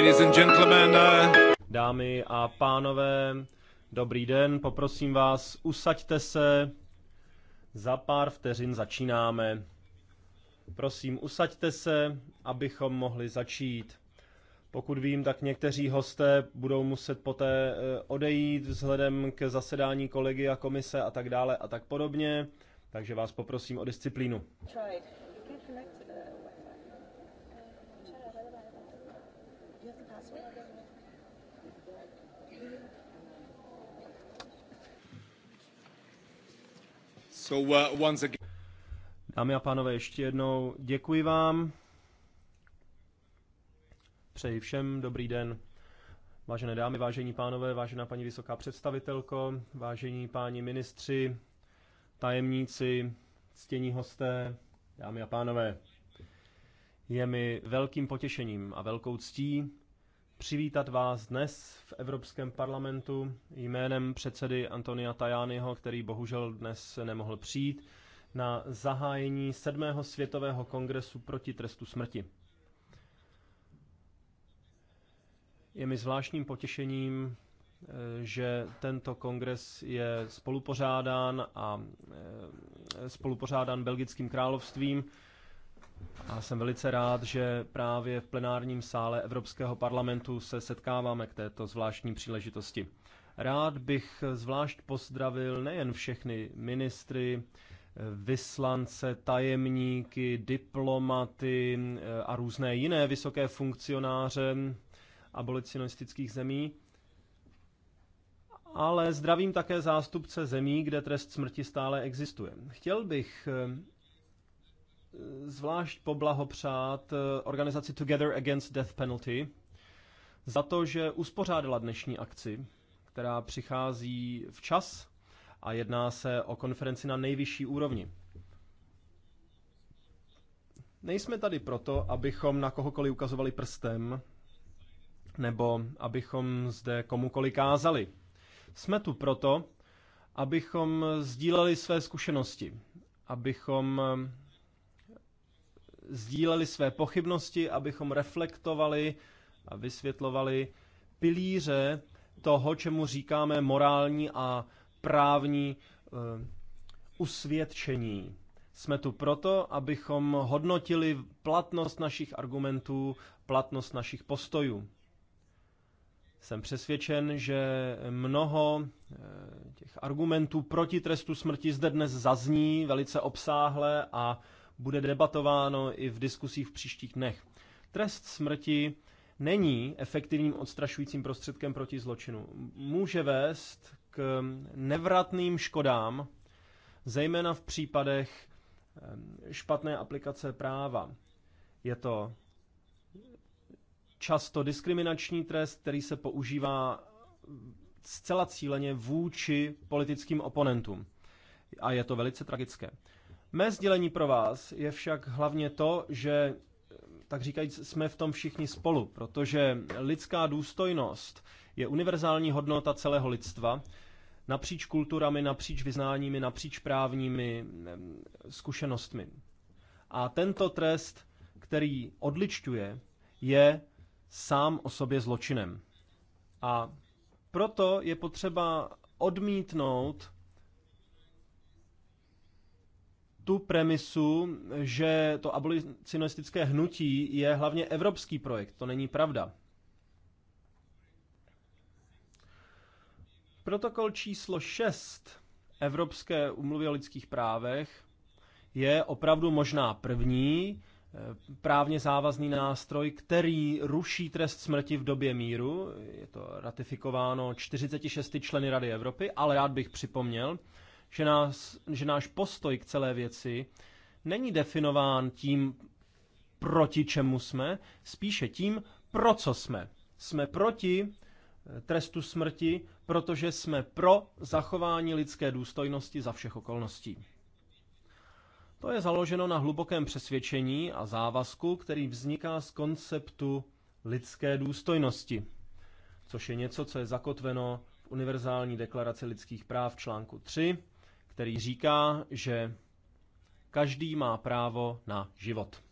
Ladies and gentlemen. Uh, Dámy a pánové, dobrý den, poprosím vás, usaďte se. Za pár vteřin začínáme. Prosím, usaďte se, abychom mohli začít. Pokud vím, tak někteří hosté budou muset poté eh, odejít vzhledem k zasedání kolegy a komise a tak dále a tak podobně. Takže vás poprosím o disciplínu. Tried. So, uh, once again... Dámy a pánové, ještě jednou děkuji vám. Přeji všem dobrý den. Vážené dámy, vážení pánové, vážená paní vysoká představitelko, vážení páni ministři, tajemníci, ctění hosté, dámy a pánové. Je mi velkým potěšením a velkou ctí přivítat vás dnes v Evropském parlamentu jménem předsedy Antonia Tajányho, který bohužel dnes nemohl přijít, na zahájení 7. světového kongresu proti trestu smrti. Je mi zvláštním potěšením, eh, že tento kongres je spolupořádán a eh, spolupořádán Belgickým královstvím, a jsem velice rád, že právě v plenárním sále Evropského parlamentu se setkáváme k této zvláštní příležitosti. Rád bych zvlášť pozdravil nejen všechny ministry, vyslance, tajemníky, diplomaty eh, a různé jiné vysoké funkcionáře abolicionistických zemí, ale zdravím také zástupce zemí, kde trest smrti stále existuje. Chtěl bych eh, zvlášť poblahopřát eh, organizaci Together Against Death Penalty za to, že uspořádala dnešní akci, která přichází včas a jedná se o konferenci na nejvyšší úrovni. Nejsme tady proto, abychom na kohokoliv ukazovali prstem, nebo abychom zde komukoli kázali. Jsme tu proto, abychom sdíleli své zkušenosti, abychom sdíleli své pochybnosti, abychom reflektovali a vysvětlovali pilíře toho, čemu říkáme morální a právní eh, usvědčení. Jsme tu proto, abychom hodnotili platnost našich argumentů, platnost našich postojů. Jsem přesvědčen, že mnoho eh, těch argumentů proti trestu smrti zde dnes zazní velice obsáhle a bude debatováno i v diskusích v příštích dnech. Trest smrti není efektivním odstrašujícím prostředkem proti zločinu. Může vést k nevratným škodám, zejména v případech ehm, špatné aplikace práva. Je to často diskriminační trest, který se používá ehm, zcela cíleně vůči politickým oponentům. A je to velice tragické. Mé sdělení pro vás je však hlavně to, že tak říkajíc, jsme v tom všichni spolu, protože lidská důstojnost je univerzální hodnota celého lidstva, napříč kulturami, napříč vyznáními, napříč právními zkušenostmi. A tento trest, který odličťuje, je sám o sobě zločinem. A proto je potřeba odmítnout tu premisu, že to abolicionistické hnutí je hlavně evropský projekt. To není pravda. Protokol číslo 6 Evropské umluvy o lidských právech je opravdu možná první eh, právně závazný nástroj, který ruší trest smrti v době míru. Je to ratifikováno 46 členy Rady Evropy, ale rád bych připomněl, že, nás, že náš postoj k celé věci není definován tím, proti čemu jsme, spíše tím, pro co jsme. Jsme proti eh, trestu smrti, protože jsme pro zachování lidské důstojnosti za všech okolností. To je založeno na hlubokém přesvědčení a závazku, který vzniká z konceptu lidské důstojnosti, což je něco, co je zakotveno v Univerzální deklaraci lidských práv článku 3 který říká, že každý má právo na život.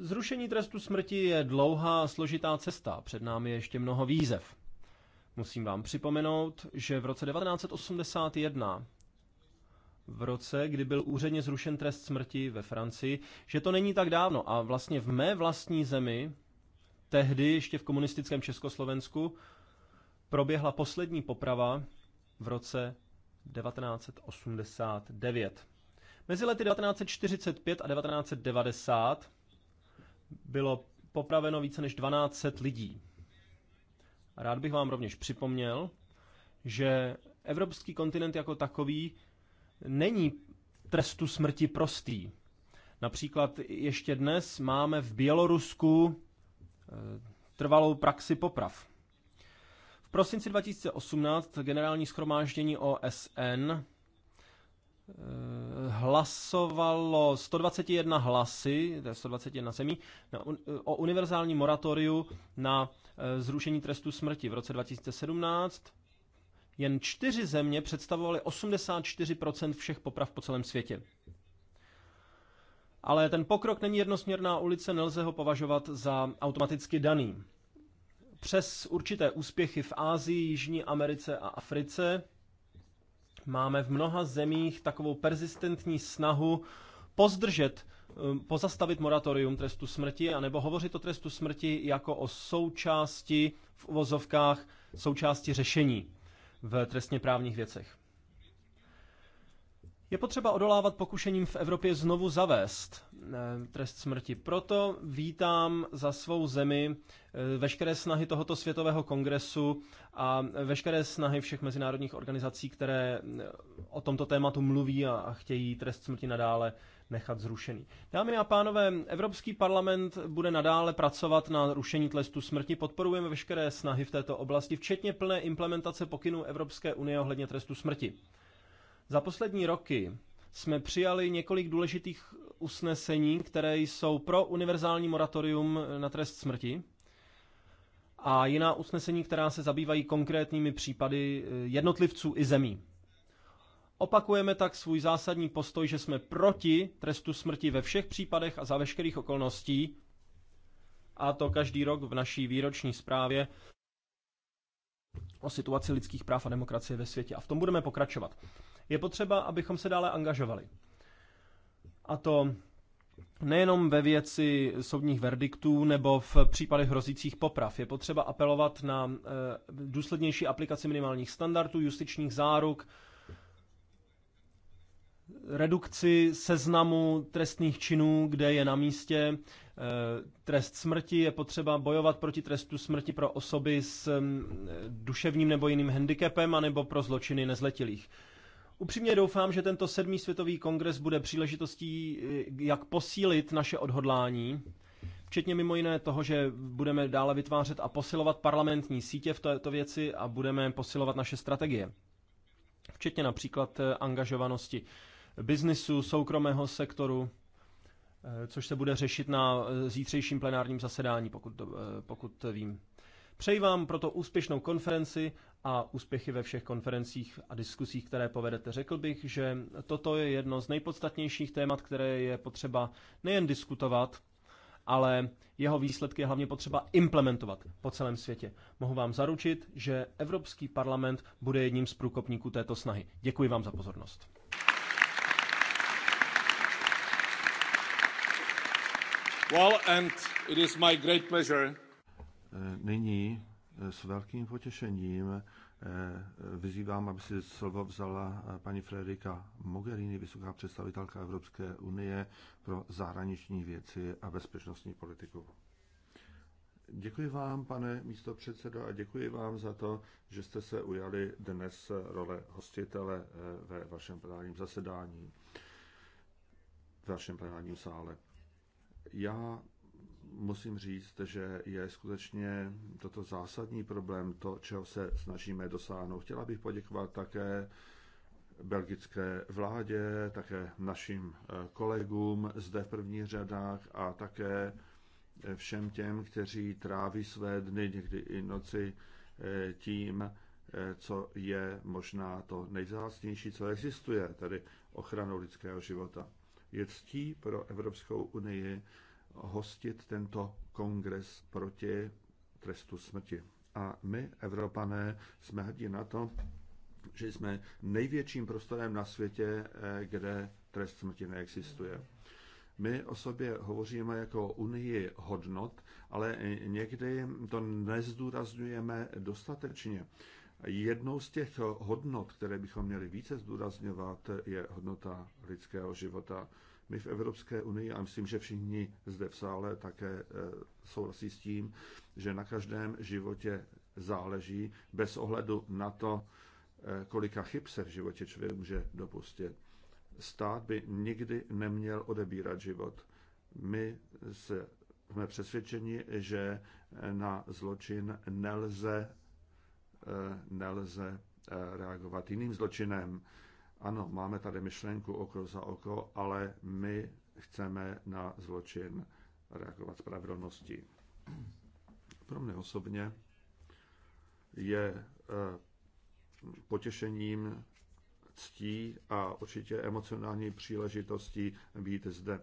Zrušení trestu smrti je dlouhá a složitá cesta, před námi je ještě mnoho výzev. Musím vám připomenout, že v roce 1981, v roce, kdy byl úředně zrušen trest smrti ve Francii, že to není tak dávno a vlastně v mé vlastní zemi, tehdy ještě v komunistickém Československu, proběhla poslední poprava v roce 1989. Mezi lety 1945 a 1990 bylo popraveno více než 12 lidí. Rád bych vám rovněž připomněl, že evropský kontinent jako takový není trestu smrti prostý. Například ještě dnes máme v Bělorusku eh, trvalou praxi poprav prosinci 2018 generální schromáždění OSN eh, hlasovalo 121 hlasy, to je 121 zemí, na, eh, o univerzální moratoriu na eh, zrušení trestu smrti v roce 2017. Jen čtyři země představovaly 84% všech poprav po celém světě. Ale ten pokrok není jednosměrná ulice, nelze ho považovat za automaticky daný. Přes určité úspěchy v Ázii, Jižní Americe a Africe máme v mnoha zemích takovou persistentní snahu pozdržet, eh, pozastavit moratorium trestu smrti, anebo hovořit o trestu smrti jako o součásti v uvozovkách součásti řešení v trestně právních věcech. Je potřeba odolávat pokušením v Evropě znovu zavést eh, trest smrti. Proto vítám za svou zemi eh, veškeré snahy tohoto světového kongresu a veškeré snahy všech mezinárodních organizací, které eh, o tomto tématu mluví a chtějí trest smrti nadále nechat zrušený. Dámy a pánové, Evropský parlament bude nadále pracovat na rušení trestu smrti. Podporujeme veškeré snahy v této oblasti, včetně plné implementace pokynů Evropské unie ohledně trestu smrti. Za poslední roky jsme přijali několik důležitých usnesení, které jsou pro univerzální moratorium na trest smrti a jiná usnesení, která se zabývají konkrétními případy eh, jednotlivců i zemí. Opakujeme tak svůj zásadní postoj, že jsme proti trestu smrti ve všech případech a za veškerých okolností, a to každý rok v naší výroční zprávě o situaci lidských práv a demokracie ve světě. A v tom budeme pokračovat. Je potřeba, abychom se dále angažovali. A to nejenom ve věci soudních verdiktů nebo v případech hrozících poprav. Je potřeba apelovat na eh, důslednější aplikaci minimálních standardů, justičních záruk, redukci seznamu trestných činů, kde je na místě eh, trest smrti. Je potřeba bojovat proti trestu smrti pro osoby s mm, duševním nebo jiným handicapem anebo pro zločiny nezletilých. Upřímně doufám, že tento sedmý světový kongres bude příležitostí, eh, jak posílit naše odhodlání, včetně mimo jiné toho, že budeme dále vytvářet a posilovat parlamentní sítě v této věci a budeme posilovat naše strategie. Včetně například eh, angažovanosti biznisu, soukromého sektoru, eh, což se bude řešit na zítřejším plenárním zasedání, pokud, pokud vím. Přeji vám proto úspěšnou konferenci a úspěchy ve všech konferencích a diskusích, které povedete. Řekl bych, že toto je jedno z nejpodstatnějších témat, které je potřeba nejen diskutovat, ale jeho výsledky je hlavně potřeba implementovat po celém světě. Mohu vám zaručit, že Evropský parlament bude jedním z průkopníků této snahy. Děkuji vám za pozornost. Well, and it is my great pleasure Nyní eh, s velkým potěšením eh, vyzývám, aby si slovo vzala eh, paní Frederika Mogherini, vysoká představitelka Evropské unie pro zahraniční věci a bezpečnostní politiku. Děkuji vám, pane místo předsedo, a děkuji vám za to, že jste se ujali dnes role hostitele ve vašem plenárním zasedání, v vašem plenárním sále. Já musím říct, že je skutečně toto zásadní problém, to, čeho se snažíme dosáhnout. Chtěla bych poděkovat také belgické vládě, také našim eh, kolegům zde v první řadách a také eh, všem těm, kteří tráví své dny, někdy i noci, eh, tím, co je možná to nejzásadnější, co existuje, tedy ochranou lidského života. Je ctí pro Evropskou unii, hostit tento kongres proti trestu smrti. A my, Evropané, jsme hrdí na to, že jsme největším prostorem na světě, eh, kde trest smrti neexistuje. My o sobě hovoříme jako unii hodnot, ale někdy to nezdůrazňujeme dostatečně. Jednou z těch hodnot, které bychom měli více zdůrazňovat, je hodnota lidského života. My v Evropské unii, a myslím, že všichni zde v sále také eh, souhlasí s tím, že na každém životě záleží bez ohledu na to, eh, kolika chyb se v životě člověk může dopustit. Stát by nikdy neměl odebírat život. My se jsme přesvědčeni, že eh, na zločin nelze, nelze reagovat jiným zločinem. Ano, máme tady myšlenku oko za oko, ale my chceme na zločin reagovat spravedlností. Pro mě osobně je eh, potěšením, ctí a určitě emocionální příležitostí být zde.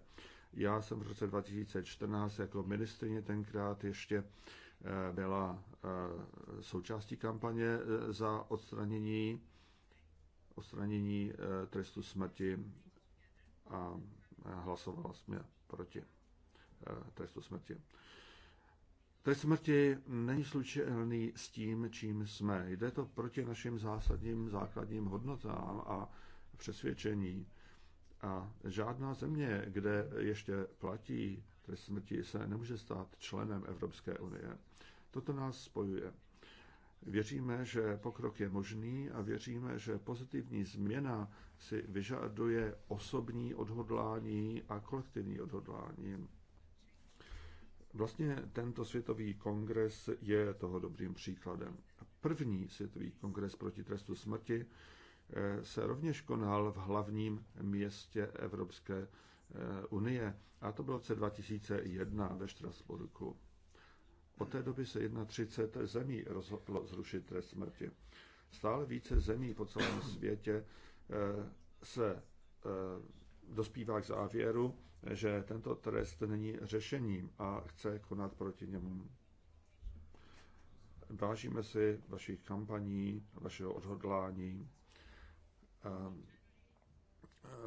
Já jsem v roce 2014 jako ministrině tenkrát ještě eh, byla eh, součástí kampaně za odstranění odstranění eh, trestu smrti a eh, hlasovala jsme proti eh, trestu smrti. Trest smrti není slučitelný s tím, čím jsme. Jde to proti našim zásadním základním hodnotám a přesvědčení. A žádná země, kde ještě platí trest smrti, se nemůže stát členem Evropské unie. Toto nás spojuje. Věříme, že pokrok je možný a věříme, že pozitivní změna si vyžaduje osobní odhodlání a kolektivní odhodlání. Vlastně tento světový kongres je toho dobrým příkladem. První světový kongres proti trestu smrti eh, se rovněž konal v hlavním městě Evropské eh, unie a to bylo v roce 2001 ve Štrasburku. Od té doby se 31 zemí rozhodlo zrušit trest smrti. Stále více zemí po celém světě eh, se eh, dospívá k závěru, že tento trest není řešením a chce konat proti němu. Vážíme si vašich kampaní, vašeho odhodlání. Eh,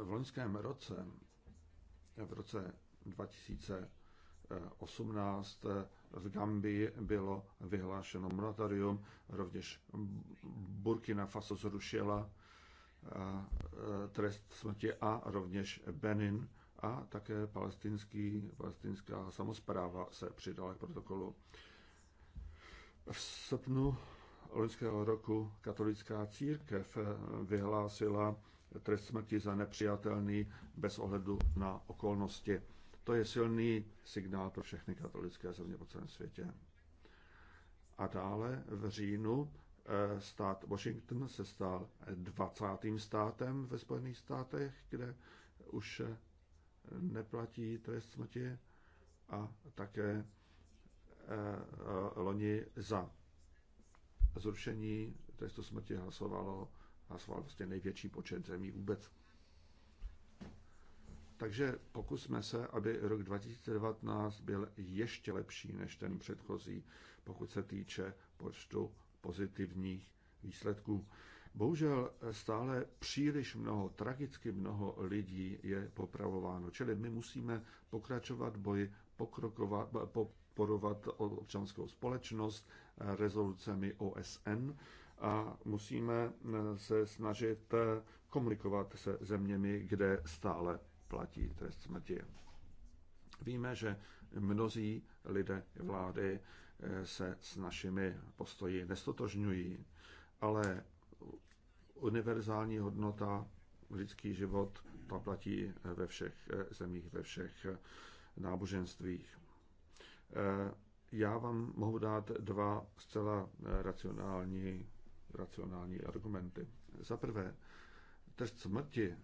v loňském roce, v roce 2018, v Gambii bylo vyhlášeno moratorium, rovněž Burkina Faso zrušila e, trest smrti a rovněž Benin a také palestinský, palestinská samozpráva se přidala k protokolu. V srpnu loňského roku katolická církev e, vyhlásila trest smrti za nepřijatelný bez ohledu na okolnosti. To je silný signál pro všechny katolické země po celém světě. A dále v říjnu eh, stát Washington se stal 20. státem ve Spojených státech, kde už eh, neplatí trest smrti a také eh, loni za zrušení trestu smrti hlasovalo hlasoval vlastně největší počet zemí vůbec. Takže pokusme se, aby rok 2019 byl ještě lepší než ten předchozí, pokud se týče počtu pozitivních výsledků. Bohužel stále příliš mnoho, tragicky mnoho lidí je popravováno, čili my musíme pokračovat boji, pokrokovat, podporovat občanskou společnost rezolucemi OSN a musíme se snažit komunikovat se zeměmi, kde stále platí trest smrti. Víme, že mnozí lidé vlády eh, se s našimi postoji nestotožňují, ale univerzální hodnota lidský život, ta platí eh, ve všech eh, zemích, ve všech náboženstvích. Já vám mohu dát dva zcela racionální, racionální argumenty. Za prvé, trest smrti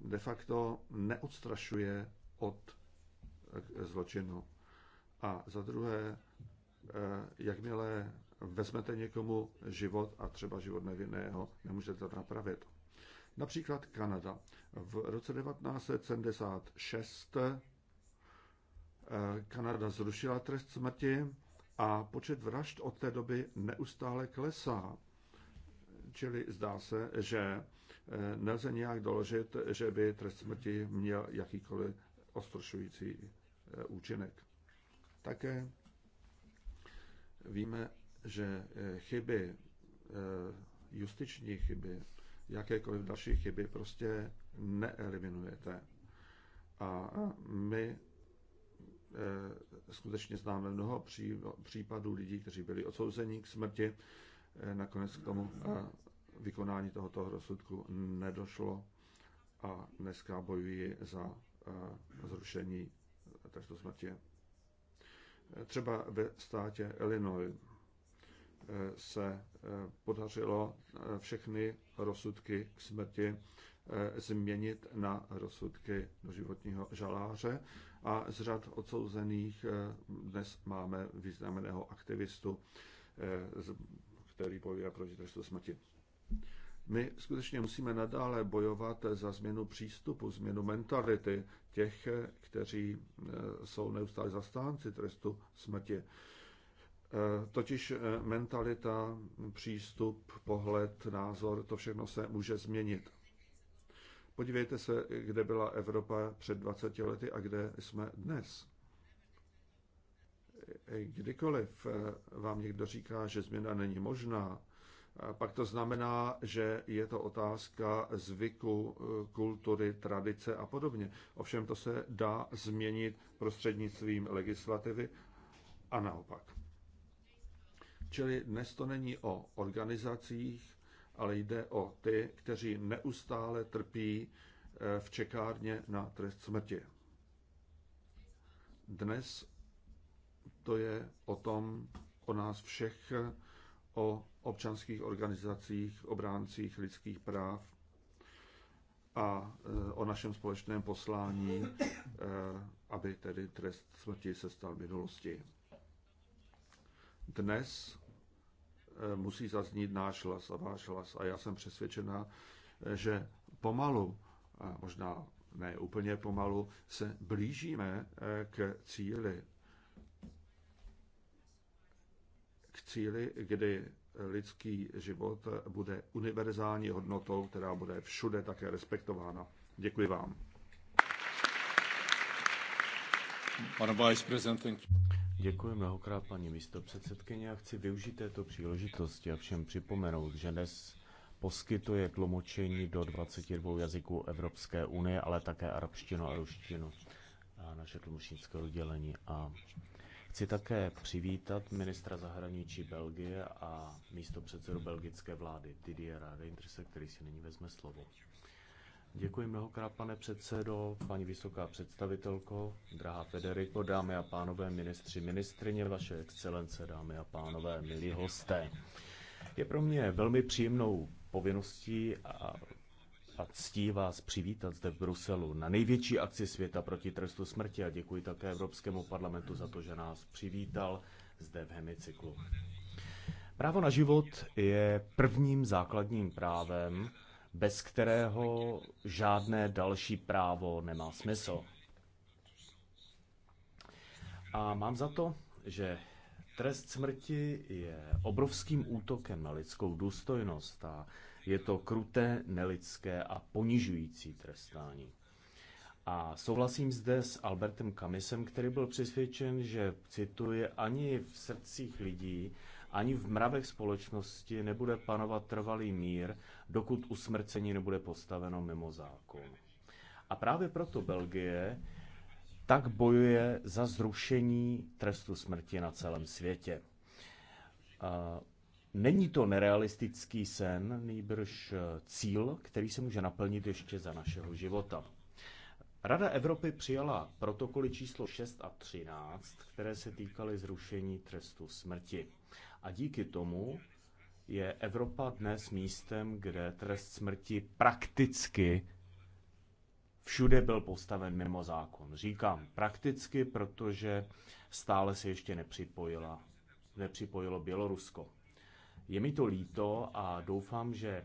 de facto neodstrašuje od eh, zločinu. A za druhé, eh, jakmile vezmete někomu život a třeba život nevinného, nemůžete to napravit. Například Kanada. V roce 1976 eh, Kanada zrušila trest smrti a počet vražd od té doby neustále klesá. Čili zdá se, že Eh, nelze nějak doložit, že by trest smrti měl jakýkoliv ostrošující eh, účinek. Také víme, že eh, chyby, justiční chyby, jakékoliv další chyby prostě neeliminujete. A my skutečně známe mnoho případů lidí, kteří byli odsouzeni k smrti, nakonec k tomu vykonání tohoto rozsudku nedošlo a dneska bojují za eh, zrušení eh, trestu smrti. Eh, třeba ve státě Illinois se podařilo všechny rozsudky k smrti změnit na rozsudky doživotního žaláře a z řad odsouzených dnes máme významného aktivistu, který bojuje proti trestu smrti. My skutečně musíme nadále bojovat za změnu přístupu, změnu mentality těch, kteří e, jsou neustále zastánci trestu smrti. E, totiž e, mentalita, přístup, pohled, názor, to všechno se může změnit. Podívejte se, kde byla Evropa před 20 lety a kde jsme dnes. Kdykoliv vám někdo říká, že změna není možná, pak to znamená, že je to otázka zvyku, e, kultury, tradice a podobně. Ovšem to se dá změnit prostřednictvím legislativy a naopak. Čili dnes to není o organizacích, ale jde o ty, kteří neustále trpí e, v čekárně na trest smrti. Dnes to je o tom, o nás všech, o občanských organizacích, obráncích lidských práv a e, o našem společném poslání, e, aby tedy trest smrti se stal minulosti. Dnes e, musí zaznít náš hlas a váš hlas a já jsem přesvědčena, že pomalu, možná ne úplně pomalu, se blížíme k cíli cíli, kdy lidský život bude univerzální hodnotou, která bude všude také respektována. Děkuji vám. Pane Děkuji mnohokrát, paní místopředsedkyně. Já chci využít této příležitosti a všem připomenout, že dnes poskytuje tlumočení do 22 jazyků Evropské unie, ale také arabštinu a ruštinu a naše tlumočnické oddělení. A Chci také přivítat ministra zahraničí Belgie a místo předsedu belgické vlády Didiera Reinderse, který si nyní vezme slovo. Děkuji mnohokrát, pane předsedo, paní vysoká představitelko, drahá Federiko, dámy a pánové, ministři, ministrině, vaše excelence, dámy a pánové, milí hosté. Je pro mě velmi příjemnou povinností a a ctí vás přivítat zde v Bruselu na největší akci světa proti trestu smrti a děkuji také Evropskému parlamentu za to, že nás přivítal zde v hemicyklu. Právo na život je prvním základním právem, bez kterého žádné další právo nemá smysl. A mám za to, že trest smrti je obrovským útokem na lidskou důstojnost a je to kruté, nelidské a ponižující trestání. A souhlasím zde s Albertem Kamisem, který byl přesvědčen, že, cituje, ani v srdcích lidí, ani v mravech společnosti nebude panovat trvalý mír, dokud usmrcení nebude postaveno mimo zákon. A právě proto Belgie tak bojuje za zrušení trestu smrti na celém světě. Není to nerealistický sen, nýbrž eh, cíl, který se může naplnit ještě za našeho života. Rada Evropy přijala protokoly číslo 6 a 13, které se týkaly zrušení trestu smrti. A díky tomu je Evropa dnes místem, kde trest smrti prakticky všude byl postaven mimo zákon. Říkám prakticky, protože stále se ještě nepřipojila, nepřipojilo Bělorusko. Je mi to líto a doufám, že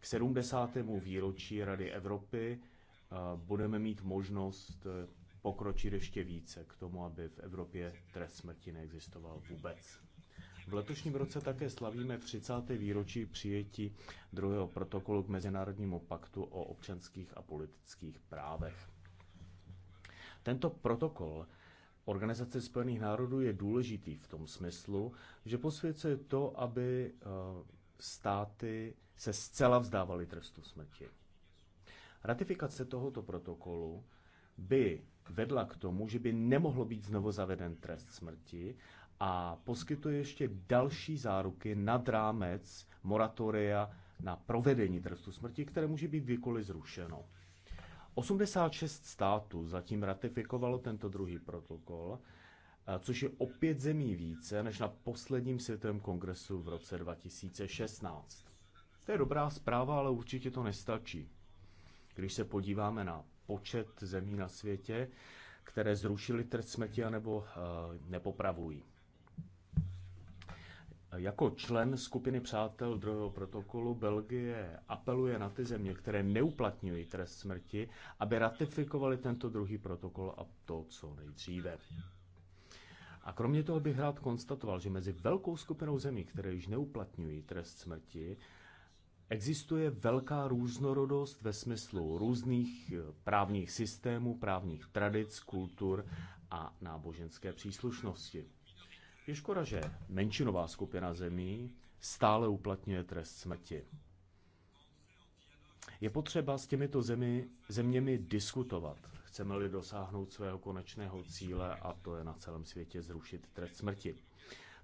k 70. výročí Rady Evropy eh, budeme mít možnost eh, pokročit ještě více k tomu, aby v Evropě trest smrti neexistoval vůbec. V letošním roce také slavíme 30. výročí přijetí druhého protokolu k Mezinárodnímu paktu o občanských a politických právech. Tento protokol Organizace spojených národů je důležitý v tom smyslu, že posvěcuje to, aby eh, státy se zcela vzdávaly trestu smrti. Ratifikace tohoto protokolu by vedla k tomu, že by nemohlo být znovu zaveden trest smrti a poskytuje ještě další záruky nad rámec moratoria na provedení trestu smrti, které může být kdykoliv zrušeno. 86 států zatím ratifikovalo tento druhý protokol, což je o pět zemí více než na posledním světovém kongresu v roce 2016. To je dobrá zpráva, ale určitě to nestačí. Když se podíváme na počet zemí na světě, které zrušily trest smrti anebo eh, nepopravují. Jako člen skupiny přátel druhého protokolu Belgie apeluje na ty země, které neuplatňují trest smrti, aby ratifikovali tento druhý protokol a to co nejdříve. A kromě toho bych rád konstatoval, že mezi velkou skupinou zemí, které již neuplatňují trest smrti, Existuje velká různorodost ve smyslu různých eh, právních systémů, právních tradic, kultur a náboženské příslušnosti. Je škoda, že menšinová skupina zemí stále uplatňuje trest smrti. Je potřeba s těmito zemi, zeměmi diskutovat, chceme-li dosáhnout svého konečného cíle, a to je na celém světě zrušit trest smrti.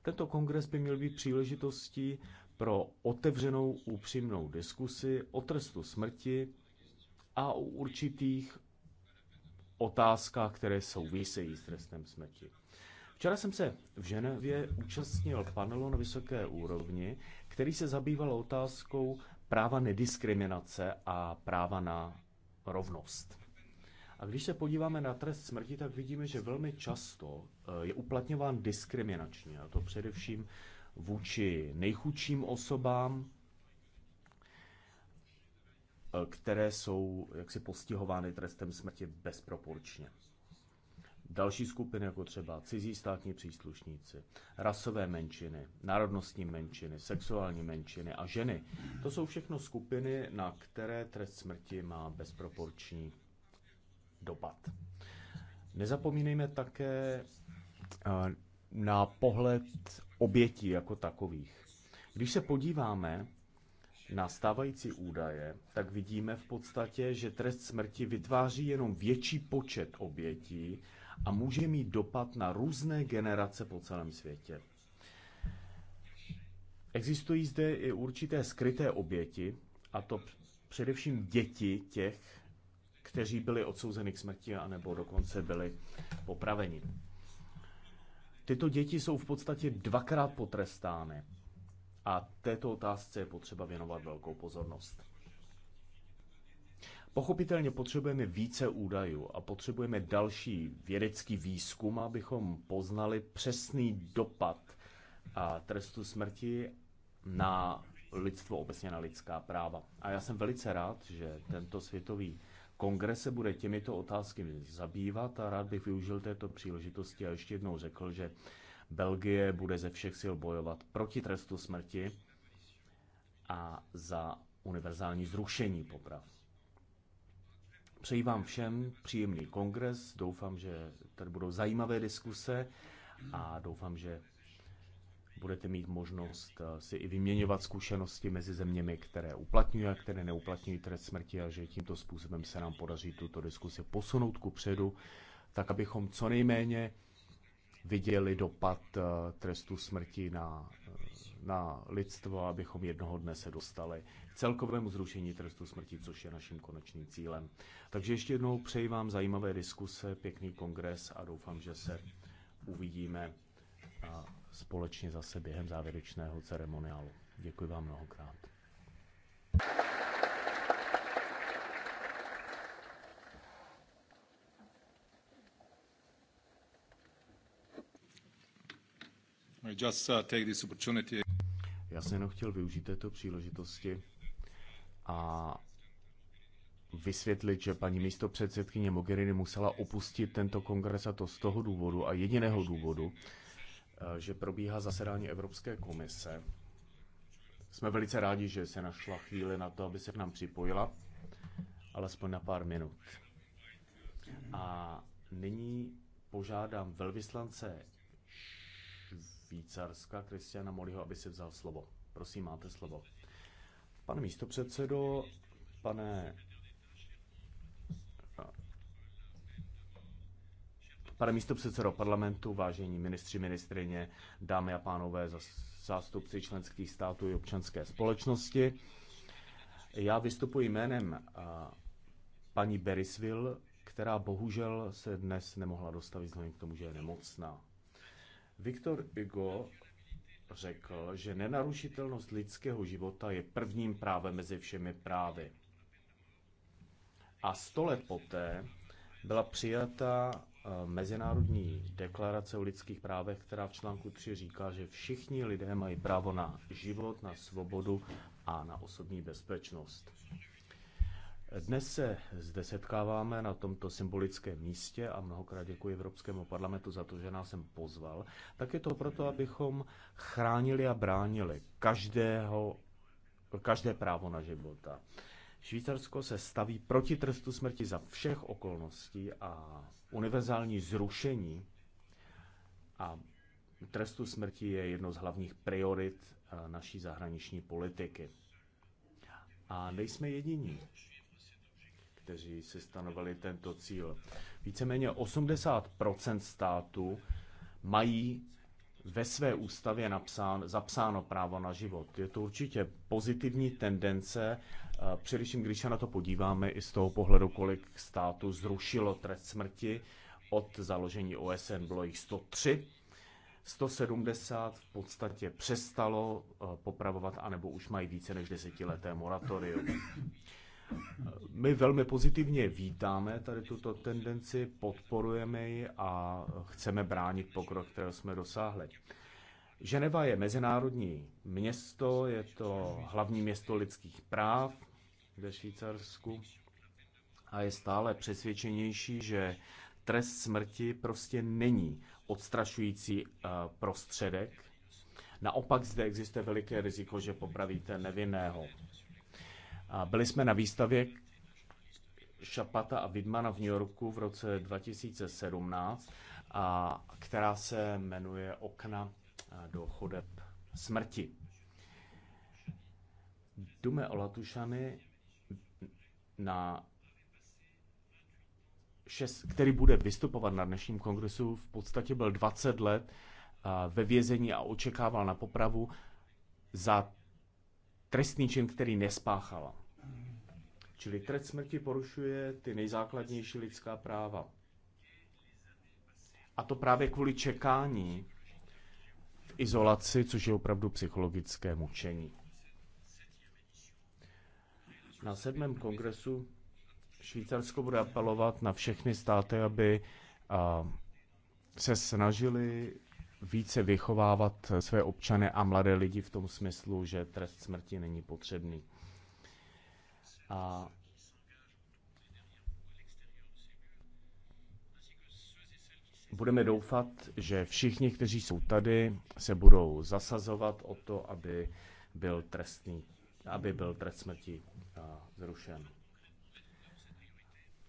Tento kongres by měl být příležitostí pro otevřenou upřímnou diskusi o trestu smrti a o určitých otázkách, které souvisejí s trestem smrti. Včera jsem se v Ženevě účastnil panelu na vysoké úrovni, který se zabýval otázkou práva nediskriminace a práva na rovnost. A když se podíváme na trest smrti, tak vidíme, že velmi často eh, je uplatňován diskriminačně, a to především vůči nejchudším osobám, eh, které jsou jaksi postihovány trestem smrti bezproporčně další skupiny, jako třeba cizí státní příslušníci, rasové menšiny, národnostní menšiny, sexuální menšiny a ženy. To jsou všechno skupiny, na které trest smrti má bezproporční dopad. Nezapomínejme také eh, na pohled obětí jako takových. Když se podíváme na stávající údaje, tak vidíme v podstatě, že trest smrti vytváří jenom větší počet obětí a může mít dopad na různé generace po celém světě. Existují zde i určité skryté oběti, a to především děti těch, kteří byli odsouzeni k smrti a nebo dokonce byli popraveni. Tyto děti jsou v podstatě dvakrát potrestány a této otázce je potřeba věnovat velkou pozornost. Pochopitelně potřebujeme více údajů a potřebujeme další vědecký výzkum, abychom poznali přesný dopad a trestu smrti na lidstvo, obecně na lidská práva. A já jsem velice rád, že tento světový kongres se bude těmito otázkami zabývat a rád bych využil této příležitosti a ještě jednou řekl, že Belgie bude ze všech sil bojovat proti trestu smrti a za univerzální zrušení poprav. Přeji vám všem příjemný kongres, doufám, že tady budou zajímavé diskuse a doufám, že budete mít možnost eh, si i vyměňovat zkušenosti mezi zeměmi, které uplatňují a které neuplatňují trest smrti a že tímto způsobem se nám podaří tuto diskusi posunout ku předu, tak abychom co nejméně viděli dopad eh, trestu smrti na eh, na lidstvo, abychom jednoho dne se dostali k celkovému zrušení trestu smrti, což je naším konečným cílem. Takže ještě jednou přeji vám zajímavé diskuse, pěkný kongres a doufám, že se uvidíme společně zase během závěrečného ceremoniálu. Děkuji vám mnohokrát. I just uh, take this opportunity. Já jsem jenom chtěl využít této příležitosti a vysvětlit, že paní místo předsedkyně Mogherini musela opustit tento kongres a to z toho důvodu a jediného důvodu, eh, že probíhá zasedání Evropské komise. Jsme velice rádi, že se našla chvíli na to, aby se k nám připojila, alespoň na pár minut. A nyní požádám velvyslance Švýcarska, Kristiana Moliho, aby si vzal slovo. Prosím, máte slovo. Pane místopředsedo, pane Pane místopředsedo parlamentu, vážení ministři, ministrině, dámy a pánové, zástupci členských států i občanské společnosti. Já vystupuji jménem paní Berisville, která bohužel se dnes nemohla dostavit vzhledem k tomu, že je nemocná. Viktor Hugo řekl, že nenarušitelnost lidského života je prvním právem mezi všemi právy. A sto let poté byla přijata eh, Mezinárodní deklarace o lidských právech, která v článku 3 říká, že všichni lidé mají právo na život, na svobodu a na osobní bezpečnost. Dnes se zde setkáváme na tomto symbolickém místě a mnohokrát děkuji Evropskému parlamentu za to, že nás sem pozval. Tak je to proto, abychom chránili a bránili každého, každé právo na života. Švýcarsko se staví proti trestu smrti za všech okolností a univerzální zrušení a trestu smrti je jedno z hlavních priorit eh, naší zahraniční politiky. A nejsme jediní kteří si stanovili tento cíl. Víceméně 80 států mají ve své ústavě napsán, zapsáno právo na život. Je to určitě pozitivní tendence, eh, především když se na to podíváme i z toho pohledu, kolik států zrušilo trest smrti. Od založení OSN bylo jich 103. 170 v podstatě přestalo eh, popravovat, anebo už mají více než desetileté moratorium. My velmi pozitivně vítáme tady tuto tendenci, podporujeme ji a chceme bránit pokrok, který jsme dosáhli. Ženeva je mezinárodní město, je to hlavní město lidských práv ve Švýcarsku a je stále přesvědčenější, že trest smrti prostě není odstrašující eh, prostředek. Naopak zde existuje veliké riziko, že popravíte nevinného. A byli jsme na výstavě Šapata a Vidmana v New Yorku v roce 2017, a, která se jmenuje Okna eh, do chodeb smrti. Dume Latušany, na šest, který bude vystupovat na dnešním kongresu, v podstatě byl 20 let eh, ve vězení a očekával na popravu za trestný čin, který nespáchala. Čili trest smrti porušuje ty nejzákladnější lidská práva. A to právě kvůli čekání v izolaci, což je opravdu psychologické mučení. Na sedmém kongresu Švýcarsko bude apelovat na všechny státy, aby se snažili více vychovávat své občany a mladé lidi v tom smyslu, že trest smrti není potřebný. A budeme doufat, že všichni, kteří jsou tady, se budou zasazovat o to, aby byl trestný, aby byl trest smrti zrušen.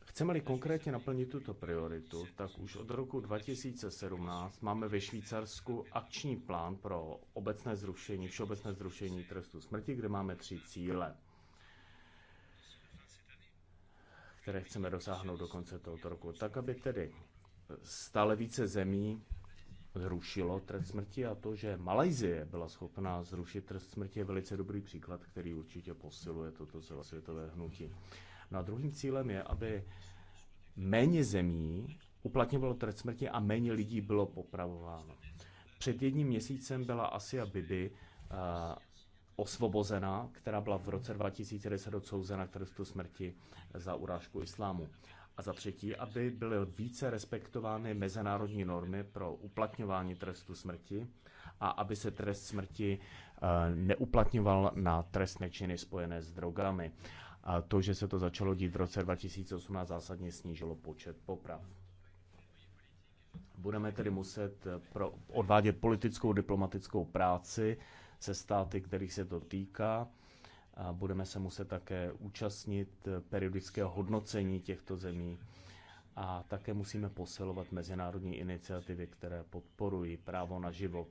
Chceme-li konkrétně naplnit tuto prioritu, tak už od roku 2017 máme ve Švýcarsku akční plán pro obecné zrušení, všeobecné zrušení trestu smrti, kde máme tři cíle. které chceme dosáhnout do konce tohoto roku, tak aby tedy stále více zemí zrušilo trest smrti a to, že Malajzie byla schopná zrušit trest smrti, je velice dobrý příklad, který určitě posiluje toto celosvětové hnutí. No a druhým cílem je, aby méně zemí uplatňovalo trest smrti a méně lidí bylo popravováno. Před jedním měsícem byla Asia Bibi osvobozena, která byla v roce 2010 odsouzena k trestu smrti za urážku islámu. A za třetí, aby byly více respektovány mezinárodní normy pro uplatňování trestu smrti a aby se trest smrti eh, neuplatňoval na trestné činy spojené s drogami. A to, že se to začalo dít v roce 2018, zásadně snížilo počet poprav. Budeme tedy muset pro, odvádět politickou diplomatickou práci se státy, kterých se to týká. A budeme se muset také účastnit periodického hodnocení těchto zemí a také musíme posilovat mezinárodní iniciativy, které podporují právo na život.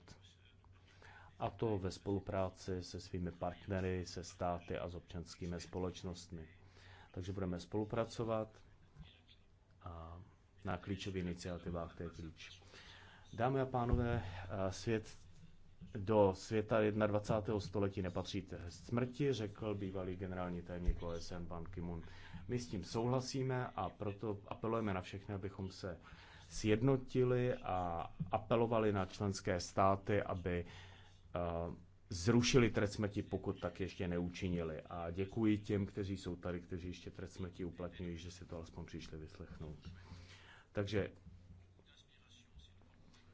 A to ve spolupráci se svými partnery, se státy a s občanskými společnostmi. Takže budeme spolupracovat na klíčových iniciativách, to je klíč. Dámy a pánové, svět do světa 21. století nepatří trest smrti, řekl bývalý generální tajemník OSN Ban Ki-moon. My s tím souhlasíme a proto apelujeme na všechny, abychom se sjednotili a apelovali na členské státy, aby eh, zrušili trest smrti, pokud tak ještě neučinili. A děkuji těm, kteří jsou tady, kteří ještě trest smrti uplatňují, že si to alespoň přišli vyslechnout. Takže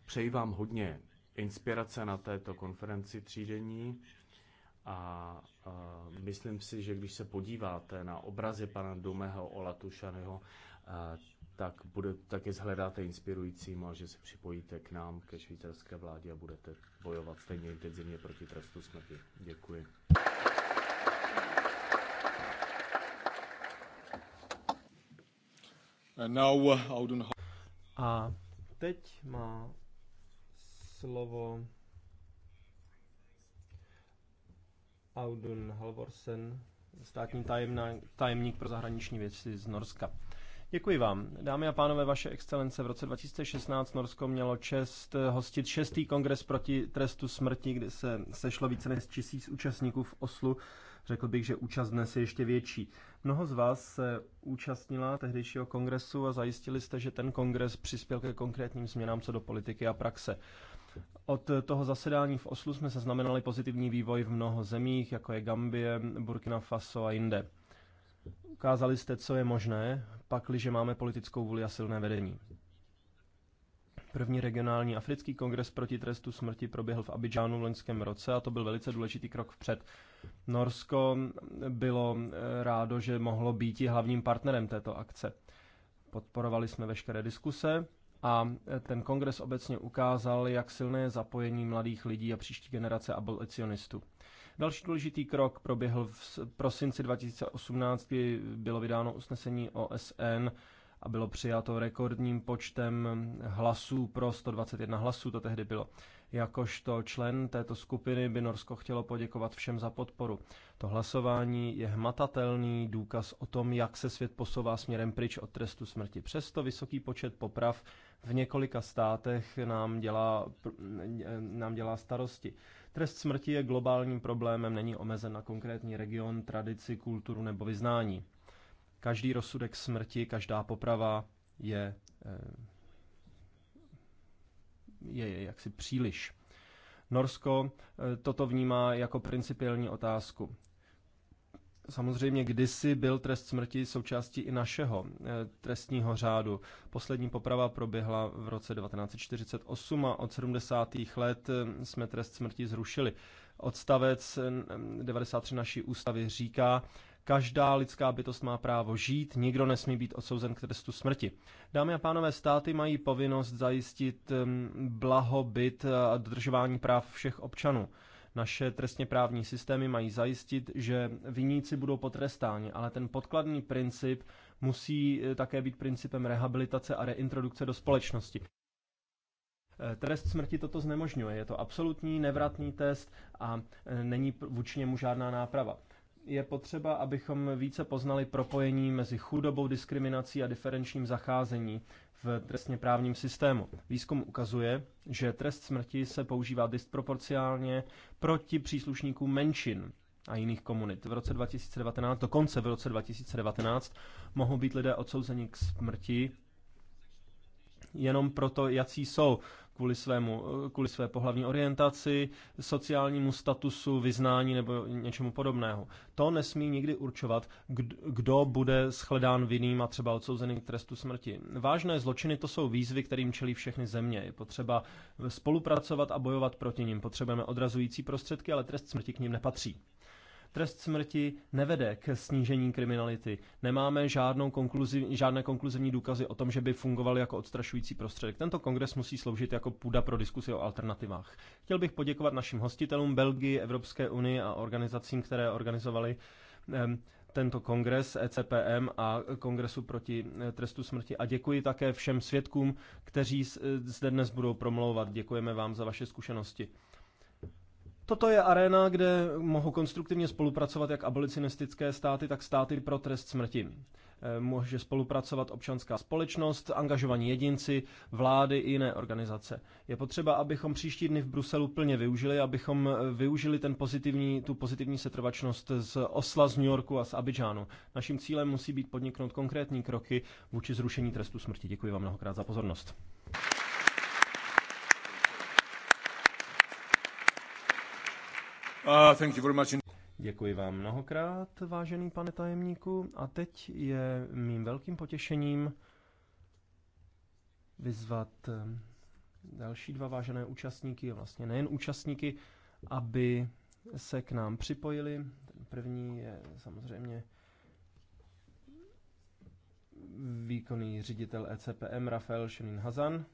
přeji vám hodně inspirace na této konferenci třídení. a, a myslím si, že když se podíváte na obrazy pana Dumeho Olatušaného, tak, bude, taky zhledáte inspirujícím a že se připojíte k nám, ke švýcarské vládě a budete bojovat stejně intenzivně proti trestu smrti. Děkuji. Uh, a teď má slovo Audun Halvorsen, státní tajemná, tajemník pro zahraniční věci z Norska. Děkuji vám. Dámy a pánové, vaše excelence, v roce 2016 Norsko mělo čest eh, hostit šestý kongres proti trestu smrti, kde se sešlo více než tisíc účastníků v Oslu. Řekl bych, že účast dnes je ještě větší. Mnoho z vás se účastnila tehdejšího kongresu a zajistili jste, že ten kongres přispěl ke konkrétním změnám co do politiky a praxe. Od toho zasedání v Oslu jsme se znamenali pozitivní vývoj v mnoho zemích, jako je Gambie, Burkina Faso a jinde. Ukázali jste, co je možné, pakliže máme politickou vůli a silné vedení. První regionální africký kongres proti trestu smrti proběhl v Abidžánu v loňském roce a to byl velice důležitý krok vpřed. Norsko bylo eh, rádo, že mohlo být i hlavním partnerem této akce. Podporovali jsme veškeré diskuse a ten kongres obecně ukázal, jak silné je zapojení mladých lidí a příští generace abolicionistů. Další důležitý krok proběhl v prosinci 2018, kdy bylo vydáno usnesení OSN a bylo přijato rekordním počtem hlasů pro 121 hlasů, to tehdy bylo. Jakožto člen této skupiny by Norsko chtělo poděkovat všem za podporu. To hlasování je hmatatelný důkaz o tom, jak se svět posouvá směrem pryč od trestu smrti. Přesto vysoký počet poprav v několika státech nám dělá, nám dělá starosti. Trest smrti je globálním problémem, není omezen na konkrétní region, tradici, kulturu nebo vyznání. Každý rozsudek smrti, každá poprava je, eh, je, je jaksi příliš. Norsko eh, toto vnímá jako principiální otázku. Samozřejmě kdysi byl trest smrti součástí i našeho eh, trestního řádu. Poslední poprava proběhla v roce 1948 a od 70. let eh, jsme trest smrti zrušili. Odstavec 93 eh, naší ústavy říká, Každá lidská bytost má právo žít, nikdo nesmí být odsouzen k trestu smrti. Dámy a pánové, státy mají povinnost zajistit blahobyt a dodržování práv všech občanů. Naše trestně právní systémy mají zajistit, že viníci budou potrestáni, ale ten podkladní princip musí eh, také být principem rehabilitace a reintrodukce do společnosti. Eh, trest smrti toto znemožňuje. Je to absolutní nevratný test a eh, není vůči němu žádná náprava je potřeba, abychom více poznali propojení mezi chudobou, diskriminací a diferenčním zacházení, v trestně právním systému. Výzkum ukazuje, že trest smrti se používá disproporciálně proti příslušníkům menšin a jiných komunit. V roce 2019, dokonce v roce 2019, mohou být lidé odsouzeni k smrti jenom proto, jací jsou kvůli, svému, kvůli své pohlavní orientaci, sociálnímu statusu, vyznání nebo něčemu podobného. To nesmí nikdy určovat, kdo bude shledán vinným a třeba odsouzený k trestu smrti. Vážné zločiny to jsou výzvy, kterým čelí všechny země. Je potřeba spolupracovat a bojovat proti nim. Potřebujeme odrazující prostředky, ale trest smrti k ním nepatří. Trest smrti nevede k snížení kriminality. Nemáme žádnou konkluziv, žádné konkluzivní důkazy o tom, že by fungoval jako odstrašující prostředek. Tento kongres musí sloužit jako půda pro diskusi o alternativách. Chtěl bych poděkovat našim hostitelům Belgii, Evropské unii a organizacím, které organizovali tento kongres ECPM a kongresu proti eh, trestu smrti. A děkuji také všem svědkům, kteří eh, zde dnes budou promlouvat. Děkujeme vám za vaše zkušenosti. Toto je arena, kde mohou konstruktivně spolupracovat jak abolicionistické státy, tak státy pro trest smrti. Eh, může spolupracovat občanská společnost, angažovaní jedinci, vlády i jiné organizace. Je potřeba, abychom příští dny v Bruselu plně využili, abychom eh, využili ten pozitivní, tu pozitivní setrvačnost z Osla, z New Yorku a z Abidžánu. Naším cílem musí být podniknout konkrétní kroky vůči zrušení trestu smrti. Děkuji vám mnohokrát za pozornost. Uh, Děkuji vám mnohokrát, vážený pane tajemníku. A teď je mým velkým potěšením vyzvat um, další dva vážené účastníky, a vlastně nejen účastníky, aby se k nám připojili. Ten první je samozřejmě výkonný ředitel ECPM Rafael Šenin Hazan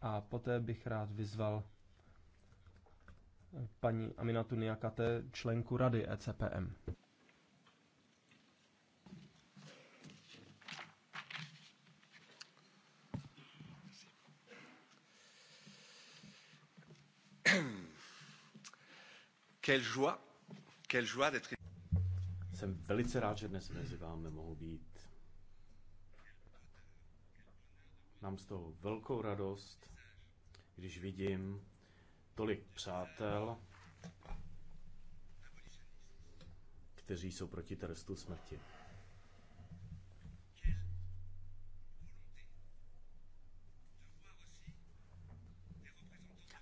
a poté bych rád vyzval paní Aminatu Niakate, členku rady ECPM. Jsem velice rád, že dnes mezi vámi mohu být. Mám z toho velkou radost, když vidím, tolik přátel, kteří jsou proti trestu smrti.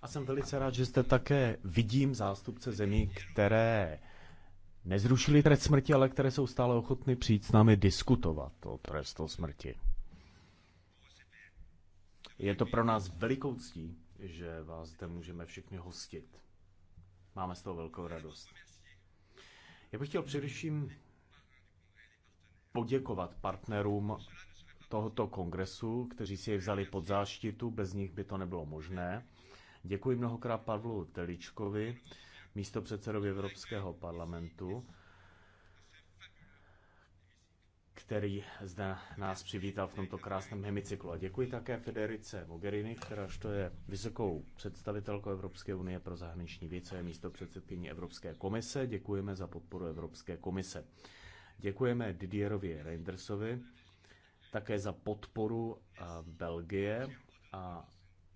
A jsem velice rád, že jste také vidím zástupce zemí, které nezrušili trest smrti, ale které jsou stále ochotny přijít s námi diskutovat o trestu smrti. Je to pro nás velikou ctí, že vás zde můžeme všichni hostit. Máme z toho velkou radost. Já bych chtěl především poděkovat partnerům tohoto kongresu, kteří si je vzali pod záštitu, bez nich by to nebylo možné. Děkuji mnohokrát Pavlu Teličkovi, místo předsedovi Evropského parlamentu, který zde nás přivítal v tomto krásném hemicyklu. A děkuji také Federice Mogherini, která to je vysokou představitelkou Evropské unie pro zahraniční věci a místo předsedkyní Evropské komise. Děkujeme za podporu Evropské komise. Děkujeme Didierovi Reindersovi také za podporu eh, Belgie a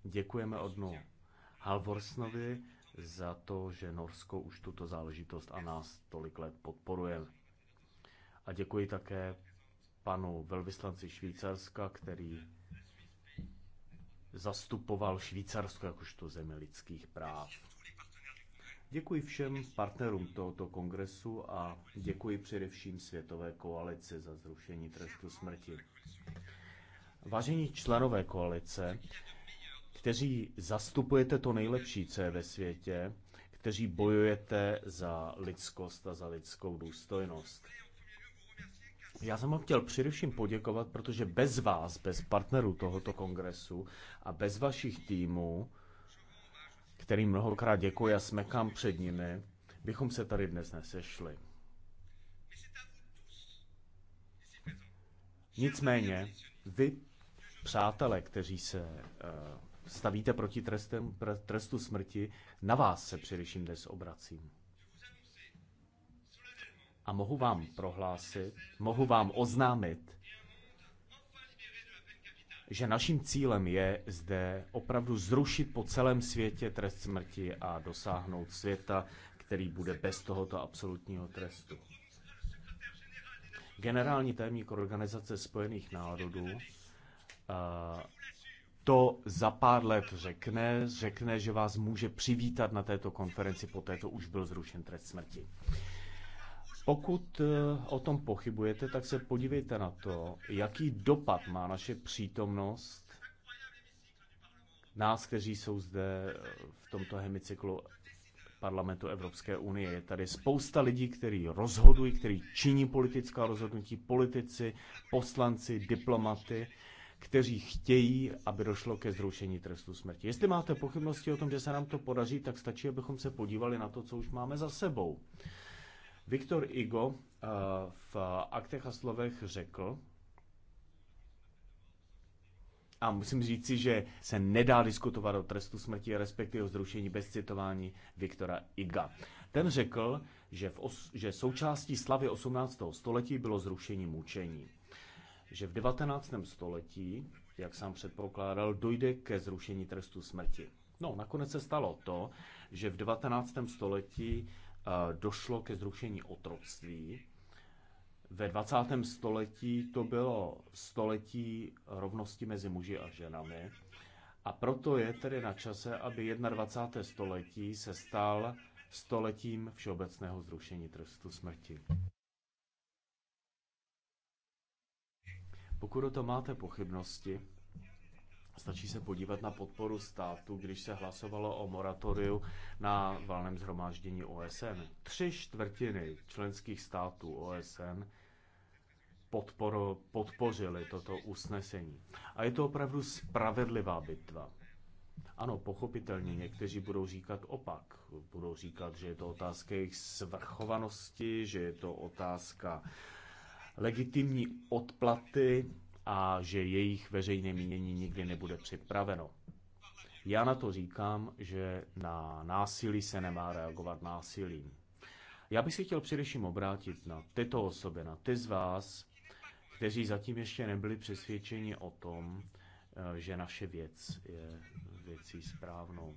děkujeme odno Halvorsnovi za to, že Norsko už tuto záležitost a nás tolik let podporuje. A děkuji také panu velvyslanci Švýcarska, který zastupoval Švýcarsko jakožto zemi lidských práv. Děkuji všem partnerům tohoto kongresu a děkuji především Světové koalici za zrušení trestu smrti. Vážení členové koalice, kteří zastupujete to nejlepší, co je ve světě, kteří bojujete za lidskost a za lidskou důstojnost. Já jsem vám chtěl především poděkovat, protože bez vás, bez partnerů tohoto kongresu a bez vašich týmů, kterým mnohokrát děkuji a smekám před nimi, bychom se tady dnes nesešli. Nicméně, vy, přátelé, kteří se eh, stavíte proti trestem, trestu smrti, na vás se především dnes obracím a mohu vám prohlásit, mohu vám oznámit, že naším cílem je zde opravdu zrušit po celém světě trest smrti a dosáhnout světa, který bude bez tohoto absolutního trestu. Generální tajemník Organizace spojených národů eh, to za pár let řekne, řekne, že vás může přivítat na této konferenci, po této už byl zrušen trest smrti. Pokud eh, o tom pochybujete, tak se podívejte na to, jaký dopad má naše přítomnost nás, kteří jsou zde eh, v tomto hemicyklu parlamentu Evropské unie. Je tady spousta lidí, kteří rozhodují, kteří činí politická rozhodnutí, politici, poslanci, diplomaty, kteří chtějí, aby došlo ke zrušení trestu smrti. Jestli máte pochybnosti o tom, že se nám to podaří, tak stačí, abychom se podívali na to, co už máme za sebou. Viktor Igo eh, v aktech a slovech řekl, a musím říci, že se nedá diskutovat o trestu smrti, respektive o zrušení bez citování Viktora Iga. Ten řekl, že, v os- že součástí slavy 18. století bylo zrušení mučení. Že v 19. století, jak sám předpokládal, dojde ke zrušení trestu smrti. No, nakonec se stalo to, že v 19. století Eh, došlo ke zrušení otroctví. Ve 20. století to bylo století rovnosti mezi muži a ženami. A proto je tedy na čase, aby 21. století se stal stoletím všeobecného zrušení trestu smrti. Pokud to máte pochybnosti, Stačí se podívat na podporu státu, když se hlasovalo o moratoriu na valném zhromáždění OSN. Tři čtvrtiny členských států OSN podporo, podpořili toto usnesení. A je to opravdu spravedlivá bitva. Ano, pochopitelně, někteří budou říkat opak. Budou říkat, že je to otázka jejich svrchovanosti, že je to otázka legitimní odplaty a že jejich veřejné mínění nikdy nebude připraveno. Já na to říkám, že na násilí se nemá reagovat násilím. Já bych si chtěl především obrátit na tyto osoby, na ty z vás, kteří zatím ještě nebyli přesvědčeni o tom, eh, že naše věc je věcí správnou.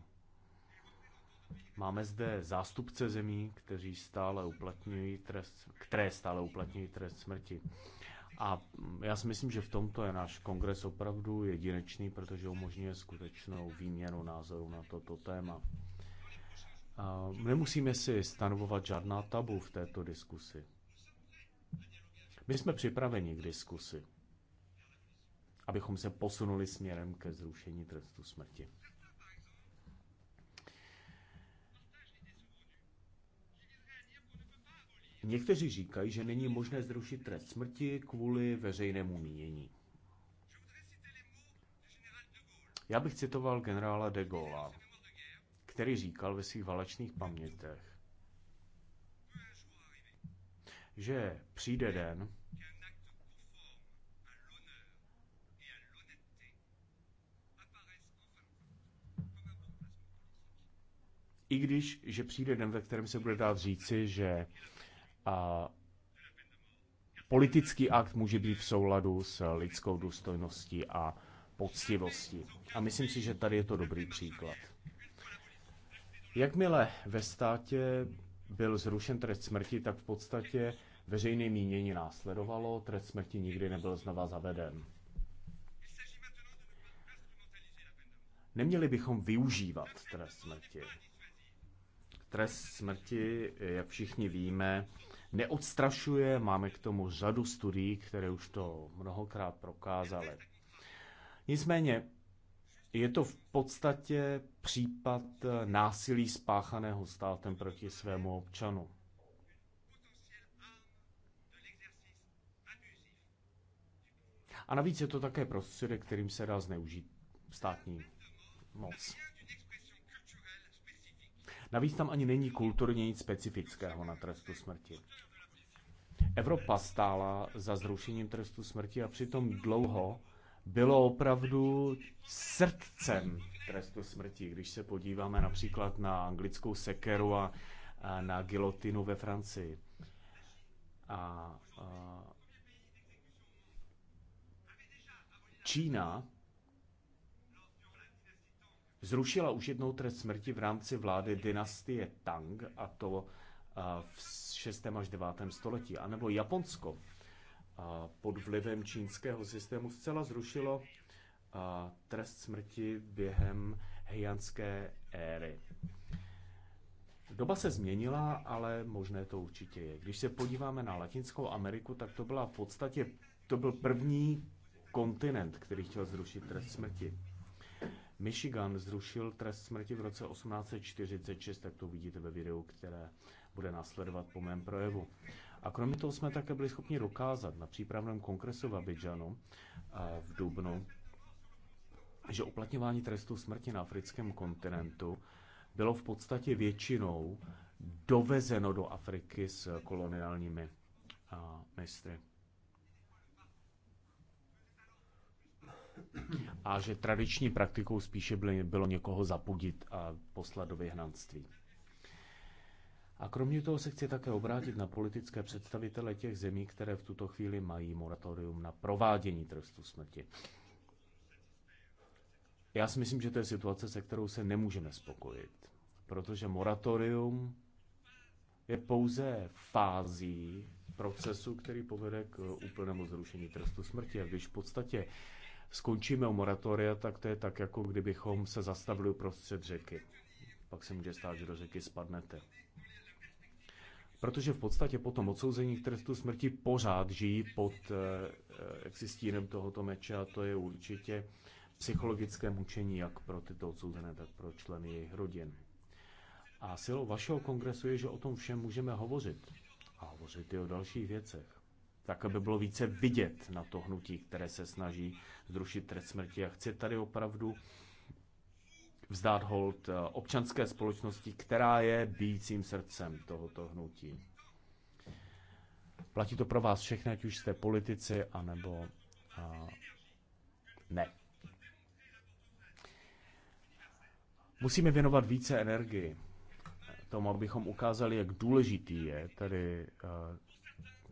Máme zde zástupce zemí, kteří stále uplatňují trest, které stále uplatňují trest smrti. A já si myslím, že v tomto je náš kongres opravdu jedinečný, protože umožňuje skutečnou výměnu názorů na toto téma. Nemusíme si stanovovat žádná tabu v této diskusi. My jsme připraveni k diskusi, abychom se posunuli směrem ke zrušení trestu smrti. Někteří říkají, že není možné zrušit trest smrti kvůli veřejnému mínění. Já bych citoval generála de Gaulle, který říkal ve svých válečných pamětech, že přijde den, i když, že přijde den, ve kterém se bude dát říci, že a politický akt může být v souladu s lidskou důstojností a poctivostí. A myslím si, že tady je to dobrý příklad. Jakmile ve státě byl zrušen trest smrti, tak v podstatě veřejné mínění následovalo, trest smrti nikdy nebyl znova zaveden. Neměli bychom využívat trest smrti. Trest smrti, jak všichni víme, neodstrašuje. Máme k tomu řadu studií, které už to mnohokrát prokázaly. Nicméně je to v podstatě případ násilí spáchaného státem proti svému občanu. A navíc je to také prostředek, kterým se dá zneužít státní moc. Navíc tam ani není kulturně nic specifického na trestu smrti. Evropa stála za zrušením trestu smrti a přitom dlouho bylo opravdu srdcem trestu smrti. Když se podíváme například na anglickou sekeru a, na gilotinu ve Francii. A, a Čína zrušila už jednou trest smrti v rámci vlády dynastie Tang, a to v 6. až 9. století. A nebo Japonsko pod vlivem čínského systému zcela zrušilo trest smrti během hejanské éry. Doba se změnila, ale možné to určitě je. Když se podíváme na Latinskou Ameriku, tak to byla v podstatě to byl první kontinent, který chtěl zrušit trest smrti. Michigan zrušil trest smrti v roce 1846, tak to vidíte ve videu, které bude následovat po mém projevu. A kromě toho jsme také byli schopni dokázat na přípravném kongresu v Abidžanu v Dubnu, že uplatňování trestu smrti na africkém kontinentu bylo v podstatě většinou dovezeno do Afriky s koloniálními mistry. a že tradiční praktikou spíše bylo někoho zapudit a poslat do vyhnanství. A kromě toho se chci také obrátit na politické představitele těch zemí, které v tuto chvíli mají moratorium na provádění trestu smrti. Já si myslím, že to je situace, se kterou se nemůžeme spokojit, protože moratorium je pouze fází procesu, který povede k úplnému zrušení trestu smrti. A když v podstatě skončíme u moratoria, tak to je tak, jako kdybychom se zastavili uprostřed řeky. Pak se může stát, že do řeky spadnete. Protože v podstatě po tom odsouzení k trestu smrti pořád žijí pod existírem eh, eh, tohoto meče a to je určitě psychologické mučení jak pro tyto odsouzené, tak pro členy jejich rodin. A silou vašeho kongresu je, že o tom všem můžeme hovořit. A hovořit i o dalších věcech tak aby bylo více vidět na to hnutí, které se snaží zrušit trest smrti. A chci tady opravdu vzdát hold eh, občanské společnosti, která je bíjícím srdcem tohoto hnutí. Platí to pro vás všechny, ať už jste politici, anebo a, eh, ne. Musíme věnovat více energii tomu, abychom ukázali, jak důležitý je tady eh,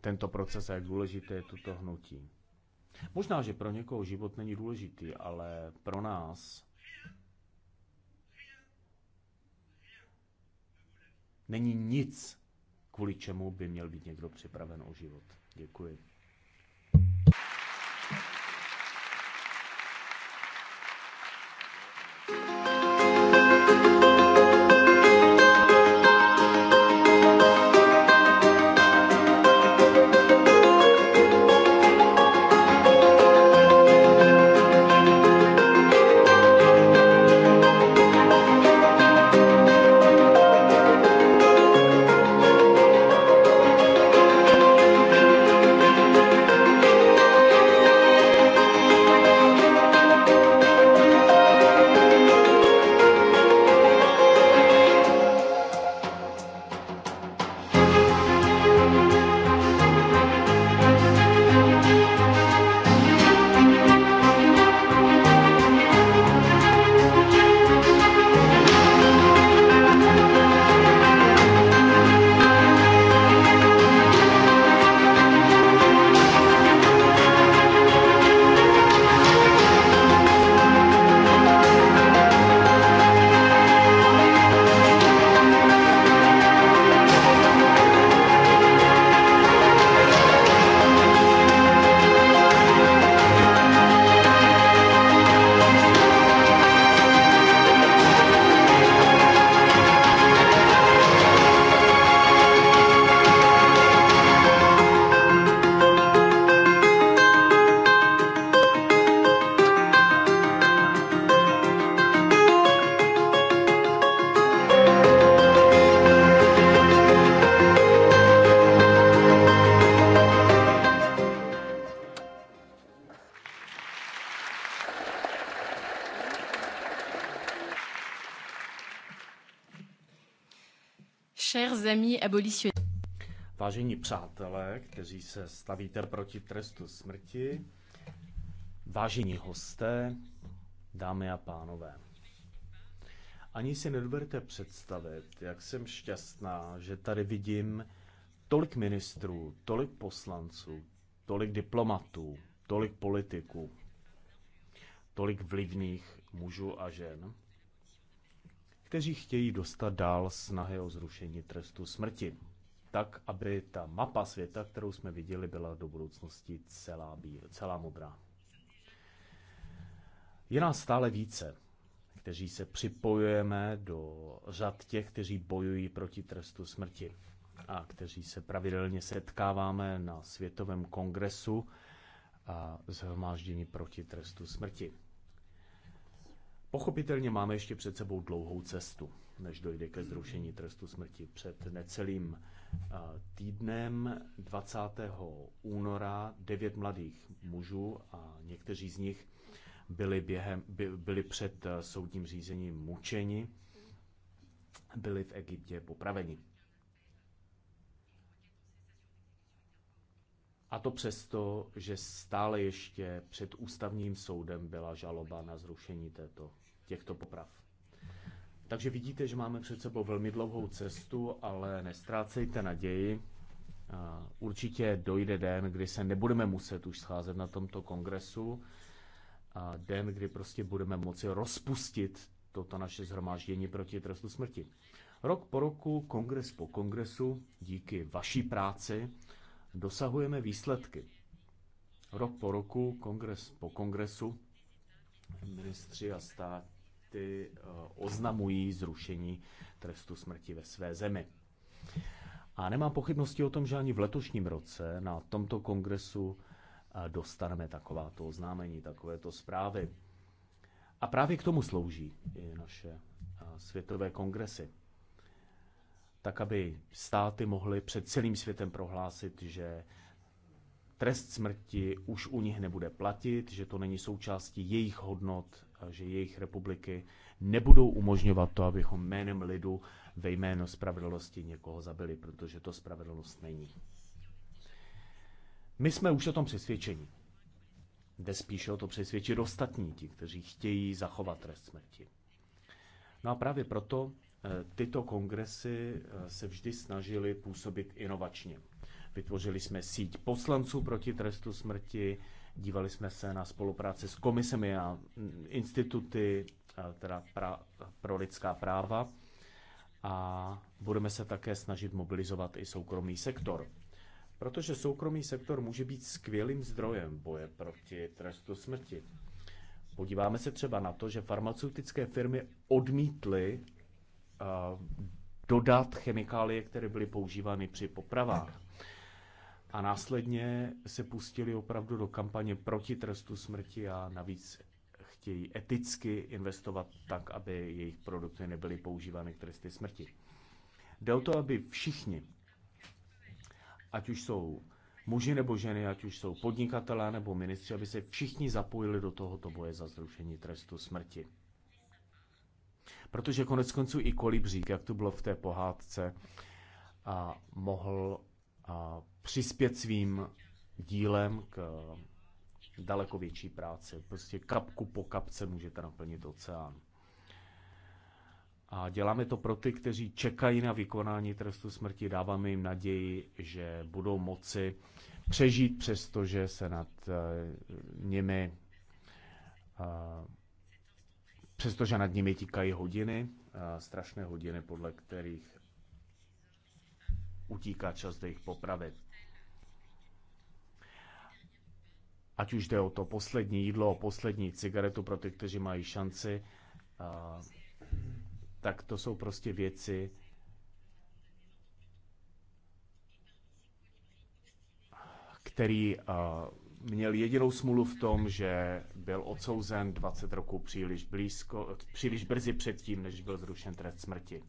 tento proces a jak důležité je toto hnutí. Možná, že pro někoho život není důležitý, ale pro nás není nic, kvůli čemu by měl být někdo připraven o život. Děkuji. Vážení přátelé, kteří se stavíte proti trestu smrti, vážení hosté, dámy a pánové. Ani si nedoberte představit, jak jsem šťastná, že tady vidím tolik ministrů, tolik poslanců, tolik diplomatů, tolik politiků, tolik vlivných mužů a žen, kteří chtějí dostat dál snahy o zrušení trestu smrti tak, aby ta mapa světa, kterou jsme viděli, byla do budoucnosti celá, bíl, celá modrá. Je nás stále více, kteří se připojujeme do řad těch, kteří bojují proti trestu smrti a kteří se pravidelně setkáváme na Světovém kongresu a zhromáždění proti trestu smrti. Pochopitelně máme ještě před sebou dlouhou cestu, než dojde ke zrušení trestu smrti. Před necelým Eh, týdnem 20. února devět mladých mužů a někteří z nich byli, během, by, byli před eh, soudním řízením mučeni, byli v Egyptě popraveni. A to přesto, že stále ještě před ústavním soudem byla žaloba na zrušení této, těchto poprav. Takže vidíte, že máme před sebou velmi dlouhou cestu, ale nestrácejte naději. Určitě dojde den, kdy se nebudeme muset už scházet na tomto kongresu. den, kdy prostě budeme moci rozpustit toto naše zhromáždění proti trestu smrti. Rok po roku, kongres po kongresu, díky vaší práci, dosahujeme výsledky. Rok po roku, kongres po kongresu, ministři a stát, subjekty eh, oznamují zrušení trestu smrti ve své zemi. A nemám pochybnosti o tom, že ani v letošním roce na tomto kongresu eh, dostaneme takováto oznámení, takovéto zprávy. A právě k tomu slouží i naše eh, světové kongresy. Tak, aby státy mohly před celým světem prohlásit, že trest smrti už u nich nebude platit, že to není součástí jejich hodnot, že jejich republiky nebudou umožňovat to, abychom jménem lidu ve jméno spravedlnosti někoho zabili, protože to spravedlnost není. My jsme už o tom přesvědčeni. Jde spíše o to přesvědčit ostatní, ti, kteří chtějí zachovat trest smrti. No a právě proto eh, tyto kongresy eh, se vždy snažili působit inovačně. Vytvořili jsme síť poslanců proti trestu smrti, Dívali jsme se na spolupráci s komisemi a instituty teda pra, pro lidská práva a budeme se také snažit mobilizovat i soukromý sektor. Protože soukromý sektor může být skvělým zdrojem boje proti trestu smrti. Podíváme se třeba na to, že farmaceutické firmy odmítly uh, dodat chemikálie, které byly používány při popravách a následně se pustili opravdu do kampaně proti trestu smrti a navíc chtějí eticky investovat tak, aby jejich produkty nebyly používány k tresty smrti. Jde o to, aby všichni, ať už jsou muži nebo ženy, ať už jsou podnikatelé nebo ministři, aby se všichni zapojili do tohoto boje za zrušení trestu smrti. Protože konec konců i kolibřík, jak to bylo v té pohádce, a mohl přispět svým dílem k daleko větší práci. Prostě kapku po kapce můžete naplnit oceán. A děláme to pro ty, kteří čekají na vykonání trestu smrti. Dáváme jim naději, že budou moci přežít, přestože se nad eh, nimi eh, přestože nad nimi tikají hodiny, eh, strašné hodiny, podle kterých utíká čas do jejich popravit. ať už jde o to poslední jídlo, o poslední cigaretu pro ty, kteří mají šanci, a, tak to jsou prostě věci, který a, měl jedinou smůlu v tom, že byl odsouzen 20 roků příliš, blízko, příliš brzy předtím, než byl zrušen trest smrti.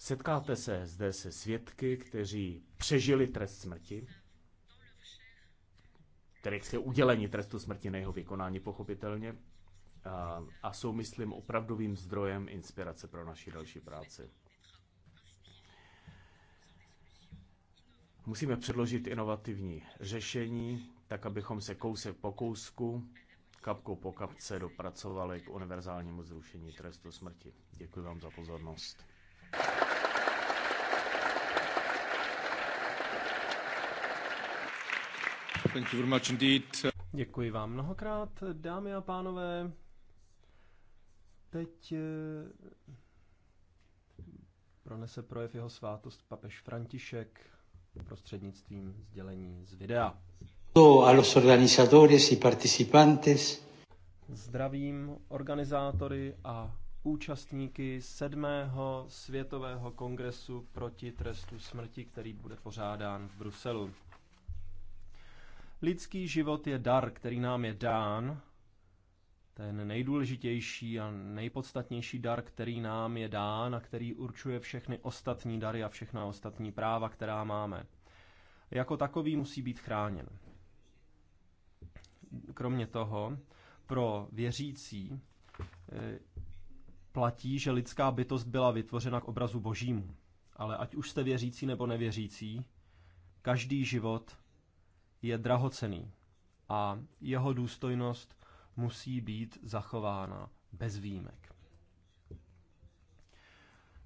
Setkáte se zde se svědky, kteří přežili trest smrti, tedy se udělení trestu smrti na jeho vykonání, pochopitelně, a, a jsou, myslím, opravdovým zdrojem inspirace pro naši další práci. Musíme předložit inovativní řešení, tak abychom se kousek po kousku, kapkou po kapce dopracovali k univerzálnímu zrušení trestu smrti. Děkuji vám za pozornost. Thank you very much indeed. Děkuji vám mnohokrát, dámy a pánové. Teď eh, pronese projev jeho svátost papež František prostřednictvím sdělení z videa. A los organizadores y participantes. Zdravím organizátory a účastníky sedmého světového kongresu proti trestu smrti, který bude pořádán v Bruselu. Lidský život je dar, který nám je dán, ten nejdůležitější a nejpodstatnější dar, který nám je dán a který určuje všechny ostatní dary a všechna ostatní práva, která máme. Jako takový musí být chráněn. Kromě toho, pro věřící eh, platí, že lidská bytost byla vytvořena k obrazu božímu. Ale ať už jste věřící nebo nevěřící, každý život je drahocený a jeho důstojnost musí být zachována bez výjimek.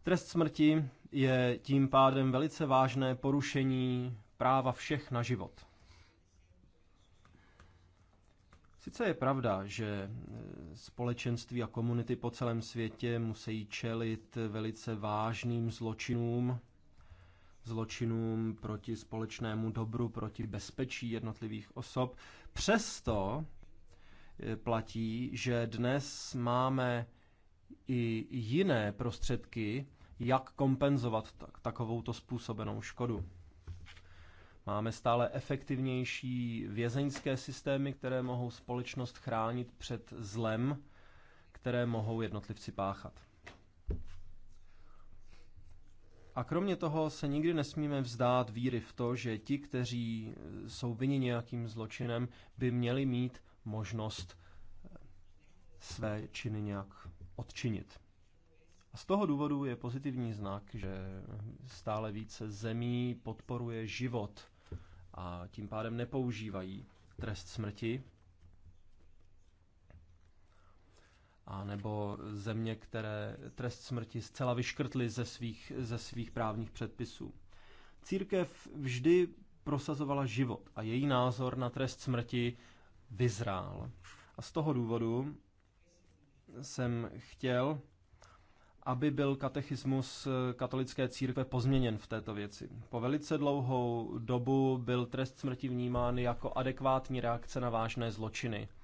Trest smrti je tím pádem velice vážné porušení práva všech na život. Sice je pravda, že e, společenství a komunity po celém světě musí čelit velice vážným zločinům, zločinům, proti společnému dobru, proti bezpečí jednotlivých osob. Přesto eh, platí, že dnes máme i jiné prostředky, jak kompenzovat tak, takovouto způsobenou škodu. Máme stále efektivnější vězeňské systémy, které mohou společnost chránit před zlem, které mohou jednotlivci páchat. A kromě toho se nikdy nesmíme vzdát víry v to, že ti, kteří jsou vyni nějakým zločinem, by měli mít možnost eh, své činy nějak odčinit. A z toho důvodu je pozitivní znak, že stále více zemí podporuje život a tím pádem nepoužívají trest smrti, a nebo země, které trest smrti zcela vyškrtly ze svých, ze svých právních předpisů. Církev vždy prosazovala život a její názor na trest smrti vyzrál. A z toho důvodu jsem chtěl, aby byl katechismus eh, katolické církve pozměněn v této věci. Po velice dlouhou dobu byl trest smrti vnímán jako adekvátní reakce na vážné zločiny –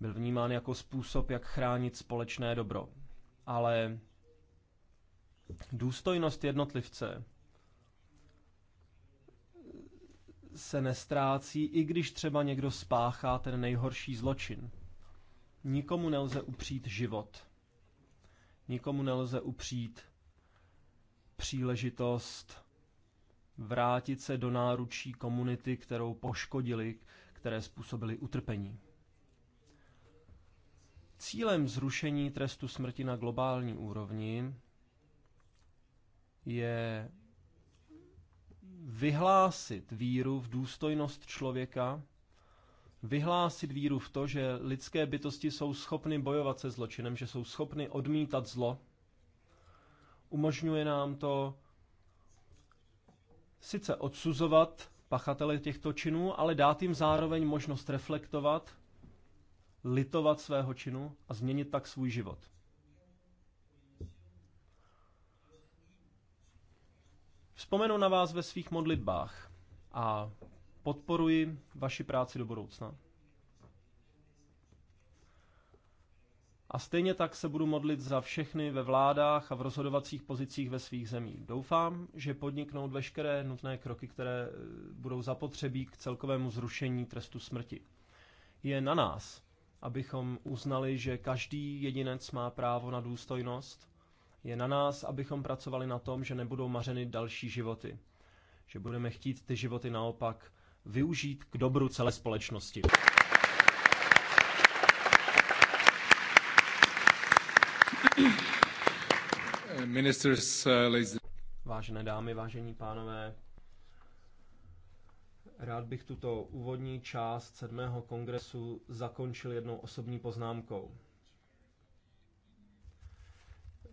byl vnímán jako způsob, jak chránit společné dobro. Ale důstojnost jednotlivce se nestrácí, i když třeba někdo spáchá ten nejhorší zločin. Nikomu nelze upřít život. Nikomu nelze upřít příležitost vrátit se do náručí komunity, kterou poškodili, které způsobili utrpení. Cílem zrušení trestu smrti na globální úrovni je vyhlásit víru v důstojnost člověka, vyhlásit víru v to, že lidské bytosti jsou schopny bojovat se zločinem, že jsou schopny odmítat zlo. Umožňuje nám to sice odsuzovat pachatele těchto činů, ale dát jim zároveň možnost reflektovat litovat svého činu a změnit tak svůj život. Vzpomenu na vás ve svých modlitbách a podporuji vaši práci do budoucna. A stejně tak se budu modlit za všechny ve vládách a v rozhodovacích pozicích ve svých zemích. Doufám, že podniknou veškeré nutné kroky, které eh, budou zapotřebí k celkovému zrušení trestu smrti. Je na nás, abychom uznali, že každý jedinec má právo na důstojnost. Je na nás, abychom pracovali na tom, že nebudou mařeny další životy. Že budeme chtít ty životy naopak využít k dobru celé společnosti. Ministers, uh, Vážené dámy, vážení pánové, Rád bych tuto úvodní část sedmého kongresu zakončil jednou osobní poznámkou.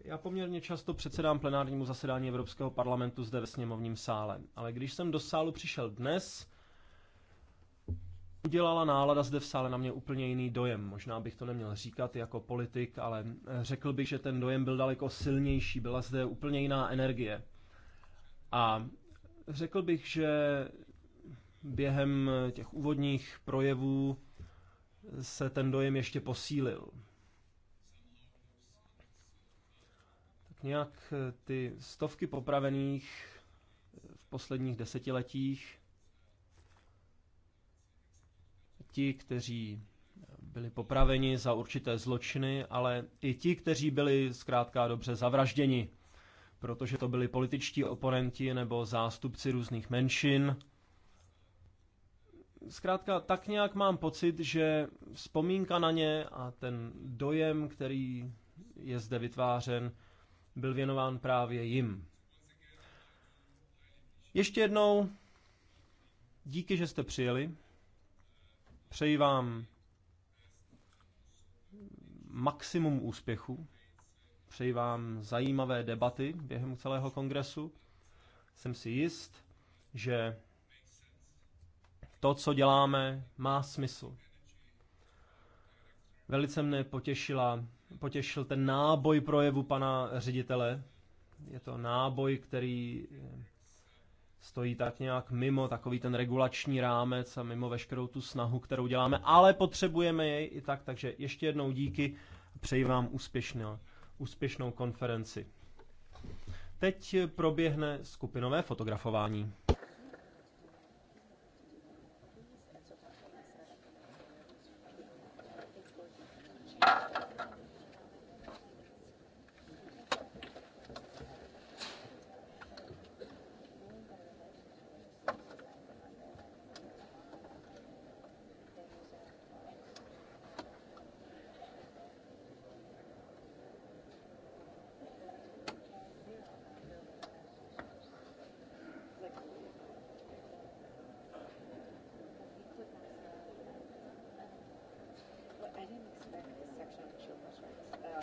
Já poměrně často předsedám plenárnímu zasedání Evropského parlamentu zde ve sněmovním sále, ale když jsem do sálu přišel dnes, udělala nálada zde v sále na mě úplně jiný dojem. Možná bych to neměl říkat jako politik, ale řekl bych, že ten dojem byl daleko silnější, byla zde úplně jiná energie. A řekl bych, že během těch úvodních projevů se ten dojem ještě posílil. Tak nějak eh, ty stovky popravených eh, v posledních desetiletích, ti, kteří byli popraveni za určité zločiny, ale i ti, kteří byli zkrátka dobře zavražděni, protože to byli političtí oponenti nebo zástupci různých menšin, zkrátka tak nějak mám pocit, že vzpomínka na ně a ten dojem, který je zde vytvářen, byl věnován právě jim. Ještě jednou díky, že jste přijeli. Přeji vám maximum úspěchu. Přeji vám zajímavé debaty během celého kongresu. Jsem si jist, že to, co děláme, má smysl. Velice mne potěšila, potěšil ten náboj projevu pana ředitele. Je to náboj, který eh, stojí tak nějak mimo takový ten regulační rámec a mimo veškerou tu snahu, kterou děláme, ale potřebujeme jej i tak, takže ještě jednou díky a přeji vám úspěšnou, úspěšnou konferenci. Teď proběhne skupinové fotografování.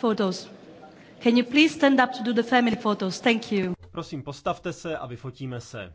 photos. Can you please stand up to do the family photos? Thank you. Prosím, postavte se a vyfotíme se.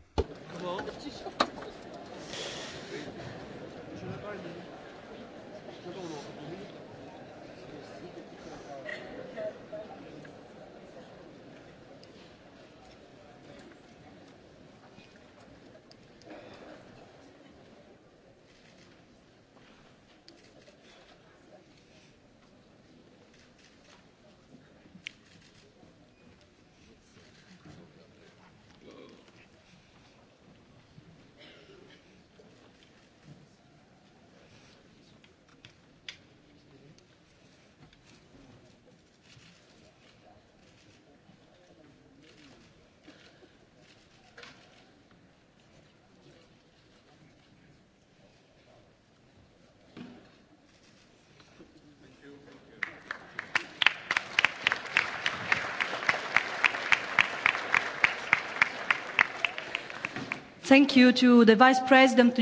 Thank you to the Vice President.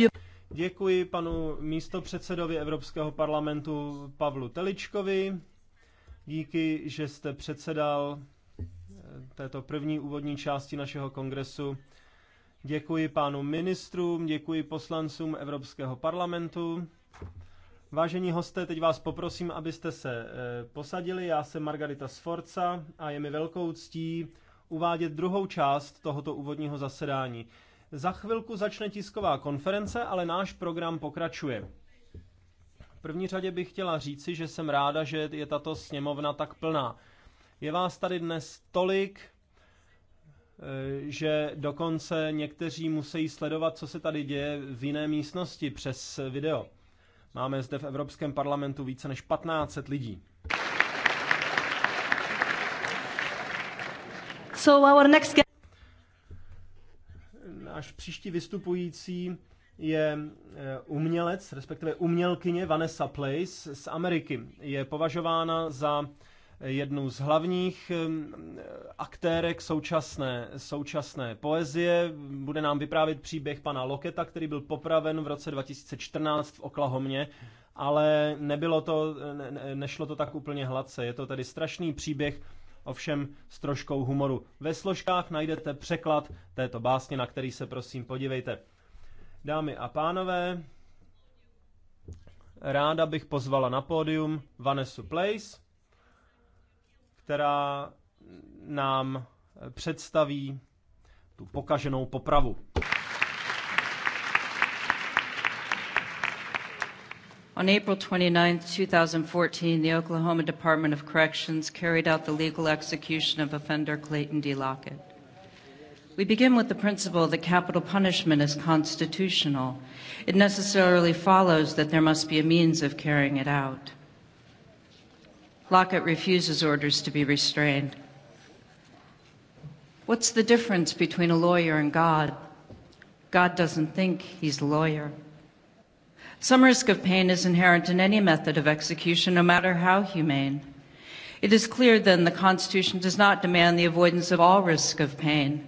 Děkuji panu místopředsedovi Evropského parlamentu Pavlu Teličkovi. Díky, že jste předsedal eh, této první úvodní části našeho kongresu. Děkuji pánu ministrům, děkuji poslancům Evropského parlamentu. Vážení hosté, teď vás poprosím, abyste se eh, posadili. Já jsem Margarita Sforca a je mi velkou ctí uvádět druhou část tohoto úvodního zasedání. Za chvilku začne tisková konference, ale náš program pokračuje. V první řadě bych chtěla říci, že jsem ráda, že je tato sněmovna tak plná. Je vás tady dnes tolik, e, že dokonce někteří musí sledovat, co se tady děje v jiné místnosti přes video. Máme zde v Evropském parlamentu více než 1500 lidí. So our next až příští vystupující je eh, umělec, respektive umělkyně Vanessa Place z Ameriky. Je považována za eh, jednu z hlavních eh, aktérek současné, současné poezie. Bude nám vyprávět příběh pana Loketa, který byl popraven v roce 2014 v Oklahomě, ale nebylo to, ne, nešlo to tak úplně hladce. Je to tedy strašný příběh ovšem s troškou humoru. Ve složkách najdete překlad této básně, na který se prosím podívejte. Dámy a pánové, ráda bych pozvala na pódium Vanessa Place, která nám představí tu pokaženou popravu. On April 29, 2014, the Oklahoma Department of Corrections carried out the legal execution of offender Clayton D. Lockett. We begin with the principle that capital punishment is constitutional. It necessarily follows that there must be a means of carrying it out. Lockett refuses orders to be restrained. What's the difference between a lawyer and God? God doesn't think he's a lawyer. Some risk of pain is inherent in any method of execution, no matter how humane. It is clear, then, the Constitution does not demand the avoidance of all risk of pain.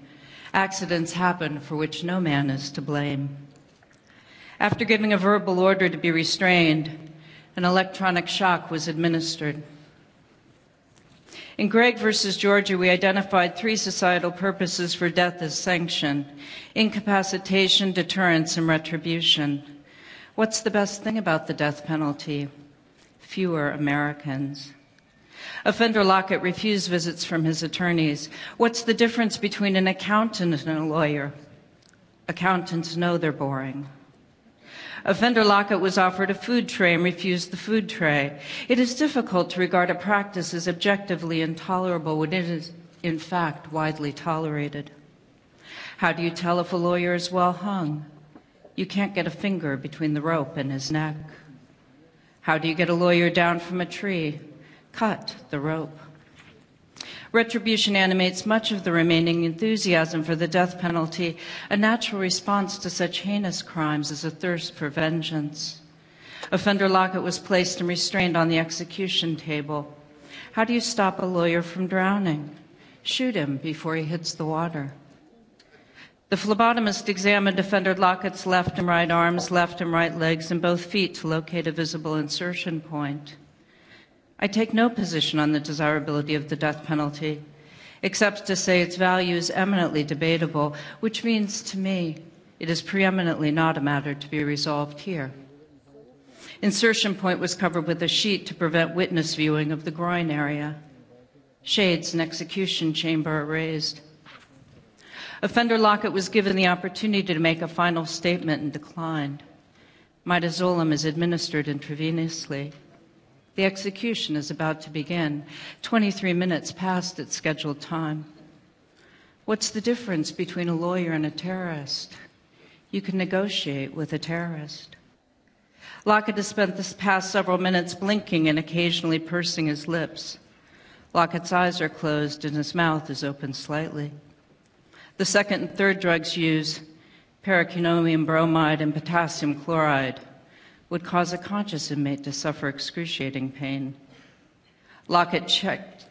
Accidents happen for which no man is to blame. After giving a verbal order to be restrained, an electronic shock was administered. In Gregg versus Georgia, we identified three societal purposes for death as sanction incapacitation, deterrence, and retribution. What's the best thing about the death penalty? Fewer Americans. Offender Lockett refused visits from his attorneys. What's the difference between an accountant and a lawyer? Accountants know they're boring. Offender Lockett was offered a food tray and refused the food tray. It is difficult to regard a practice as objectively intolerable when it is, in fact, widely tolerated. How do you tell if a lawyer is well hung? You can't get a finger between the rope and his neck. How do you get a lawyer down from a tree? Cut the rope. Retribution animates much of the remaining enthusiasm for the death penalty, a natural response to such heinous crimes as a thirst for vengeance. Offender Lockett was placed and restrained on the execution table. How do you stop a lawyer from drowning? Shoot him before he hits the water. The phlebotomist examined Defender Lockett's left and right arms, left and right legs, and both feet to locate a visible insertion point. I take no position on the desirability of the death penalty, except to say its value is eminently debatable, which means to me it is preeminently not a matter to be resolved here. Insertion point was covered with a sheet to prevent witness viewing of the groin area. Shades in execution chamber are raised. Offender Lockett was given the opportunity to make a final statement and declined. Midazolam is administered intravenously. The execution is about to begin, 23 minutes past its scheduled time. What's the difference between a lawyer and a terrorist? You can negotiate with a terrorist. Lockett has spent the past several minutes blinking and occasionally pursing his lips. Lockett's eyes are closed and his mouth is open slightly. The second and third drugs used, paraquinomium bromide and potassium chloride, would cause a conscious inmate to suffer excruciating pain. Lockett checked,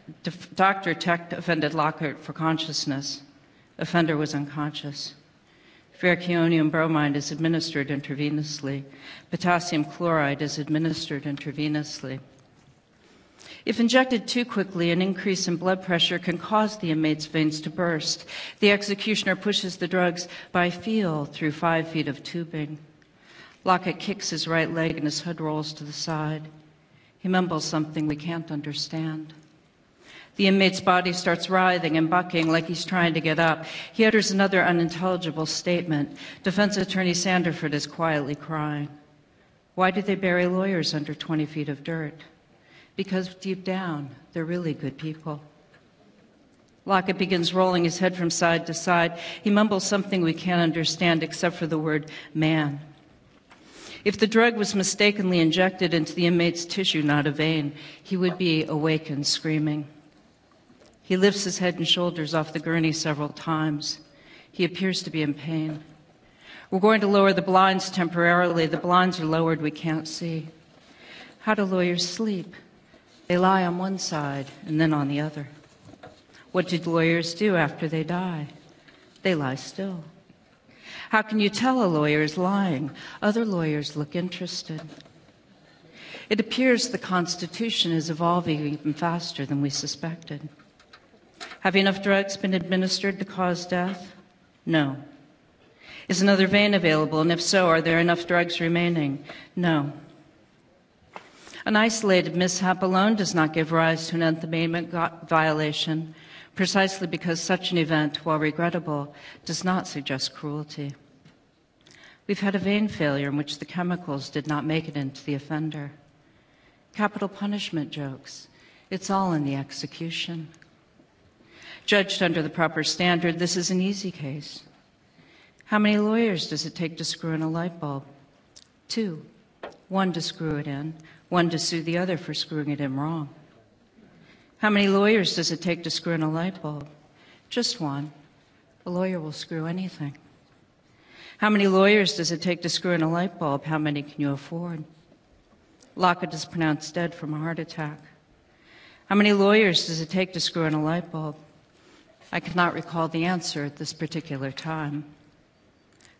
Dr. checked offended Lockett for consciousness. Offender was unconscious. Ferrocheonium bromide is administered intravenously. Potassium chloride is administered intravenously. If injected too quickly, an increase in blood pressure can cause the inmate's veins to burst. The executioner pushes the drugs by feel through five feet of tubing. Lockett kicks his right leg and his hood rolls to the side. He mumbles something we can't understand. The inmate's body starts writhing and bucking like he's trying to get up. He utters another unintelligible statement. Defense attorney Sanderford is quietly crying. Why do they bury lawyers under 20 feet of dirt? because deep down, they're really good people. Lockett begins rolling his head from side to side. He mumbles something we can't understand except for the word man. If the drug was mistakenly injected into the inmate's tissue, not a vein, he would be awakened screaming. He lifts his head and shoulders off the gurney several times. He appears to be in pain. We're going to lower the blinds temporarily. The blinds are lowered, we can't see. How do lawyers sleep? They lie on one side and then on the other. What do lawyers do after they die? They lie still. How can you tell a lawyer is lying? Other lawyers look interested. It appears the Constitution is evolving even faster than we suspected. Have enough drugs been administered to cause death? No. Is another vein available? And if so, are there enough drugs remaining? No. An isolated mishap alone does not give rise to an Nth Amendment violation, precisely because such an event, while regrettable, does not suggest cruelty. We've had a vein failure in which the chemicals did not make it into the offender. Capital punishment jokes. It's all in the execution. Judged under the proper standard, this is an easy case. How many lawyers does it take to screw in a light bulb? Two. One to screw it in, one to sue the other for screwing it him wrong. How many lawyers does it take to screw in a light bulb? Just one. A lawyer will screw anything. How many lawyers does it take to screw in a light bulb? How many can you afford? Lockett is pronounced dead from a heart attack. How many lawyers does it take to screw in a light bulb? I cannot recall the answer at this particular time.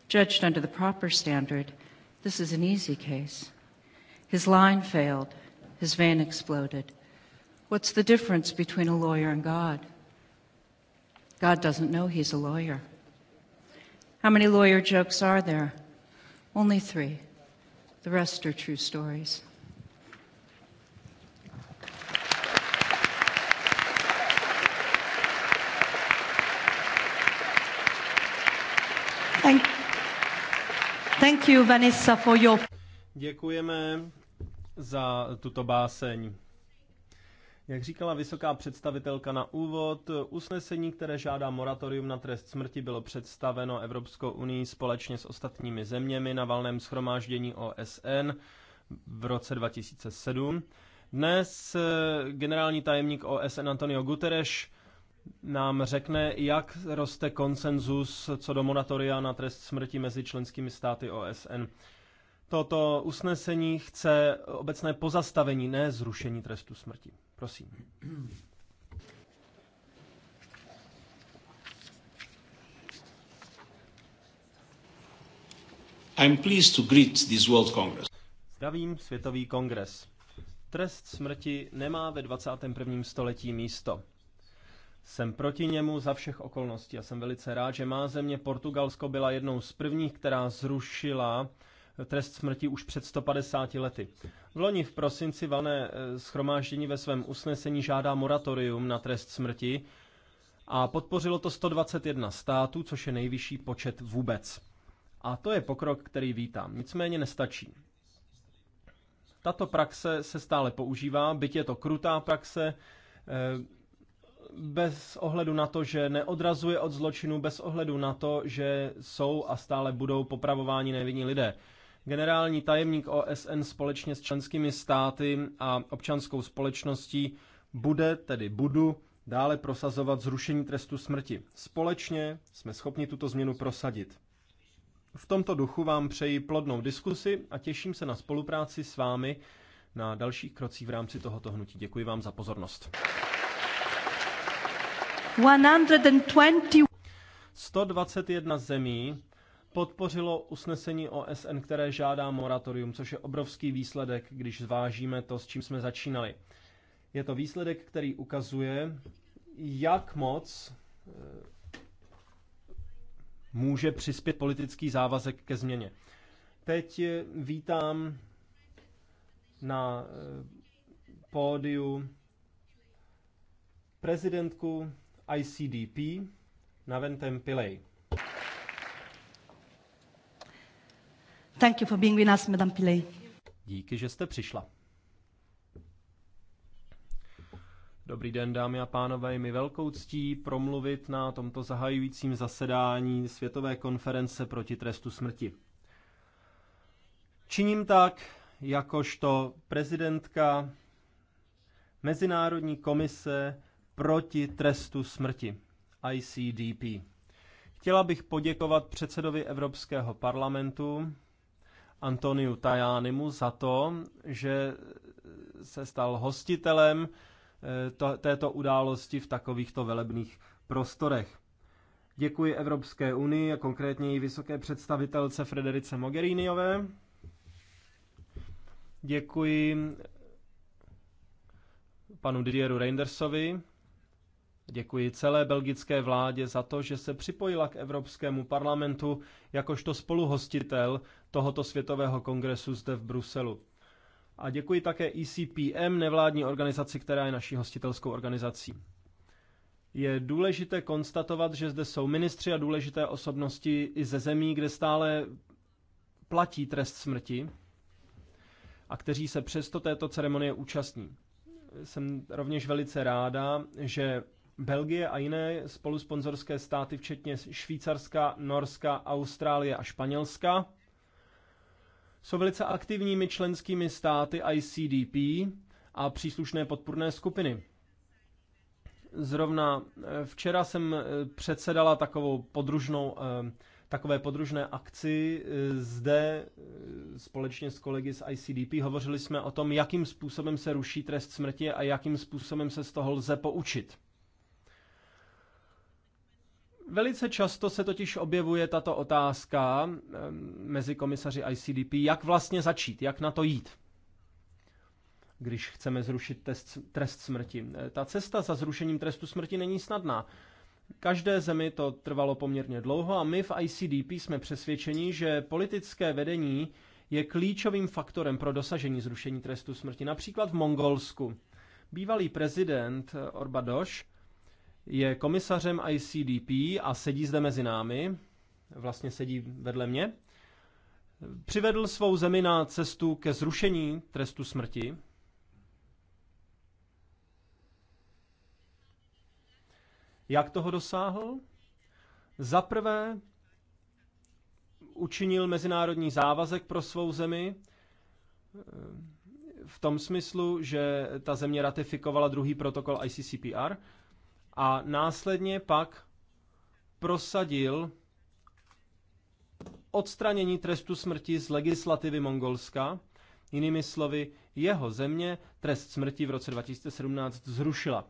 Judged under the proper standard, this is an easy case. His line failed. His vein exploded. What's the difference between a lawyer and God? God doesn't know he's a lawyer. How many lawyer jokes are there? Only three. The rest are true stories. thank you, Vanessa, for your... Děkujeme za tuto báseň. Jak říkala vysoká představitelka na úvod, usnesení, které žádá moratorium na trest smrti, bylo představeno Evropskou unii společně s ostatními zeměmi na valném schromáždění OSN v roce 2007. Dnes eh, generální tajemník OSN Antonio Guterres nám řekne, jak roste konsenzus co do moratoria na trest smrti mezi členskými státy OSN. Toto usnesení chce obecné pozastavení, ne zrušení trestu smrti. Prosím. I'm pleased to greet this World Congress. Zdravím Světový kongres. Trest smrti nemá ve 21. století místo. Jsem proti němu za všech okolností a jsem velice rád, že má země Portugalsko byla jednou z prvních, která zrušila trest smrti už před 150 lety. V loni v prosinci valné eh, schromáždění ve svém usnesení žádá moratorium na trest smrti a podpořilo to 121 států, což je nejvyšší počet vůbec. A to je pokrok, který vítám. Nicméně nestačí. Tato praxe se stále používá, byť je to krutá praxe, eh, bez ohledu na to, že neodrazuje od zločinu, bez ohledu na to, že jsou a stále budou popravováni nevinní lidé. Generální tajemník OSN společně s členskými státy a občanskou společností bude, tedy budu, dále prosazovat zrušení trestu smrti. Společně jsme schopni tuto změnu prosadit. V tomto duchu vám přeji plodnou diskusi a těším se na spolupráci s vámi na dalších krocích v rámci tohoto hnutí. Děkuji vám za pozornost. 120... 121 zemí podpořilo usnesení OSN, které žádá moratorium, což je obrovský výsledek, když zvážíme to, s čím jsme začínali. Je to výsledek, který ukazuje, jak moc eh, může přispět politický závazek ke změně. Teď eh, vítám na eh, pódiu prezidentku ICDP Naventem Pillay. Thank you for being with us, Madame Pillay. Díky, že jste přišla. Dobrý den, dámy a pánové. mi velkou ctí promluvit na tomto zahajujícím zasedání Světové konference proti trestu smrti. Činím tak, jakožto prezidentka Mezinárodní komise proti trestu smrti, ICDP. Chtěla bych poděkovat předsedovi Evropského parlamentu, Antoniu Tajánimu za to, že se stal hostitelem eh, této události v takovýchto velebných prostorech. Děkuji Evropské unii a konkrétně její vysoké představitelce Frederice Mogheriniové. Děkuji panu Didieru Reindersovi Děkuji celé belgické vládě za to, že se připojila k Evropskému parlamentu jakožto spoluhostitel tohoto světového kongresu zde v Bruselu. A děkuji také ECPM, nevládní organizaci, která je naší hostitelskou organizací. Je důležité konstatovat, že zde jsou ministři a důležité osobnosti i ze zemí, kde stále platí trest smrti a kteří se přesto této ceremonie účastní. Jsem rovněž velice ráda, že Belgie a jiné spolusponzorské státy, včetně Švýcarska, Norska, Austrálie a Španělska, jsou velice aktivními členskými státy ICDP a příslušné podpůrné skupiny. Zrovna eh, včera jsem eh, předsedala takovou podružnou, eh, takové podružné akci zde společně s kolegy z ICDP. Hovořili jsme o tom, jakým způsobem se ruší trest smrti a jakým způsobem se z toho lze poučit. Velice často se totiž objevuje tato otázka mezi komisaři ICDP, jak vlastně začít, jak na to jít, když chceme zrušit test, trest smrti. E, ta cesta za zrušením trestu smrti není snadná. Každé zemi to trvalo poměrně dlouho a my v ICDP jsme přesvědčeni, že politické vedení je klíčovým faktorem pro dosažení zrušení trestu smrti. Například v Mongolsku. Bývalý prezident e, Orbadoš je komisařem ICDP a sedí zde mezi námi, vlastně sedí vedle mě. Přivedl svou zemi na cestu ke zrušení trestu smrti. Jak toho dosáhl? Zaprvé učinil mezinárodní závazek pro svou zemi eh, v tom smyslu, že ta země ratifikovala druhý protokol ICCPR, a následně pak prosadil odstranění trestu smrti z legislativy Mongolska. Jinými slovy, jeho země trest smrti v roce 2017 zrušila.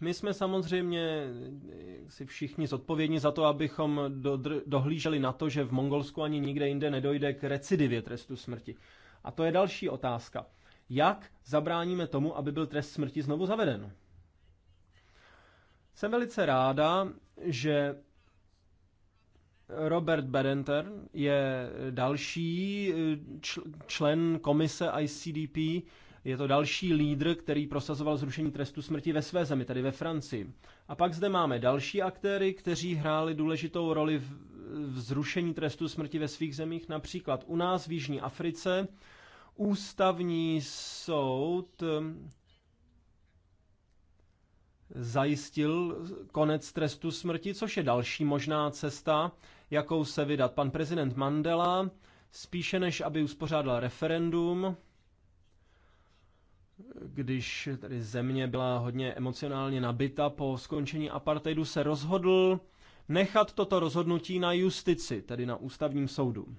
My jsme samozřejmě si všichni zodpovědní za to, abychom dodr- dohlíželi na to, že v Mongolsku ani nikde jinde nedojde k recidivě trestu smrti. A to je další otázka. Jak zabráníme tomu, aby byl trest smrti znovu zaveden? Jsem velice ráda, že Robert Bedenter je další eh, člen komise ICDP, je to další lídr, který prosazoval zrušení trestu smrti ve své zemi, tedy ve Francii. A pak zde máme další aktéry, kteří hráli důležitou roli v, v zrušení trestu smrti ve svých zemích, například u nás v Jižní Africe. Ústavní soud eh, zajistil konec trestu smrti, což je další možná cesta, jakou se vydat. Pan prezident Mandela, spíše než aby uspořádal referendum, když tedy země byla hodně emocionálně nabita po skončení apartheidu, se rozhodl nechat toto rozhodnutí na justici, tedy na ústavním soudu.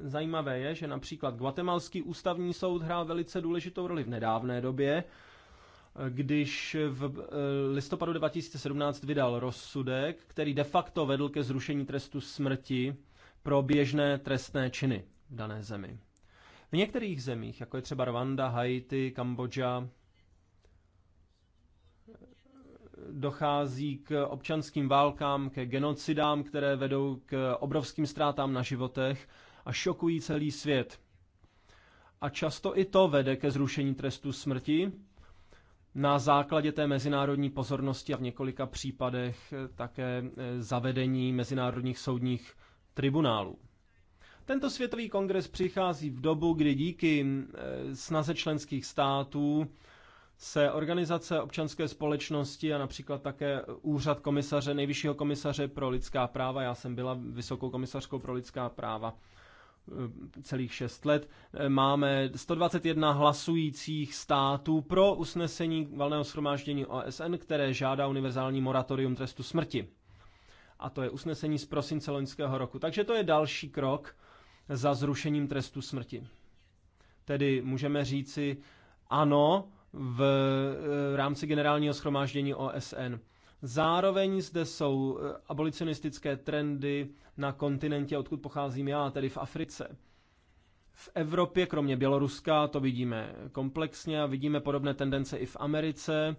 Zajímavé je, že například Guatemalský ústavní soud hrál velice důležitou roli v nedávné době, když v eh, listopadu 2017 vydal rozsudek, který de facto vedl ke zrušení trestu smrti pro běžné trestné činy v dané zemi. V některých zemích, jako je třeba Rwanda, Haiti, Kambodža, dochází k občanským válkám, ke genocidám, které vedou k obrovským ztrátám na životech a šokují celý svět. A často i to vede ke zrušení trestu smrti, na základě té mezinárodní pozornosti a v několika případech eh, také eh, zavedení mezinárodních soudních tribunálů. Tento světový kongres přichází v dobu, kdy díky eh, snaze členských států se organizace občanské společnosti a například také úřad komisaře, nejvyššího komisaře pro lidská práva, já jsem byla vysokou komisařkou pro lidská práva, Eh, celých šest let. Eh, máme 121 hlasujících států pro usnesení valného shromáždění OSN, které žádá univerzální moratorium trestu smrti. A to je usnesení z prosince loňského roku. Takže to je další krok za zrušením trestu smrti. Tedy můžeme říci ano v eh, rámci generálního schromáždění OSN. Zároveň zde jsou eh, abolicionistické trendy na kontinentě, odkud pocházím já, tedy v Africe. V Evropě, kromě Běloruska, to vidíme komplexně a vidíme podobné tendence i v Americe,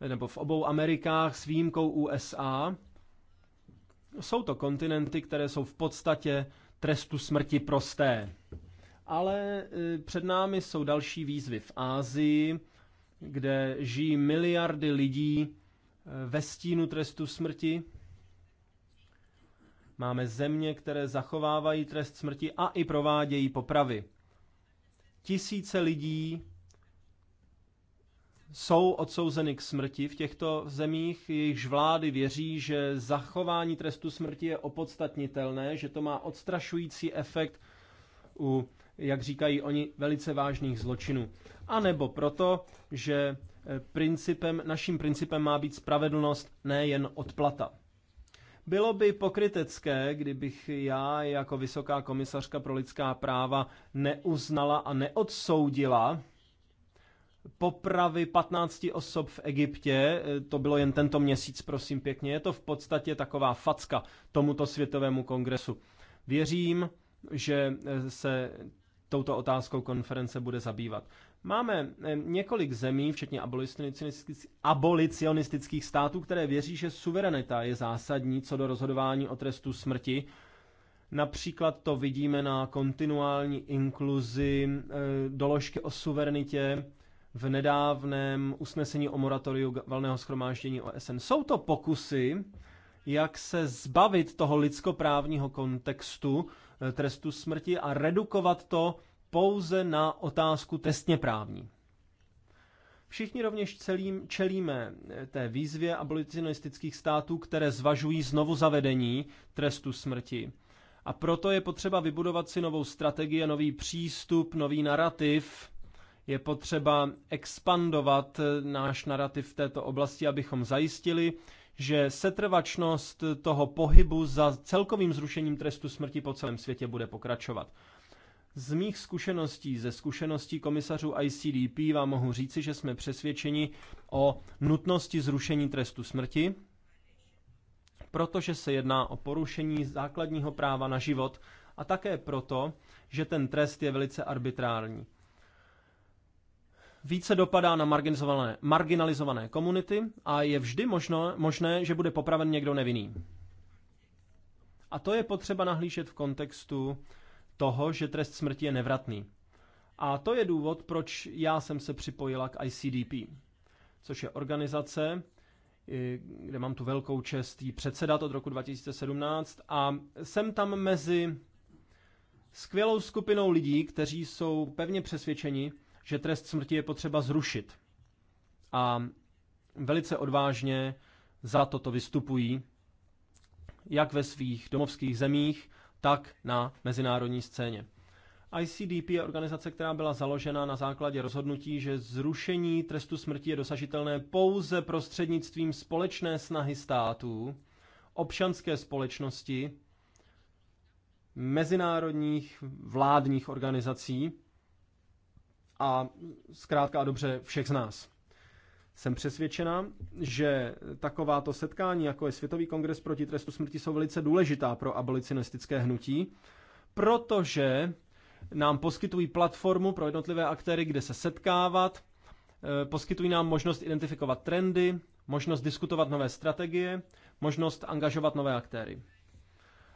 eh, nebo v obou Amerikách s výjimkou USA. Jsou to kontinenty, které jsou v podstatě trestu smrti prosté. Ale eh, před námi jsou další výzvy v Ázii, kde žijí miliardy lidí, ve stínu trestu smrti. Máme země, které zachovávají trest smrti a i provádějí popravy. Tisíce lidí jsou odsouzeny k smrti v těchto zemích, jejichž vlády věří, že zachování trestu smrti je opodstatnitelné, že to má odstrašující efekt u, jak říkají oni, velice vážných zločinů. A nebo proto, že Eh, principem, naším principem má být spravedlnost, ne jen odplata. Bylo by pokrytecké, kdybych já jako vysoká komisařka pro lidská práva neuznala a neodsoudila popravy 15 osob v Egyptě, eh, to bylo jen tento měsíc, prosím pěkně, je to v podstatě taková facka tomuto světovému kongresu. Věřím, že eh, se touto otázkou konference bude zabývat. Máme několik zemí, včetně abolicionistických států, které věří, že suverenita je zásadní co do rozhodování o trestu smrti. Například to vidíme na kontinuální inkluzi doložky o suverenitě v nedávném usnesení o moratoriu valného schromáždění OSN. Jsou to pokusy, jak se zbavit toho lidskoprávního kontextu eh, trestu smrti a redukovat to pouze na otázku trestně právní. Všichni rovněž celým čelíme eh, té výzvě abolicionistických států, které zvažují znovu zavedení trestu smrti. A proto je potřeba vybudovat si novou strategii, nový přístup, nový narrativ. Je potřeba expandovat eh, náš narrativ v této oblasti, abychom zajistili, že setrvačnost toho pohybu za celkovým zrušením trestu smrti po celém světě bude pokračovat. Z mých zkušeností, ze zkušeností komisařů ICDP vám mohu říci, že jsme přesvědčeni o nutnosti zrušení trestu smrti, protože se jedná o porušení základního práva na život a také proto, že ten trest je velice arbitrární. Více dopadá na marginalizované, marginalizované komunity a je vždy možno, možné, že bude popraven někdo nevinný. A to je potřeba nahlížet v kontextu toho, že trest smrti je nevratný. A to je důvod, proč já jsem se připojila k ICDP, což je organizace, kde mám tu velkou čest jí předsedat od roku 2017 a jsem tam mezi skvělou skupinou lidí, kteří jsou pevně přesvědčeni, že trest smrti je potřeba zrušit. A velice odvážně za toto vystupují, jak ve svých domovských zemích, tak na mezinárodní scéně. ICDP je organizace, která byla založena na základě rozhodnutí, že zrušení trestu smrti je dosažitelné pouze prostřednictvím společné snahy států, občanské společnosti, mezinárodních vládních organizací a zkrátka a dobře všech z nás. Jsem přesvědčena, že takováto setkání, jako je Světový kongres proti trestu smrti, jsou velice důležitá pro abolicionistické hnutí, protože nám poskytují platformu pro jednotlivé aktéry, kde se setkávat, eh, poskytují nám možnost identifikovat trendy, možnost diskutovat nové strategie, možnost angažovat nové aktéry.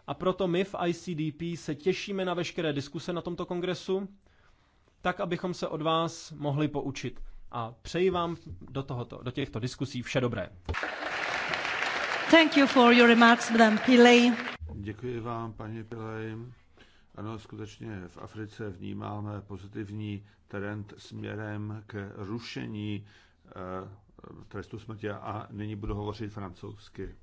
A proto my v ICDP se těšíme na veškeré diskuse na tomto kongresu, tak abychom se od vás mohli poučit a přeji vám do, tohoto, do těchto diskusí vše dobré. Thank you for your remarks, Madame Děkuji vám, paní Pilej. Ano, skutečně v Africe vnímáme pozitivní trend směrem k rušení eh, trestu smrti a nyní budu hovořit francouzsky.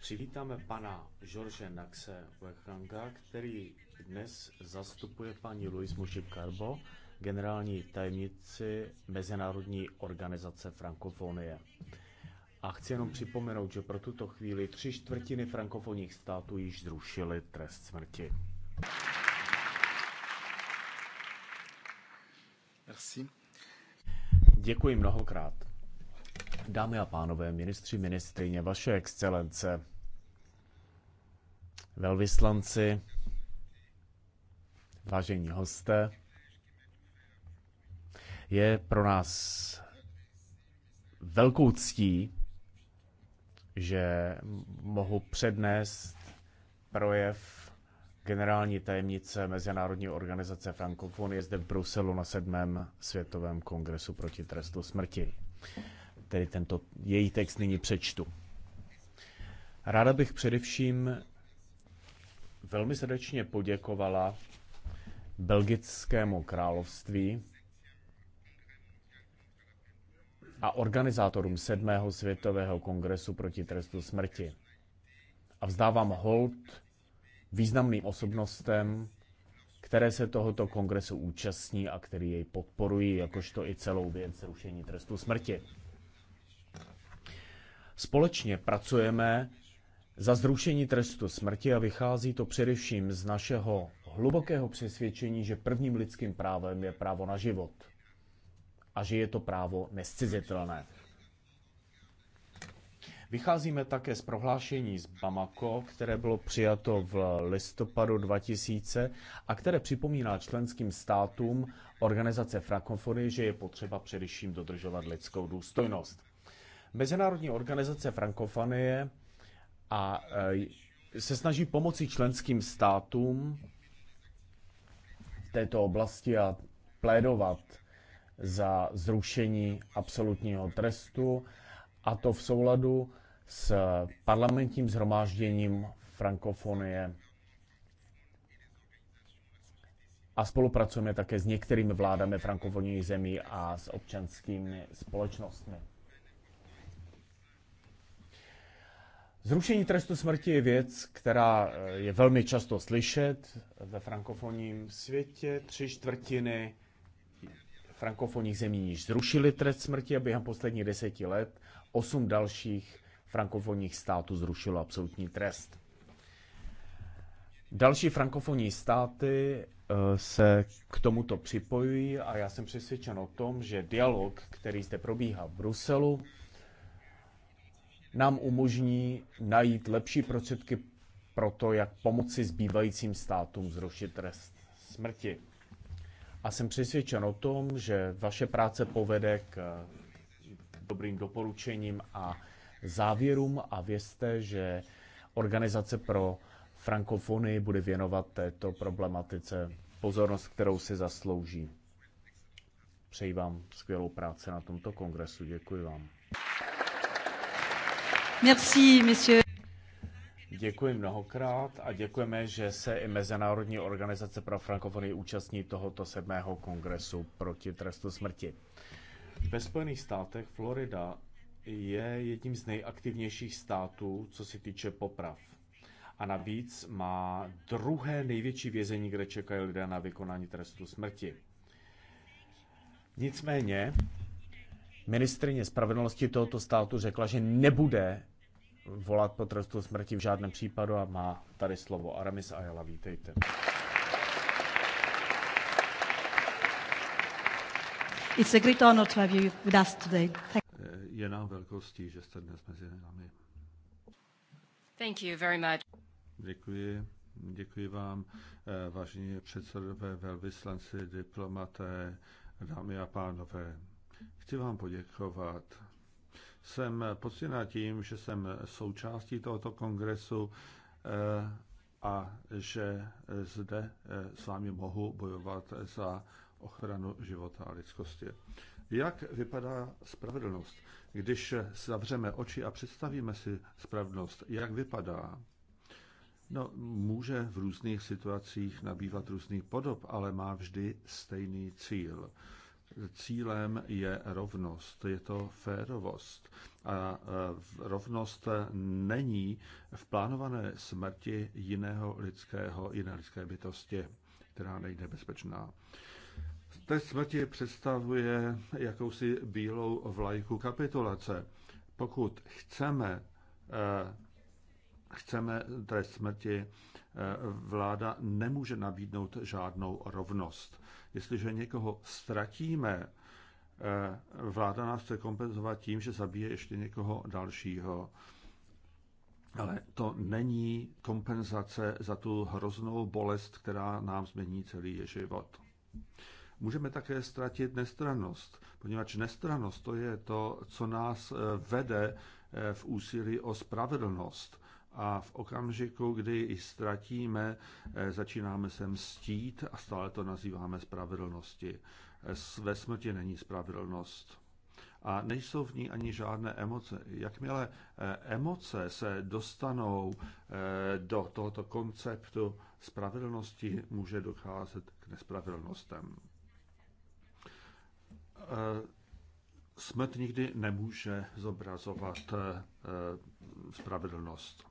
Přivítáme pana George Naxe Wekanga, který dnes zastupuje paní Louise Mushib Carbo, generální tajemnici Mezinárodní organizace Frankofonie. A chci jenom připomenout, že pro tuto chvíli tři čtvrtiny frankofonních států již zrušily trest smrti. Merci. Děkuji mnohokrát. Dámy a pánové, ministři, ministrině, vaše excelence, velvyslanci, vážení hosté, je pro nás velkou ctí, že mohu přednést projev generální tajemnice Mezinárodní organizace Frankofon je zde v Bruselu na 7. světovém kongresu proti trestu smrti. Tedy tento její text nyní přečtu. Ráda bych především velmi srdečně poděkovala Belgickému království a organizátorům 7. světového kongresu proti trestu smrti. A vzdávám hold významným osobnostem, které se tohoto kongresu účastní a který jej podporují, jakožto i celou věc rušení trestu smrti. Společně pracujeme za zrušení trestu smrti a vychází to především z našeho hlubokého přesvědčení, že prvním lidským právem je právo na život – a že je to právo nescizitelné. Vycházíme také z prohlášení z Bamako, které bylo přijato v listopadu 2000 a které připomíná členským státům organizace Frankofony, že je potřeba především dodržovat lidskou důstojnost. Mezinárodní organizace Frankofonie a e, se snaží pomoci členským státům v této oblasti a plédovat za zrušení absolutního trestu, a to v souladu s parlamentním zhromážděním Frankofonie. A spolupracujeme také s některými vládami frankofonních zemí a s občanskými společnostmi. Zrušení trestu smrti je věc, která eh, je velmi často slyšet ve frankofonním světě. Tři čtvrtiny frankofonních zemí již zrušili trest smrti a během posledních deseti let osm dalších frankofonních států zrušilo absolutní trest. Další frankofonní státy eh, se k tomuto připojují a já jsem přesvědčen o tom, že dialog, který zde probíhá v Bruselu, nám umožní najít lepší prostředky pro to, jak pomoci zbývajícím státům zrušit trest smrti a jsem přesvědčen o tom, že vaše práce povede k eh, dobrým doporučením a závěrům a vězte, že Organizace pro frankofony bude věnovat této problematice pozornost, kterou si zaslouží. Přeji vám skvělou práci na tomto kongresu. Děkuji vám. Merci, monsieur. Děkuji mnohokrát a děkujeme, že se i Mezinárodní organizace pro frankofonii účastní tohoto sedmého kongresu proti trestu smrti. Ve Spojených státech Florida je jedním z nejaktivnějších států, co se týče poprav. A navíc má druhé největší vězení, kde čekají lidé na vykonání trestu smrti. Nicméně, ministrině spravedlnosti tohoto státu řekla, že nebude volat po trestu smrti v žádném případu a má tady slovo Aramis Ayala. Vítejte. It's a great honor to have you with us today. Thank Je nám velkostí, že jste dnes mezi námi. Thank you very much. Děkuji. Děkuji vám, eh, vážení předsedové, velvyslanci, diplomaté, dámy a pánové. Chci vám poděkovat jsem pocitná tím, že jsem součástí tohoto kongresu eh, a že zde eh, s vámi mohu bojovat za ochranu života a lidskosti. Jak vypadá spravedlnost? Když zavřeme oči a představíme si spravedlnost, jak vypadá? No, může v různých situacích nabývat různých podob, ale má vždy stejný cíl cílem je rovnost, je to férovost. A e, rovnost není v plánované smrti jiného lidského, jiné lidské bytosti, která nejde bezpečná. Té smrti představuje jakousi bílou vlajku kapitulace. Pokud chceme e, chceme trest smrti, e, vláda nemůže nabídnout žádnou rovnost. Jestliže někoho ztratíme, eh, vláda nás chce kompenzovat tím, že zabije ještě někoho dalšího. Ale to není kompenzace za tu hroznou bolest, která nám změní celý život. Můžeme také ztratit nestrannost, poněvadž nestrannost to je to, co nás eh, vede eh, v úsilí o spravedlnost a v okamžiku, kdy ji ztratíme, eh, začínáme se mstít a stále to nazýváme spravedlnosti. Eh, ve smrti není spravedlnost. A nejsou v ní ani žádné emoce. Jakmile eh, emoce se dostanou do tohoto konceptu spravedlnosti, může docházet k nespravedlnostem. Smrt nikdy nemůže zobrazovat spravedlnost.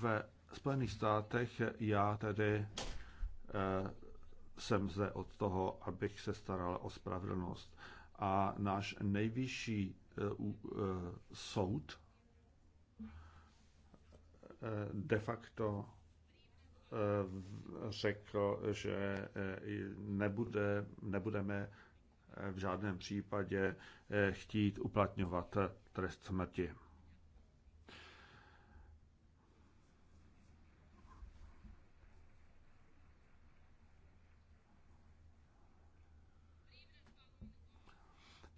Ve Spojených státech já tedy eh, jsem zde od toho, abych se staral o spravedlnost. A náš nejvyšší eh, eh, soud de facto řekl, že nebude, nebudeme v žádném případě chtít uplatňovat trest smrti.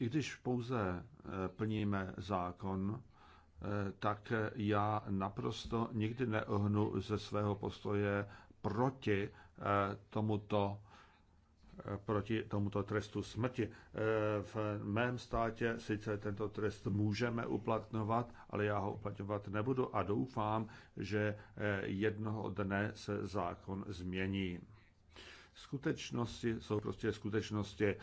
I když pouze eh, plníme zákon, eh, tak já naprosto nikdy neohnu ze svého postoje proti eh, tomuto proti tomuto trestu smrti. V mém státě sice tento trest můžeme uplatňovat, ale já ho uplatňovat nebudu a doufám, že jednoho dne se zákon změní. Skutečnosti jsou prostě skutečnosti. Eh,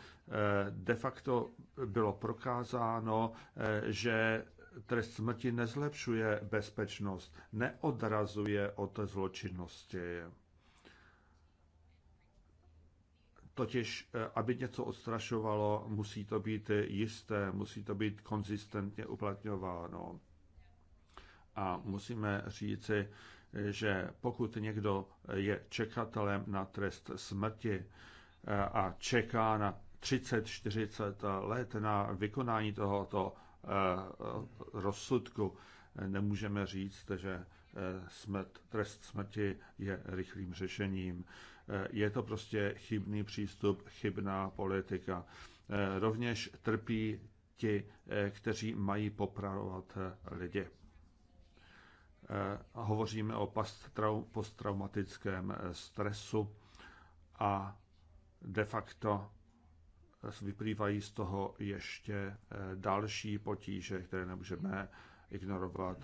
de facto bylo prokázáno, eh, že trest smrti nezlepšuje bezpečnost, neodrazuje od zločinnosti. Totiž, eh, aby něco odstrašovalo, musí to být jisté, musí to být konzistentně uplatňováno. A musíme říci, že pokud někdo je čekatelem na trest smrti eh, a čeká na 30-40 let na vykonání tohoto eh, rozsudku, nemůžeme říct, že eh, smrt, trest smrti je rychlým řešením. Je to prostě chybný přístup, chybná politika. Rovněž trpí ti, kteří mají popravovat lidi. Eh, hovoříme o posttraumatickém eh, stresu a de facto eh, vyplývají z toho ještě další potíže, které nemůžeme ignorovat.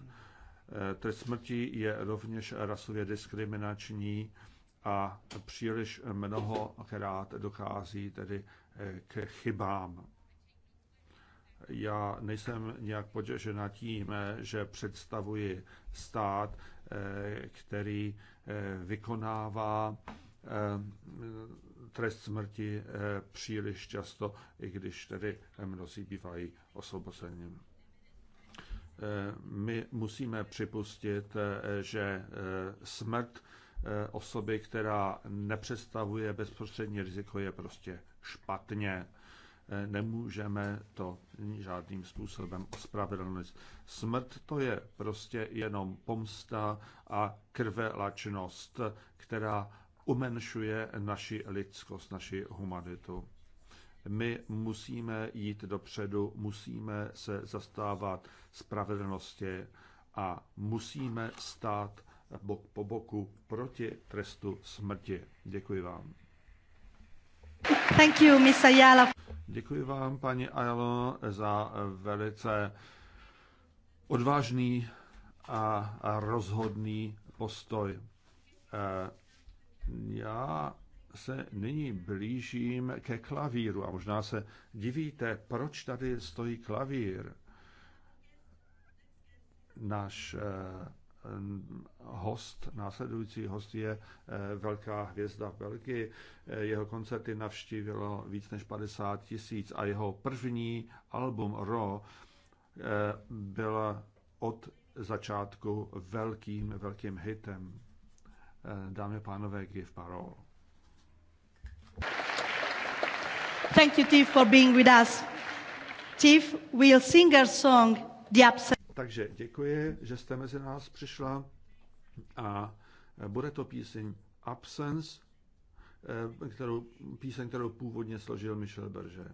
Trest smrti je rovněž rasově diskriminační a příliš mnohokrát dochází tedy k chybám já nejsem nějak potěšena tím, že představuji stát, eh, který eh, vykonává eh, trest smrti příliš často, i když tedy mnozí bývají osvobozeni. My musíme připustit, že smrt osoby, která nepředstavuje bezprostřední riziko, je prostě špatně. Eh, nemůžeme to žádným způsobem ospravedlnit. Smrt to je prostě jenom pomsta a krvelačnost, která umenšuje naši lidskost, naši humanitu. My musíme jít dopředu, musíme se zastávat spravedlnosti a musíme stát bok po boku proti trestu smrti. Děkuji vám. Thank you, Miss Ayala. Děkuji vám, paní Ayalo, za velice odvážný a rozhodný postoj. Eh, já se nyní blížím ke klavíru a možná se divíte, proč tady stojí klavír. Náš eh, host, následující host je eh, velká hvězda v Belgii. Eh, jeho koncerty navštívilo víc než 50 tisíc a jeho první album Raw eh, byl od začátku velkým, velkým hitem. Dámy a pánové, Give Parol. Thank you, Tiff, for being with us. Tiff will sing our song, The Absence. Takže děkuji, že jste mezi nás přišla a e, bude to píseň Absence, e, kterou, píseň, kterou původně složil Michel Berger.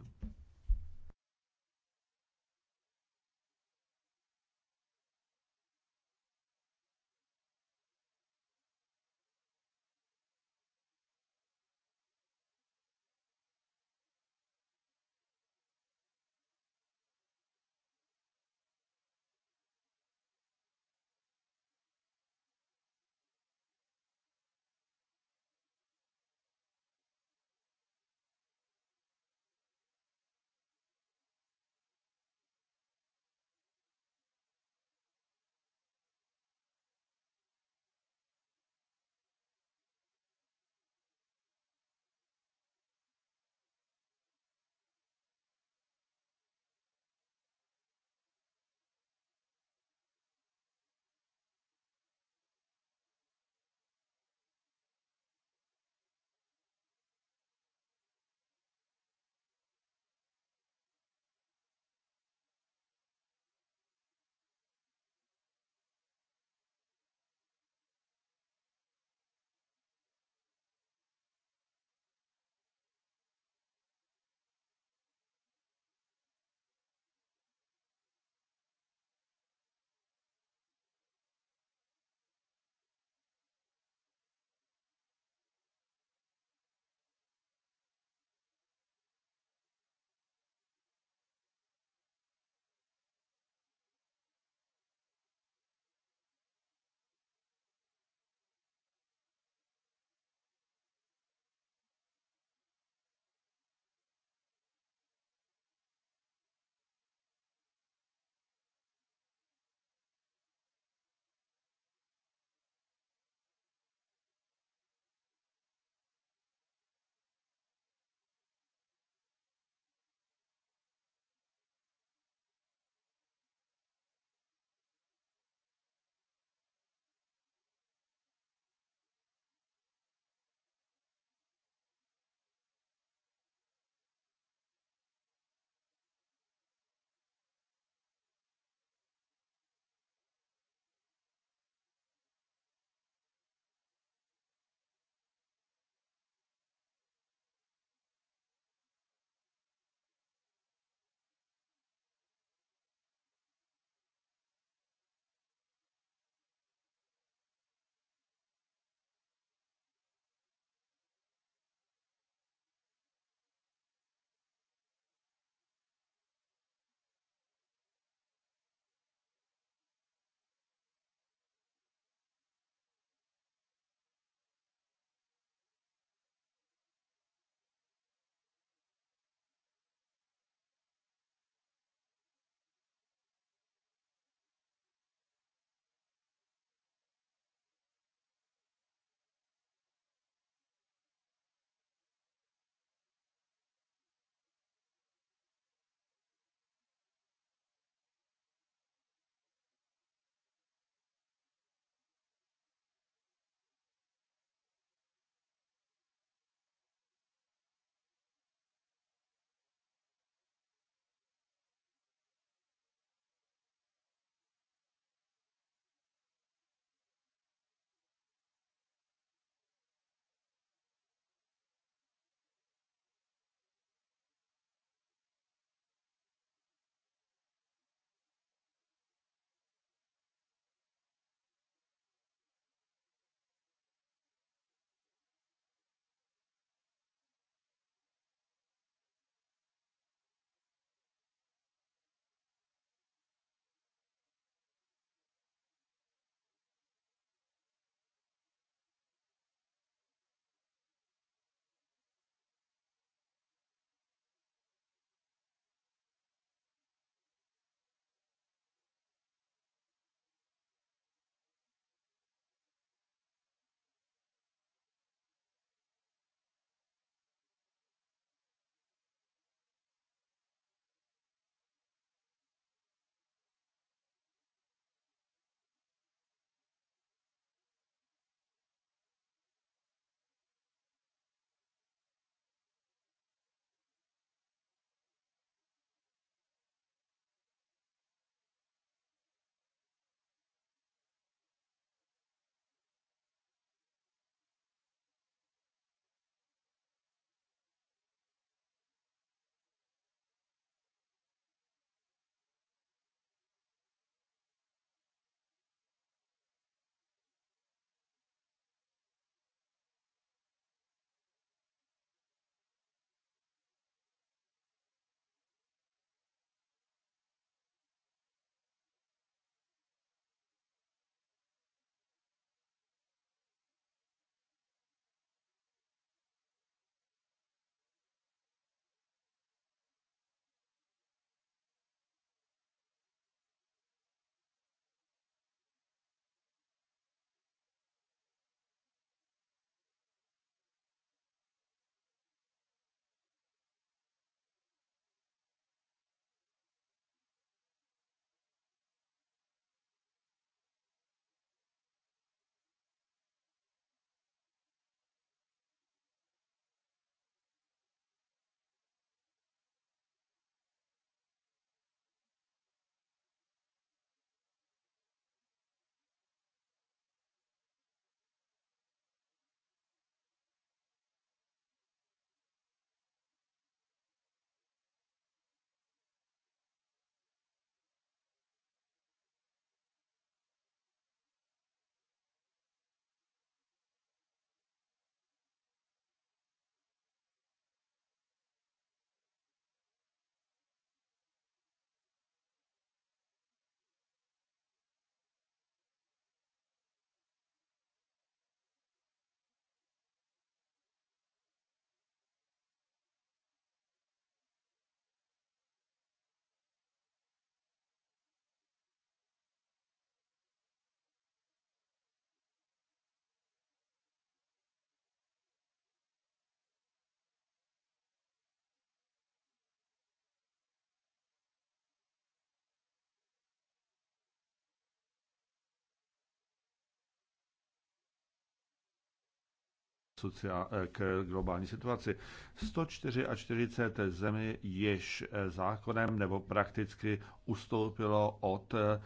sociál, eh, k globální situaci. 144 zemí již eh, zákonem nebo prakticky ustoupilo od eh,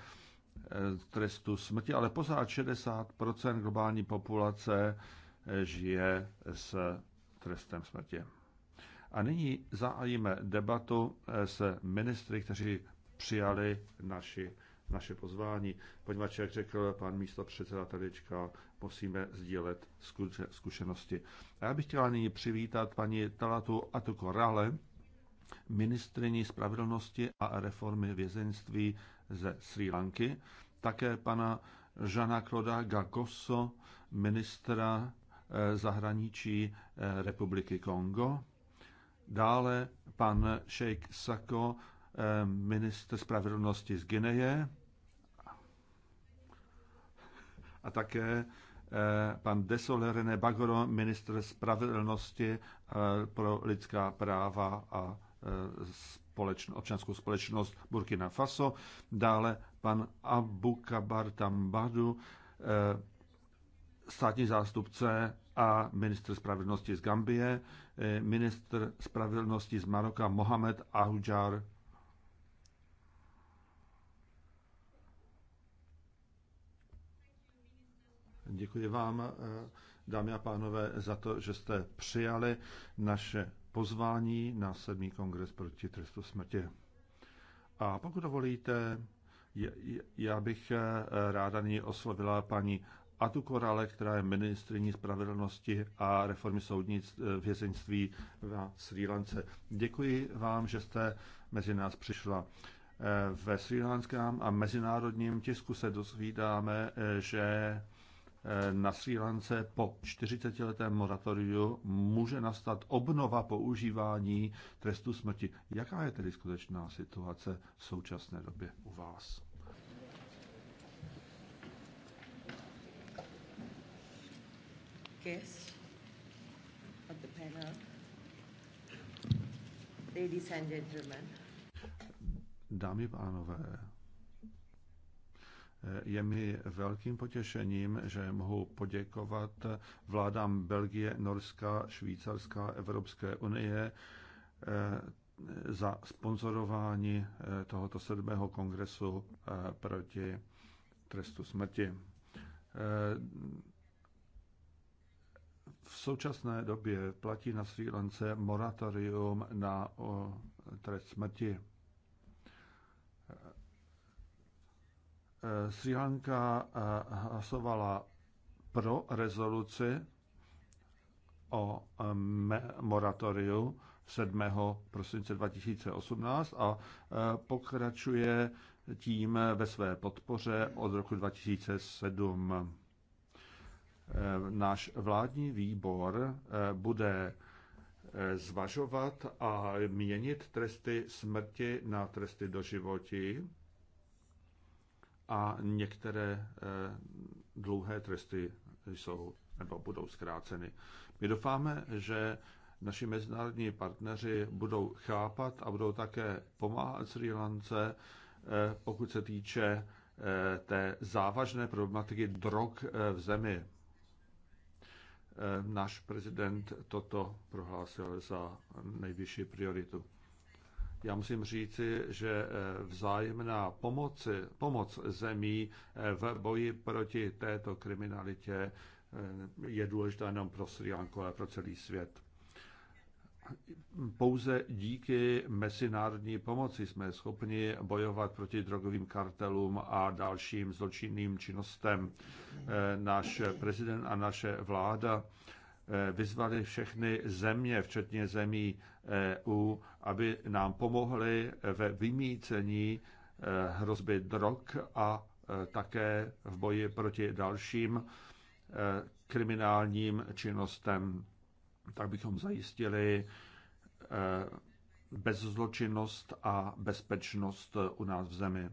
trestu smrti, ale pořád 60 globální populace žije s trestem smrti. A nyní zahájíme debatu s ministry, kteří přijali naši naše pozvání, poněvadž, jak řekl pan místo předseda Telička, musíme sdílet zkušenosti. A já bych chtěla nyní přivítat paní Talatu Atukorale, ministriní spravedlnosti a reformy vězeňství ze Sri Lanky, také pana Žana Kloda Gagoso, ministra eh, zahraničí eh, Republiky Kongo, dále pan Sheikh Sako, Ehm, ministr spravedlnosti z Gineje a také eh, pan Desole René Bagoro, ministr spravedlnosti eh, pro lidská práva a eh, společn- občanskou společnost Burkina Faso, dále pan Abu Kabar Tambadu, státní zástupce a ministr spravedlnosti z Gambie, ministr spravedlnosti z Maroka Mohamed Ahujar Děkuji vám, eh, dámy a pánové, za to, že jste přijali naše pozvání na sedmý kongres proti trestu smrti. A pokud dovolíte, já bych eh, ráda nyní oslovila paní Atu Korale, která je ministriní spravedlnosti a reformy soudnictví eh, vězeňství v Sri Lance. Děkuji vám, že jste mezi nás přišla. Ve sri lanském a mezinárodním tisku se dozvídáme, že Eh, na Sri Lance po 40-letém moratoriu může nastat obnova používání trestu smrti. Jaká je tedy skutečná situace v současné době u vás? Guests of the panel, ladies and gentlemen. Dámy a pánové, je mi velkým potěšením, že mohu poděkovat vládám Belgie, Norska, Švýcarska, Evropské unie eh, za sponzorování eh, tohoto sedmého kongresu eh, proti trestu smrti. V současné době platí na Sri Lance moratorium na trest smrti. Eh, Sri Lanka eh, hlasovala pro rezoluci o eh, moratoriu 7. prosince 2018 a pokračuje tím ve své podpoře od roku 2007. Náš vládní výbor bude zvažovat a měnit tresty smrti na tresty doživotí a některé eh, dlouhé tresty jsou nebo budou zkráceny. My doufáme, že naši mezinárodní partneři budou chápat a budou také pomáhat Sri Lance, eh, pokud se týče eh, té závažné problematiky drog v zemi. Náš prezident toto prohlásil za nejvyšší prioritu já musím říci, že eh, vzájemná pomoc, pomoc zemí eh, v boji proti této kriminalitě eh, je důležitá nejen pro Sri Lanku, ale pro celý svět. Pouze díky mezinárodní pomoci jsme schopni bojovat proti drogovým kartelům a dalším zločinným činnostem. Náš prezident a naše vláda Eh, vyzvali všechny země, včetně zemí eh, EU, aby nám pomohly ve vymícení eh, hrozby drog a také v boji proti dalším kriminálním činnostem. Tak bychom zajistili bezzločinnost a bezpečnost u nás v zemi.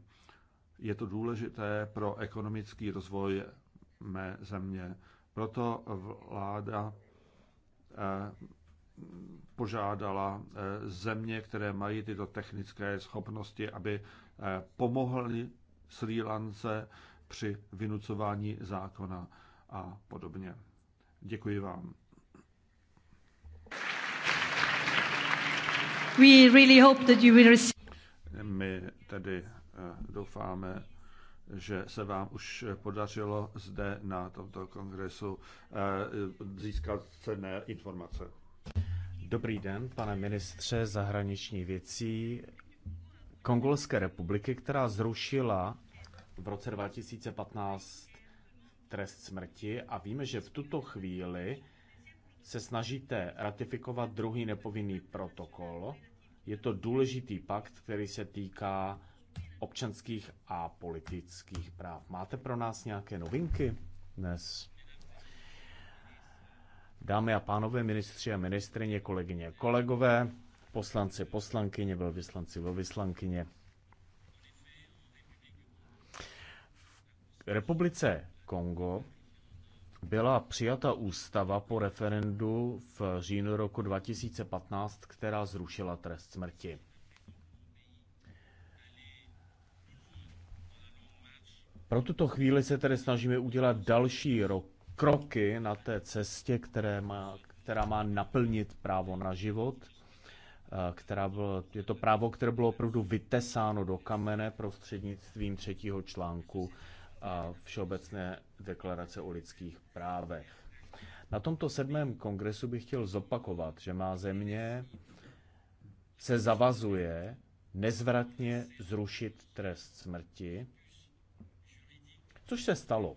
Je to důležité pro ekonomický rozvoj mé země. Proto vláda Eh, požádala eh, země, které mají tyto technické schopnosti, aby eh, pomohly Sri Lance při vynucování zákona a podobně. Děkuji vám. We really hope that you will receive... My tedy doufáme, že se vám už podařilo zde na tomto kongresu eh, získat cenné informace. Dobrý den, pane ministře zahraniční věcí Kongolské republiky, která zrušila v roce 2015 trest smrti a víme, že v tuto chvíli se snažíte ratifikovat druhý nepovinný protokol. Je to důležitý pakt, který se týká občanských a politických práv. Máte pro nás nějaké novinky dnes? Dámy a pánové, ministři a ministrině, kolegyně, kolegové, poslanci, poslankyně, velvyslanci, velvyslankyně. V republice Kongo byla přijata ústava po referendu v říjnu roku 2015, která zrušila trest smrti. Pro tuto chvíli se tedy snažíme udělat další rok, kroky na té cestě, které má, která má naplnit právo na život. Eh, která bylo, je to právo, které bylo opravdu vytesáno do kamene prostřednictvím třetího článku eh, Všeobecné deklarace o lidských právech. Na tomto sedmém kongresu bych chtěl zopakovat, že má země se zavazuje nezvratně zrušit trest smrti což se stalo.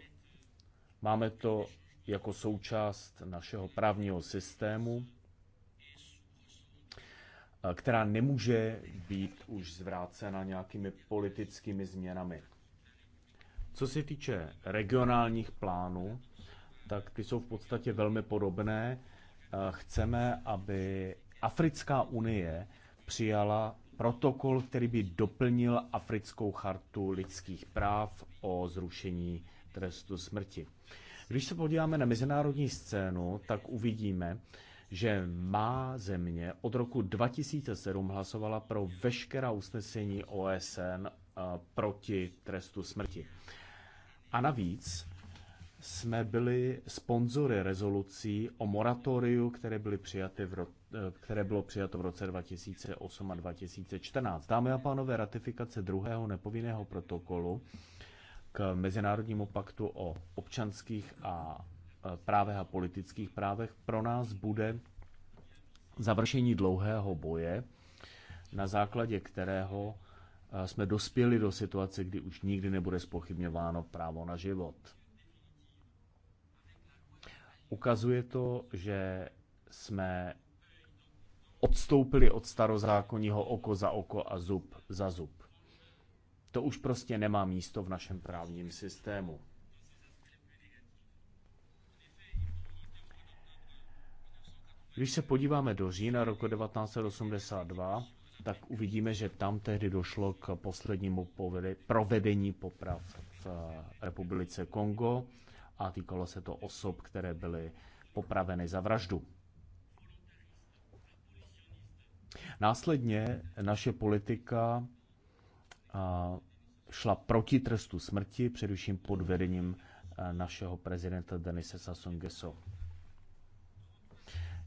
Máme to jako součást našeho právního systému, eh, která nemůže být už zvrácena nějakými politickými změnami. Co se týče regionálních plánů, tak ty jsou v podstatě velmi podobné. Eh, chceme, aby Africká unie přijala protokol, který by doplnil Africkou chartu lidských práv o zrušení trestu smrti. Když se podíváme na mezinárodní scénu, tak uvidíme, že má země od roku 2007 hlasovala pro veškerá usnesení OSN eh, proti trestu smrti. A navíc jsme byli sponzory rezolucí o moratoriu, které, byly přijaty v ro- eh, které bylo přijato v roce 2008 a 2014. Dámy a pánové, ratifikace druhého nepovinného protokolu k Mezinárodnímu paktu o občanských a e, právech a politických právech pro nás bude završení dlouhého boje, na základě kterého e, jsme dospěli do situace, kdy už nikdy nebude spochybňováno právo na život. Ukazuje to, že jsme odstoupili od starozákonního oko za oko a zub za zub. To už prostě nemá místo v našem právním systému. Když se podíváme do října roku 1982, tak uvidíme, že tam tehdy došlo k poslednímu provedení poprav v eh, Republice Kongo a týkalo se to osob, které byly popraveny za vraždu. Následně naše politika šla proti trestu smrti, především pod vedením eh, našeho prezidenta Denise Sassongeso.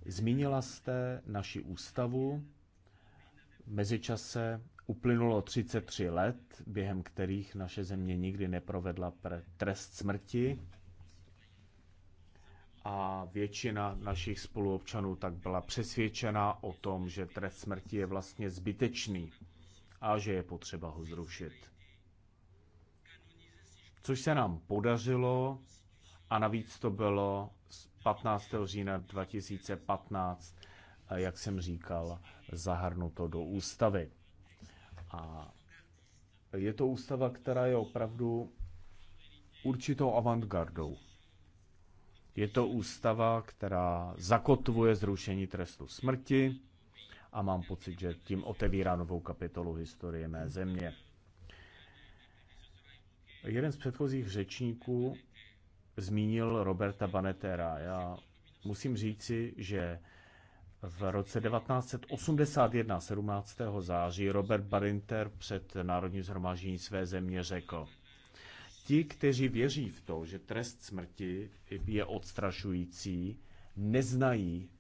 Zmínila jste naši ústavu. mezičase uplynulo 33 let, během kterých naše země nikdy neprovedla trest smrti a většina našich spoluobčanů tak byla přesvědčena o tom, že trest smrti je vlastně zbytečný a že je potřeba ho zrušit což se nám podařilo a navíc to bylo z 15. října 2015, eh, jak jsem říkal, zahrnuto do ústavy. A je to ústava, která je opravdu určitou avantgardou. Je to ústava, která zakotvuje zrušení trestu smrti a mám pocit, že tím otevírá novou kapitolu historie mé země. Jeden z předchozích řečníků zmínil Roberta Banetera. Já musím říci, že v roce 1981, 17. září, Robert Barinter před Národním zhromáždění své země řekl, ti, kteří věří v to, že trest smrti je odstrašující, neznají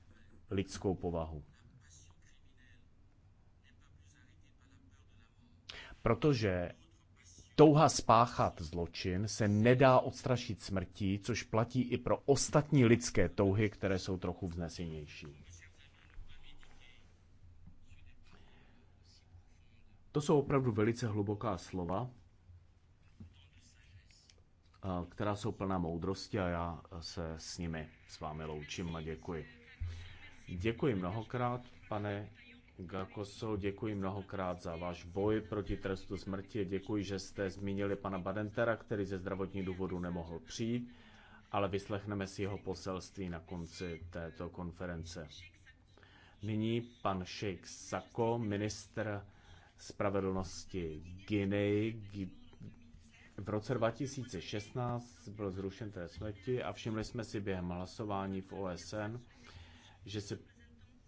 lidskou povahu. Protože Touha spáchat zločin se nedá odstrašit smrtí, což platí i pro ostatní lidské touhy, které jsou trochu vznesenější. To jsou opravdu velice hluboká slova, která jsou plná moudrosti a já se s nimi s vámi loučím a děkuji. Děkuji mnohokrát, pane Gakoso, děkuji mnohokrát za váš boj proti trestu smrti. Děkuji, že jste zmínili pana Badentera, který ze zdravotních důvodů nemohl přijít, ale vyslechneme si jeho poselství na konci této konference. Nyní pan Sheikh Sako, minister spravedlnosti Guinea. V roce 2016 byl zrušen trest smrti a všimli jsme si během hlasování v OSN, že se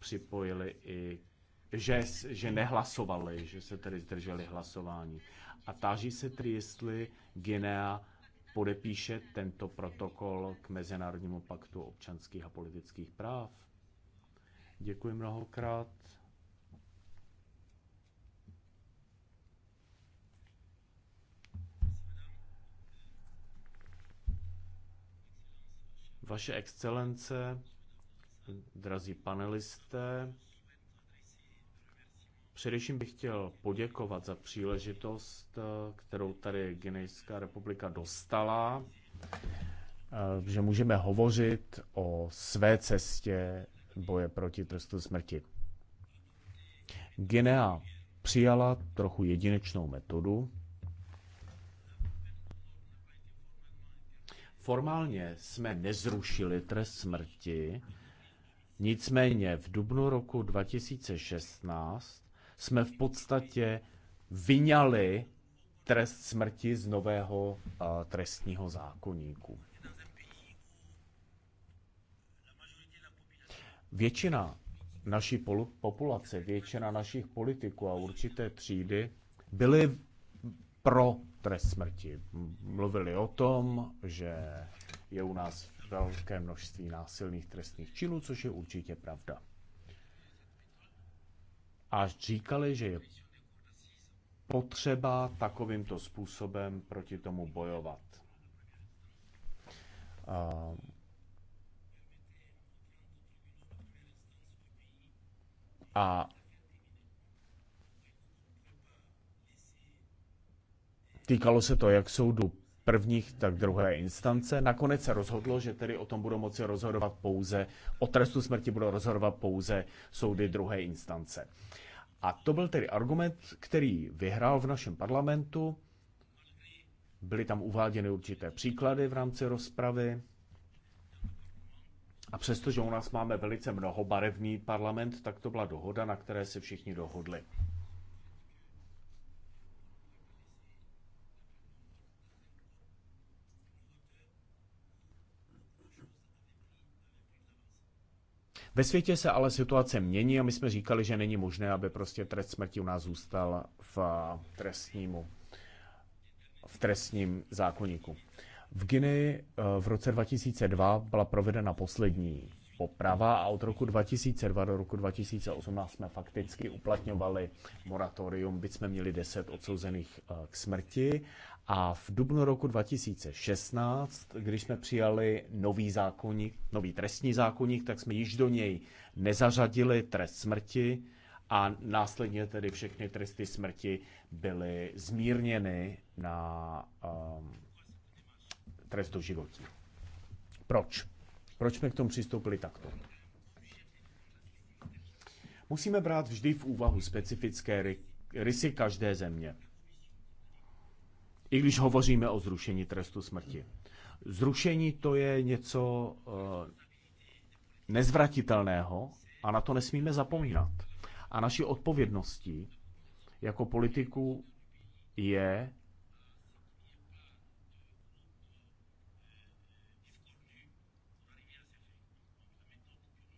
připojili i že, že nehlasovali, že se tedy zdrželi hlasování. A táží se tedy, jestli Guinea podepíše tento protokol k Mezinárodnímu paktu občanských a politických práv. Děkuji mnohokrát. Vaše excelence, drazí panelisté, Především bych chtěl poděkovat za příležitost, eh, kterou tady Guinejská republika dostala, eh, že můžeme hovořit o své cestě boje proti trestu smrti. Guinea přijala trochu jedinečnou metodu. Formálně jsme nezrušili trest smrti, nicméně v dubnu roku 2016 jsme v podstatě vyňali trest smrti z nového trestního zákoníku. Většina naší populace, většina našich politiků a určité třídy byly pro trest smrti. Mluvili o tom, že je u nás velké množství násilných trestných činů, což je určitě pravda a říkali, že je potřeba takovýmto způsobem proti tomu bojovat. A a týkalo se to jak soudu prvních, tak druhé instance. Nakonec se rozhodlo, že tedy o tom budou moci rozhodovat pouze, o trestu smrti budou rozhodovat pouze soudy druhé instance. A to byl tedy argument, který vyhrál v našem parlamentu. Byly tam uváděny určité příklady v rámci rozpravy. A přestože u nás máme velice mnohobarevný parlament, tak to byla dohoda, na které se všichni dohodli. Ve světě se ale situace mění a my jsme říkali, že není možné, aby prostě trest smrti u nás zůstal v eh, trestnímu, v trestním zákonníku. V Guineji eh, v roce 2002 byla provedena poslední poprava a od roku 2002 do roku 2018 jsme fakticky uplatňovali moratorium, byť jsme měli 10 odsouzených eh, k smrti a v dubnu roku 2016, když jsme přijali nový zákonník, nový trestní zákonník, tak jsme již do něj nezařadili trest smrti a následně tedy všechny tresty smrti byly zmírněny na um, ehm, trest do životí. Proč? Proč jsme k tomu přistoupili takto? Musíme brát vždy v úvahu specifické rysy každé země i když hovoříme o zrušení trestu smrti. Zrušení to je něco eh, nezvratitelného a na to nesmíme zapomínat. A naší odpovědností jako politiků je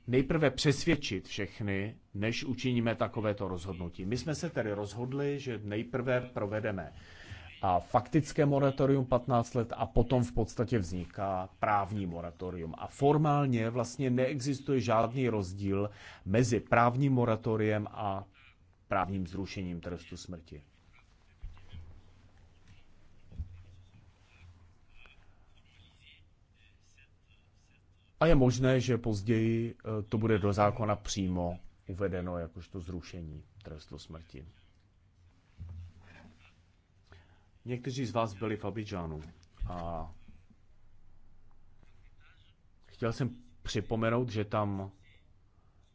nejprve přesvědčit všechny, než učiníme takovéto rozhodnutí. My jsme se tedy rozhodli, že nejprve provedeme a faktické moratorium 15 let a potom v podstatě vzniká právní moratorium. A formálně vlastně neexistuje žádný rozdíl mezi právním moratoriem a právním zrušením trestu smrti. A je možné, že později eh, to bude do zákona přímo uvedeno jakožto zrušení trestu smrti. Někteří z vás byli v Abidžánu a chtěl jsem připomenout, že tam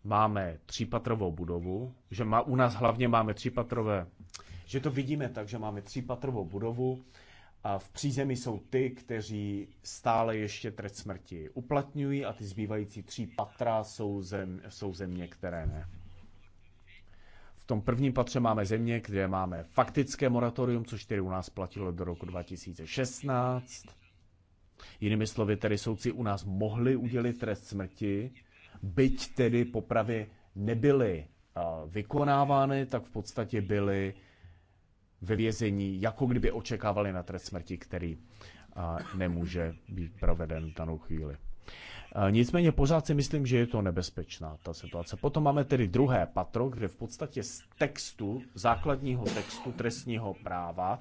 máme třípatrovou budovu, že má, u nás hlavně máme třípatrové, že to vidíme tak, že máme třípatrovou budovu a v přízemí jsou ty, kteří stále ještě trest smrti uplatňují a ty zbývající tří patra jsou, zem, jsou země, které ne tom prvním patře máme země, kde máme faktické moratorium, což tedy u nás platilo do roku 2016. Jinými slovy, tedy soudci u nás mohli udělit trest smrti, byť tedy popravy nebyly eh, vykonávány, tak v podstatě byly ve vězení, jako kdyby očekávali na trest smrti, který eh, nemůže být proveden v danou chvíli. Nicméně pořád si myslím, že je to nebezpečná ta situace. Potom máme tedy druhé patro, kde v podstatě z textu, základního textu trestního práva,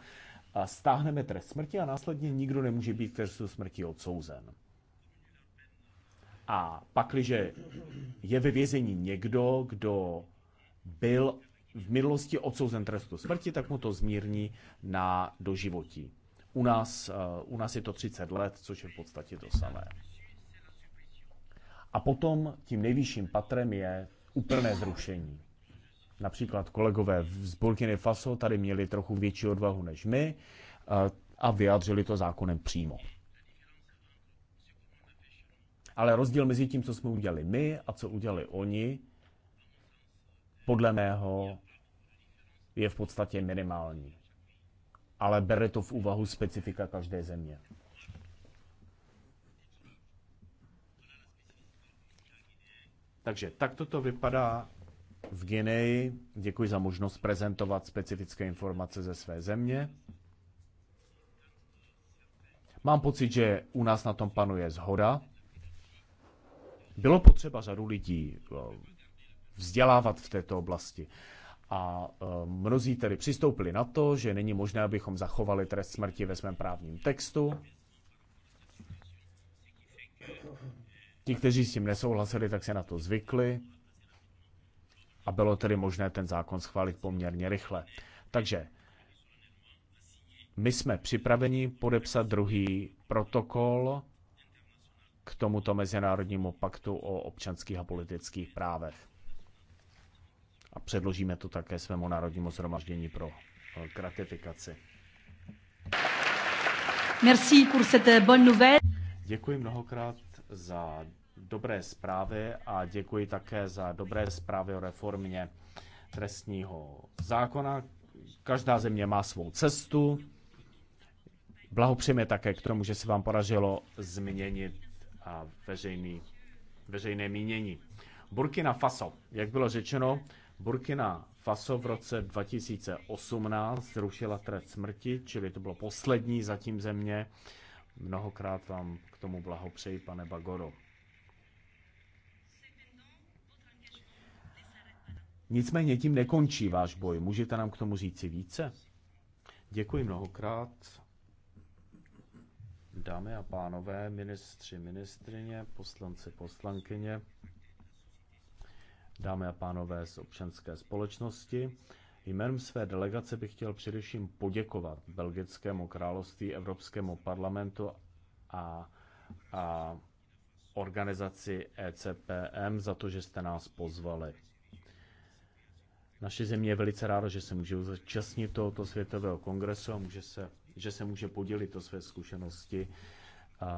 stáhneme trest smrti a následně nikdo nemůže být trestu smrti odsouzen. A pakliže je ve vězení někdo, kdo byl v minulosti odsouzen trestu smrti, tak mu to zmírní na doživotí. U nás, eh, u nás je to 30 let, což je v podstatě to samé. A potom tím nejvyšším patrem je úplné zrušení. Například kolegové z Burkiny Faso tady měli trochu větší odvahu než my eh, a vyjádřili to zákonem přímo. Ale rozdíl mezi tím, co jsme udělali my a co udělali oni, podle mého je v podstatě minimální. Ale bere to v úvahu specifika každé země. Takže tak to vypadá v Guinea. Děkuji za možnost prezentovat specifické informace ze své země. Mám pocit, že u nás na tom panuje zhoda. Bylo potřeba řadu lidí eh, vzdělávat v této oblasti. A eh, mnozí tedy přistoupili na to, že není možné, abychom zachovali trest smrti ve svém právním textu. Ti, kteří s tím nesouhlasili, tak se na to zvykli a bylo tedy možné ten zákon schválit poměrně rychle. Takže my jsme připraveni podepsat druhý protokol k tomuto Mezinárodnímu paktu o občanských a politických právech. A předložíme to také svému národnímu zhromaždění pro gratifikaci. Eh, Merci pour cette bonne nouvelle. Děkuji mnohokrát za dobré zprávy a děkuji také za dobré zprávy o reformě trestního zákona. Každá země má svou cestu. Blahopřejmě také k tomu, že se vám podařilo změnit a veřejný, veřejné mínění. Burkina Faso, jak bylo řečeno, Burkina Faso v roce 2018 zrušila trest smrti, čili to bylo poslední zatím země, Mnohokrát vám k tomu blahopřeji, pane Bagoro. Nicméně tím nekončí váš boj. Můžete nám k tomu říci více? Děkuji mnohokrát. Dámy a pánové, ministři, ministrině, poslanci, poslankyně, dámy a pánové z občanské společnosti, Jménem své delegace bych chtěl především poděkovat Belgickému království, Evropskému parlamentu a, a organizaci ECPM za to, že jste nás pozvali. Naše země je velice ráda, že se může zúčastnit tohoto světového kongresu a může se, že se může podělit o své zkušenosti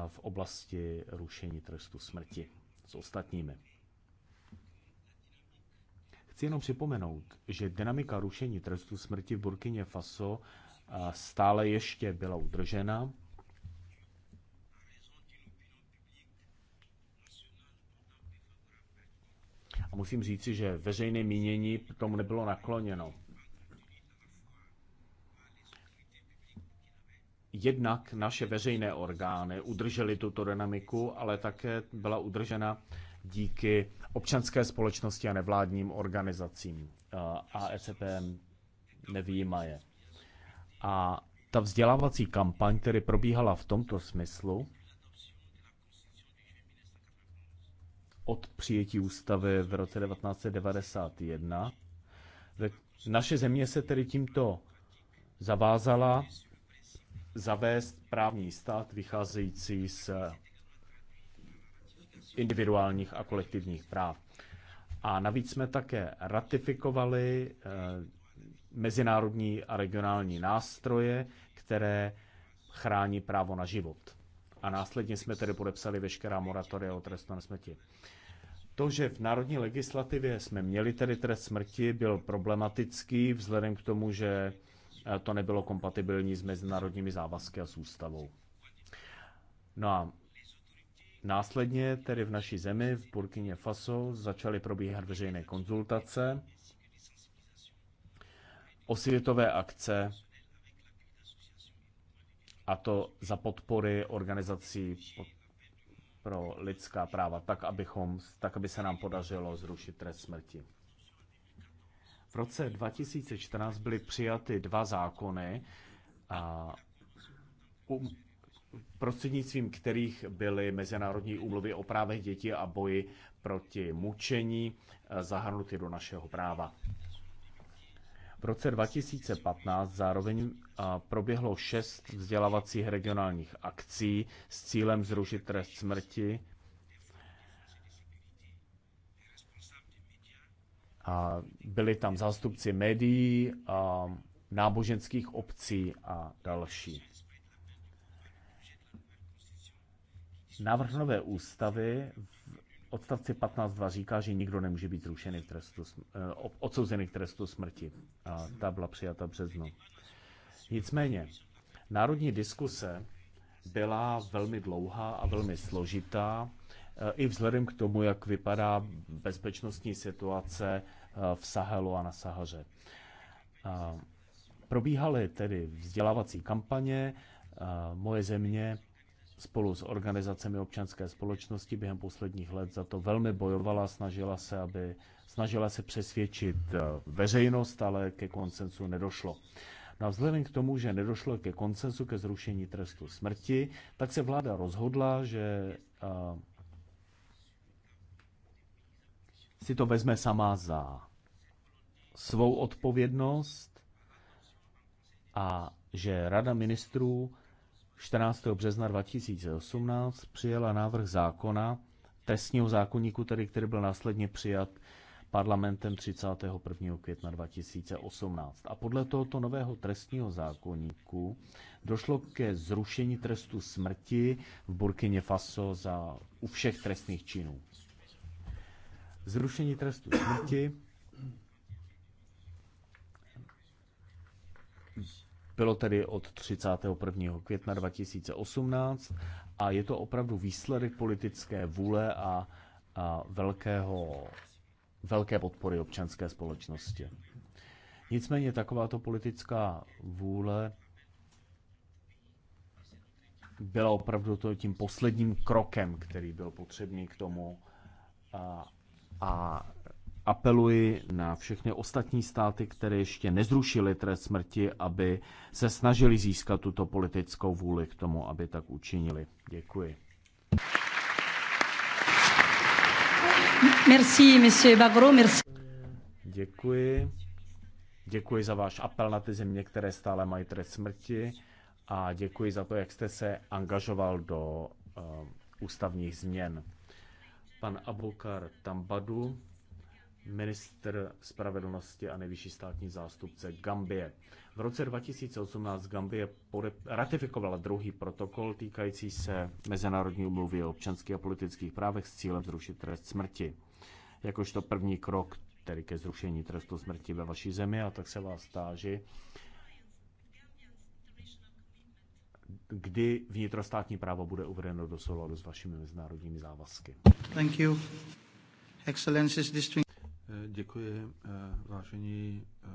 v oblasti rušení trestu smrti s ostatními. Chci jenom připomenout, že dynamika rušení trestu smrti v Burkině Faso stále ještě byla udržena. A musím říci, že veřejné mínění tomu nebylo nakloněno. Jednak naše veřejné orgány udržely tuto dynamiku, ale také byla udržena díky občanské společnosti a nevládním organizacím eh, a ECPM nevýjima je. A ta vzdělávací kampaň, která probíhala v tomto smyslu, od přijetí ústavy v roce 1991. Naše země se tedy tímto zavázala zavést právní stát vycházející z individuálních a kolektivních práv. A navíc jsme také ratifikovali eh, mezinárodní a regionální nástroje, které chrání právo na život. A následně jsme tedy podepsali veškerá moratoria o trestu na smrti. To, že v národní legislativě jsme měli tedy trest smrti, byl problematický vzhledem k tomu, že eh, to nebylo kompatibilní s mezinárodními závazky a s ústavou. No a Následně tedy v naší zemi, v Burkině Faso, začaly probíhat veřejné konzultace, osvětové akce, a to za podpory organizací pro lidská práva, tak, abychom, tak aby se nám podařilo zrušit trest smrti. V roce 2014 byly přijaty dva zákony a um, prostřednictvím kterých byly mezinárodní úmluvy o právech dětí a boji proti mučení eh, zahrnuty do našeho práva. V roce 2015 zároveň eh, proběhlo šest vzdělávacích regionálních akcí s cílem zrušit trest smrti A byli tam zástupci médií, a eh, náboženských obcí a další. Návrh nové ústavy v odstavci 15.2 říká, že nikdo nemůže být zrušený v trestu, eh, odsouzený k trestu smrti. A ta byla přijata březnu. Nicméně, národní diskuse byla velmi dlouhá a velmi složitá, eh, i vzhledem k tomu, jak vypadá bezpečnostní situace eh, v Sahelu a na Sahaře. Probíhaly tedy vzdělávací kampaně, moje země spolu s organizacemi občanské společnosti během posledních let za to velmi bojovala, snažila se, aby, snažila se přesvědčit eh, veřejnost, ale ke koncensu nedošlo. Na no vzhledem k tomu, že nedošlo ke koncensu ke zrušení trestu smrti, tak se vláda rozhodla, že eh, si to vezme sama za svou odpovědnost a že Rada ministrů 14. března 2018 přijela návrh zákona, trestního zákonníku, tedy, který byl následně přijat parlamentem 31. května 2018. A podle tohoto nového trestního zákonníku došlo ke zrušení trestu smrti v Burkině Faso za u všech trestných činů. Zrušení trestu smrti Bylo tedy od 31. května 2018 a je to opravdu výsledek politické vůle a, a velkého, velké podpory občanské společnosti. Nicméně takováto politická vůle byla opravdu to tím posledním krokem, který byl potřebný k tomu, a, a apeluji na všechny ostatní státy, které ještě nezrušily trest smrti, aby se snažili získat tuto politickou vůli k tomu, aby tak učinili. Děkuji. Merci, monsieur Bagro, merci. Děkuji. Děkuji za váš apel na ty země, které stále mají trest smrti a děkuji za to, jak jste se angažoval do uh, ústavních změn. Pan Abukar Tambadu Ministr spravedlnosti a nejvyšší státní zástupce Gambie. V roce 2018 Gambie ratifikovala druhý protokol týkající se Mezinárodní umluvy o občanských a politických právech s cílem zrušit trest smrti. Jakožto první krok tedy ke zrušení trestu smrti ve vaší zemi, a tak se vás táži, kdy vnitrostátní právo bude uvedeno do souladu s vašimi mezinárodními závazky. Thank you. Excellencies, distinct... Děkuji, eh, vážení eh,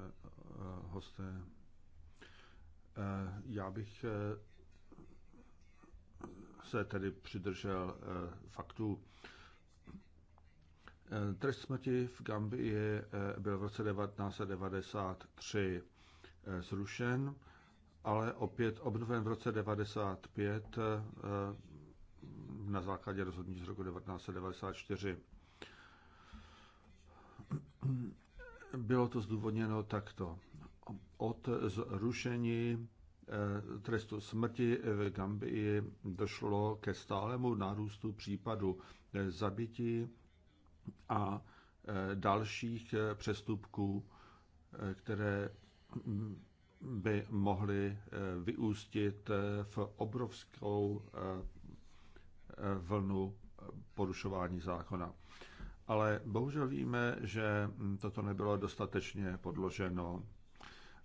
hosté. Eh, já bych se tedy přidržel faktů. Trest smrti v Gambii byl v roce 1993 zrušen, ale opět obnoven v roce 1995 na základě rozhodnutí z roku 1994. Bylo to zdůvodněno takto. Od zrušení eh, trestu smrti v Gambii došlo ke stálemu nárůstu případu eh, zabití a eh, dalších přestupků, které mm, by mohly vyústit v obrovskou vlnu porušování zákona ale bohužel víme, že toto nebylo dostatečně podloženo.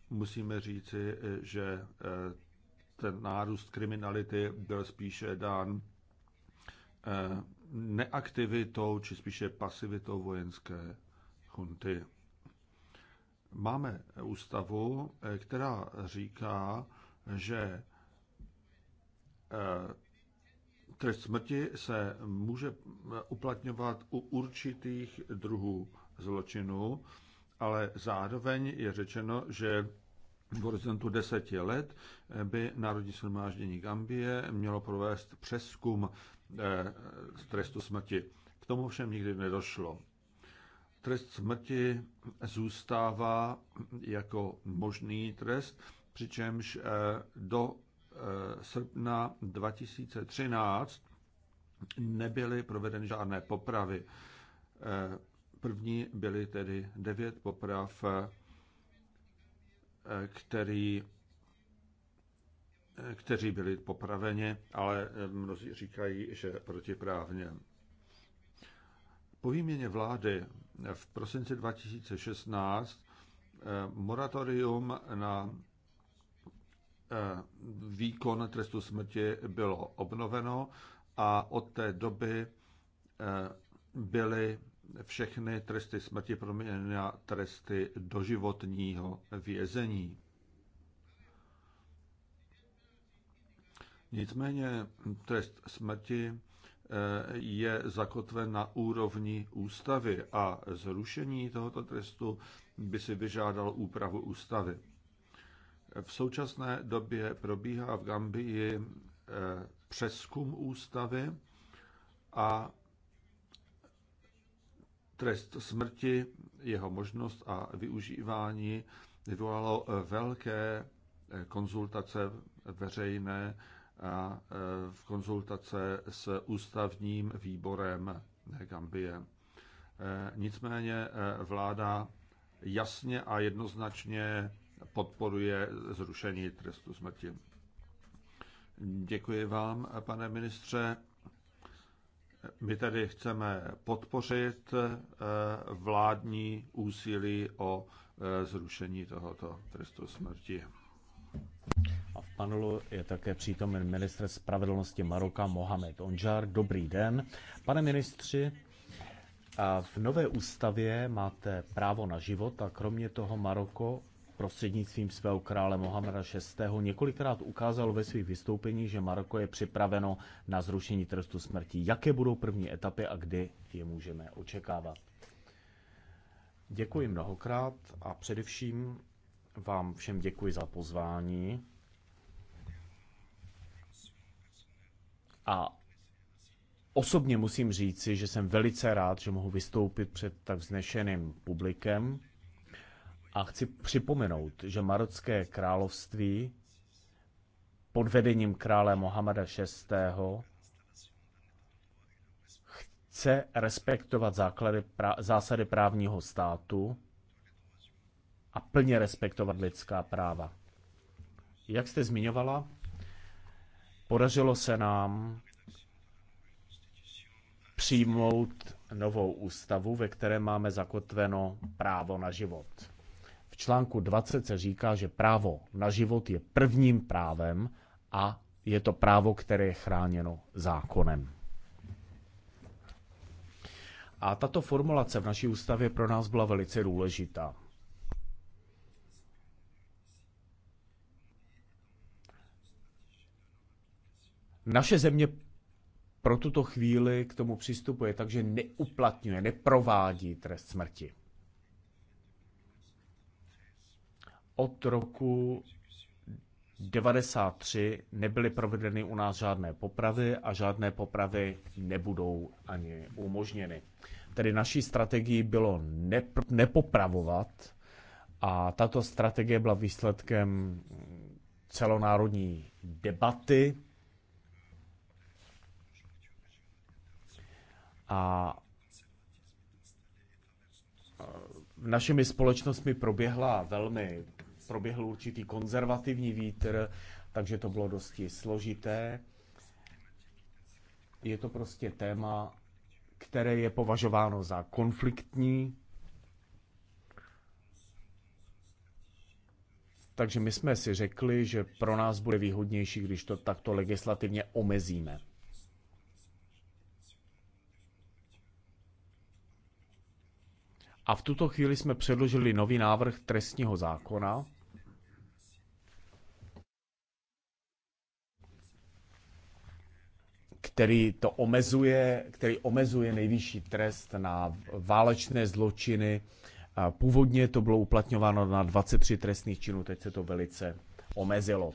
Musíme říci, že eh, ten nárůst kriminality byl spíše dán eh, neaktivitou či spíše pasivitou vojenské chunty. Máme ústavu, eh, která říká, že Trest smrti se může uplatňovat u určitých druhů zločinů, ale zároveň je řečeno, že v horizontu deseti let by Národní shromáždění Gambie mělo provést přeskum eh, trestu smrti. K tomu všem nikdy nedošlo. Trest smrti zůstává jako možný trest, přičemž eh, do Eh, srpna 2013 nebyly provedeny žádné popravy. Eh, první byly tedy devět poprav, eh, který, kteří byli popraveni, ale mnozí říkají, že protiprávně. Po výměně vlády v prosinci 2016 moratorium na Eh, výkon trestu smrti bylo obnoveno a od té doby eh, byly všechny tresty smrti proměněny na tresty doživotního vězení. Nicméně trest smrti eh, je zakotven na úrovni ústavy a zrušení tohoto trestu by si vyžádalo úpravu ústavy. V současné době probíhá v Gambii eh, přeskum ústavy a trest smrti, jeho možnost a využívání vyvolalo eh, velké eh, konzultace veřejné a v konzultace s ústavním výborem Gambie. Nicméně vláda jasně a jednoznačně podporuje zrušení trestu smrti. Děkuji vám, pane ministře. My tedy chceme podpořit eh, vládní úsilí o eh, zrušení tohoto trestu smrti. A v panelu je také přítomen ministr spravedlnosti Maroka Mohamed Onžar. Dobrý den. Pane ministři, a v nové ústavě máte právo na život a kromě toho Maroko prostřednictvím svého krále Mohameda VI. několikrát ukázal ve svých vystoupeních, že Maroko je připraveno na zrušení trestu smrti. Jaké budou první etapy a kdy je můžeme očekávat? Děkuji mnohokrát a především vám všem děkuji za pozvání. A osobně musím říci, že jsem velice rád, že mohu vystoupit před tak vznešeným publikem a chci připomenout, že Marocké království pod vedením krále Mohameda VI. chce respektovat základy, pra, zásady právního státu a plně respektovat lidská práva. Jak jste zmiňovala, podařilo se nám přijmout novou ústavu, ve které máme zakotveno právo na život článku 20 se říká, že právo na život je prvním právem a je to právo, které je chráněno zákonem. A tato formulace v naší ústavě pro nás byla velice důležitá. Naše země pro tuto chvíli k tomu přistupuje, takže neuplatňuje, neprovádí trest smrti. od roku 93 nebyly provedeny u nás žádné popravy a žádné popravy nebudou ani umožněny. Tedy naší strategií bylo nepopravovat a tato strategie byla výsledkem celonárodní debaty a našimi společnostmi proběhla velmi proběhl určitý konzervativní vítr, takže to bylo dosti složité. Je to prostě téma, které je považováno za konfliktní. Takže my jsme si řekli, že pro nás bude výhodnější, když to takto legislativně omezíme. A v tuto chvíli jsme předložili nový návrh trestního zákona, který to omezuje, který omezuje nejvyšší trest na válečné zločiny. Původně to bylo uplatňováno na 23 trestných činů, teď se to velice omezilo.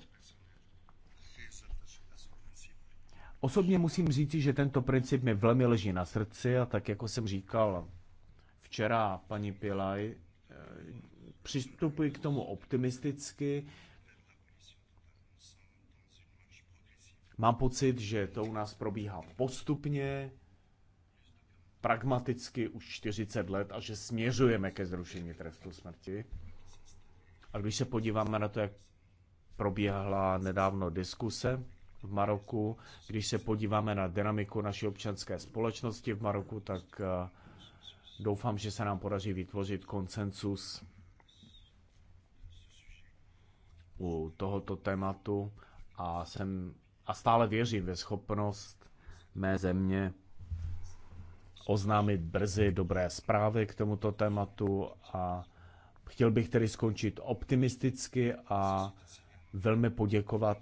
Osobně musím říci, že tento princip mi velmi leží na srdci a tak, jako jsem říkal včera paní Pilaj, eh, přistupuji k tomu optimisticky. Mám pocit, že to u nás probíhá postupně, pragmaticky už 40 let a že směřujeme ke zrušení trestu smrti. A když se podíváme na to, jak probíhala nedávno diskuse v Maroku, když se podíváme na dynamiku naší občanské společnosti v Maroku, tak eh, Doufám, že se nám podaří vytvořit koncensus u tohoto tématu a, jsem, a stále věřím ve schopnost mé země oznámit brzy dobré zprávy k tomuto tématu a chtěl bych tedy skončit optimisticky a velmi poděkovat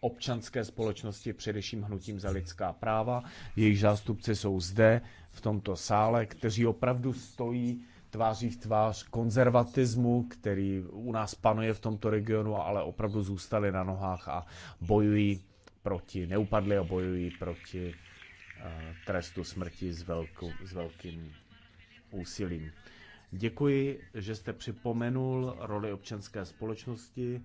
občanské společnosti, především hnutím za lidská práva. Jejich zástupci jsou zde, v tomto sále, kteří opravdu stojí tváří v tvář konzervatismu, který u nás panuje v tomto regionu, ale opravdu zůstali na nohách a bojují proti, neupadli a bojují proti uh, trestu smrti s, velkou, s velkým úsilím. Děkuji, že jste připomenul roli občanské společnosti.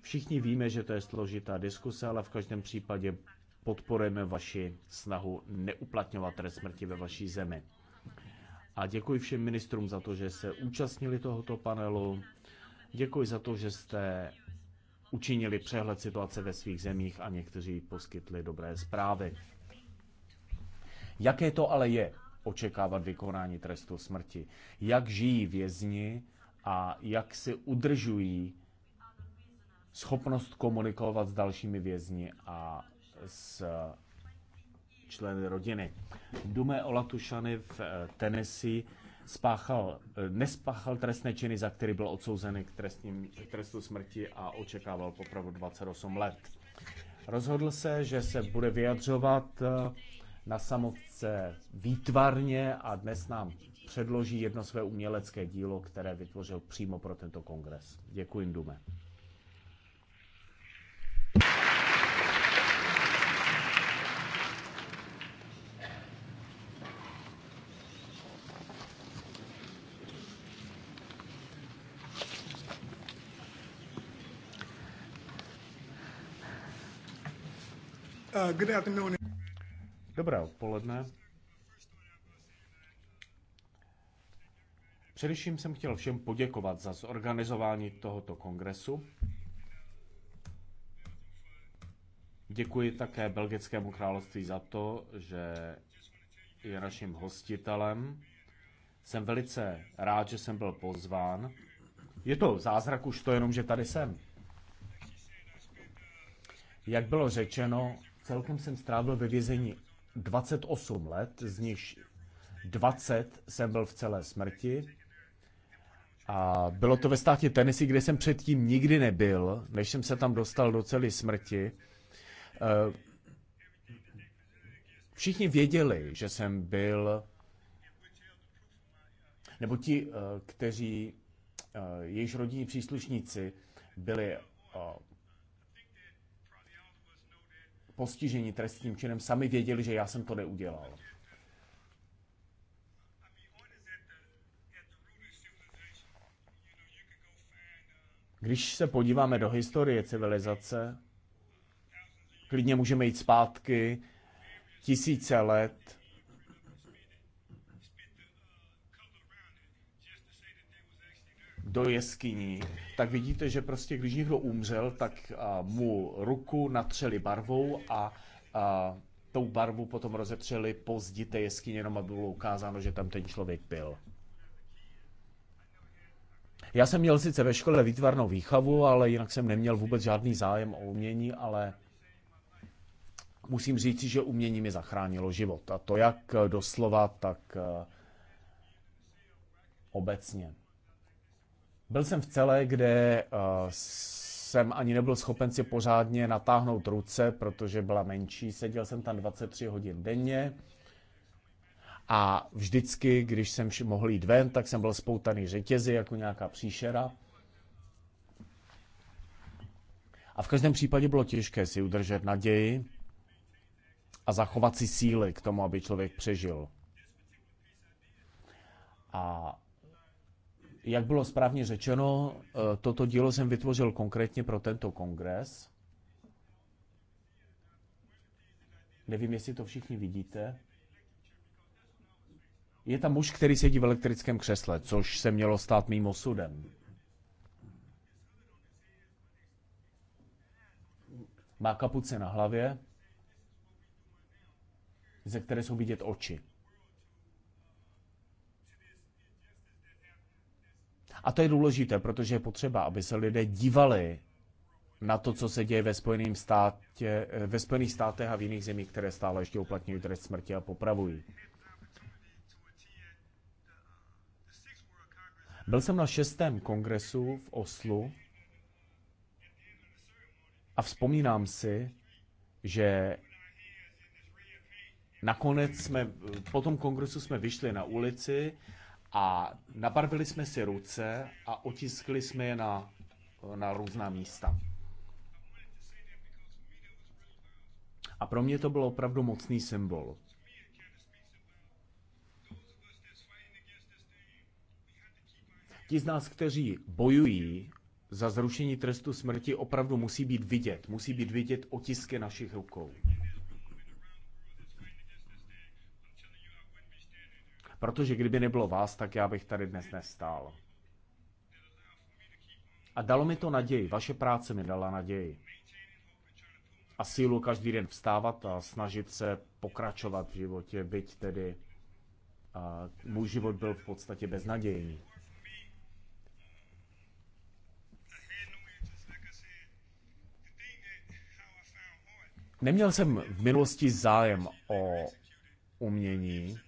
Všichni víme, že to je složitá diskuse, ale v každém případě podporujeme vaši snahu neuplatňovat trest smrti ve vaší zemi. A děkuji všem ministrům za to, že se účastnili tohoto panelu. Děkuji za to, že jste učinili přehled situace ve svých zemích a někteří poskytli dobré zprávy. Jaké to ale je očekávat vykonání trestu smrti? Jak žijí vězni a jak si udržují schopnost komunikovat s dalšími vězni a s eh, členy rodiny. Dume Latušany v eh, Tennessee spáchal, eh, nespáchal trestné činy, za který byl odsouzen k, trestním, k trestu smrti a očekával popravu 28 let. Rozhodl se, že se bude vyjadřovat na samovce výtvarně a dnes nám předloží jedno své umělecké dílo, které vytvořil přímo pro tento kongres. Děkuji, Dume. Dobré odpoledne. Především jsem chtěl všem poděkovat za zorganizování tohoto kongresu. Děkuji také Belgickému království za to, že je naším hostitelem. Jsem velice rád, že jsem byl pozván. Je to zázrak už to jenom, že tady jsem. Jak bylo řečeno, Celkem jsem strávil ve vězení 28 let, z nich 20 jsem byl v celé smrti. A bylo to ve státě Tennessee, kde jsem předtím nikdy nebyl, než jsem se tam dostal do celé smrti. Eh, všichni věděli, že jsem byl, nebo ti, eh, kteří, eh, jejich rodinní příslušníci byli postižení trestním činem sami věděli, že já jsem to neudělal. Když se podíváme do historie civilizace, klidně můžeme jít zpátky tisíce let do jeskyní, tak vidíte, že prostě když někdo umřel, tak mu ruku natřeli barvou a, a tou barvu potom rozetřeli po zdi té jeskyně, jenom aby bylo ukázáno, že tam ten člověk byl. Já jsem měl sice ve škole výtvarnou výchavu, ale jinak jsem neměl vůbec žádný zájem o umění, ale musím říct, že umění mi zachránilo život. A to jak e, doslova, tak e, obecně. Byl jsem v celé, kde eh, jsem ani nebyl schopen si pořádně natáhnout ruce, protože byla menší. Seděl jsem tam 23 hodin denně. A vždycky, když jsem mohl jít ven, tak jsem byl spoutaný řetězy jako nějaká příšera. A v každém případě bylo těžké si udržet naději a zachovat si síly k tomu, aby člověk přežil. A jak bylo správně řečeno, eh, toto dílo jsem vytvořil konkrétně pro tento kongres. Nevím, jestli to všichni vidíte. Je tam muž, který sedí v elektrickém křesle, což se mělo stát mým osudem. Má kapuce na hlavě, ze které jsou vidět oči. A to je důležité, protože je potřeba, aby se lidé dívali na to, co se děje ve, Spojeným státě, eh, ve Spojených státech a v jiných zemích, které stále ještě uplatňují trest smrti a popravují. Byl jsem na šestém kongresu v Oslu a vzpomínám si, že nakonec jsme, po tom kongresu jsme vyšli na ulici a nabarvili jsme si ruce a otiskli jsme je na, na různá místa. A pro mě to byl opravdu mocný symbol. Ti z nás, kteří bojují za zrušení trestu smrti, opravdu musí být vidět. Musí být vidět otisky našich rukou. Protože kdyby nebylo vás, tak já bych tady dnes nestál. A dalo mi to naději, vaše práce mi dala naději. A sílu každý den vstávat a snažit se pokračovat v životě, byť tedy a můj život byl v podstatě beznadějný. Neměl jsem v minulosti zájem o umění,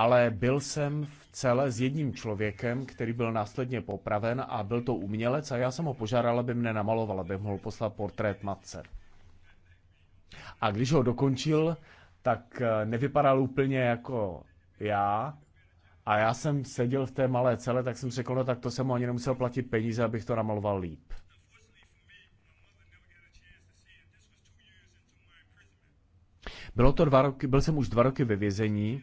ale byl jsem v celé s jedním člověkem, který byl následně popraven a byl to umělec a já jsem ho požádal, aby mne namaloval, aby mohl poslat portrét matce. A když ho dokončil, tak eh, nevypadal úplně jako já, a já jsem seděl v té malé cele, tak jsem řekl, no tak to jsem mu ani nemusel platit peníze, abych to namaloval líp. Bylo to dva roky, byl jsem už dva roky ve vězení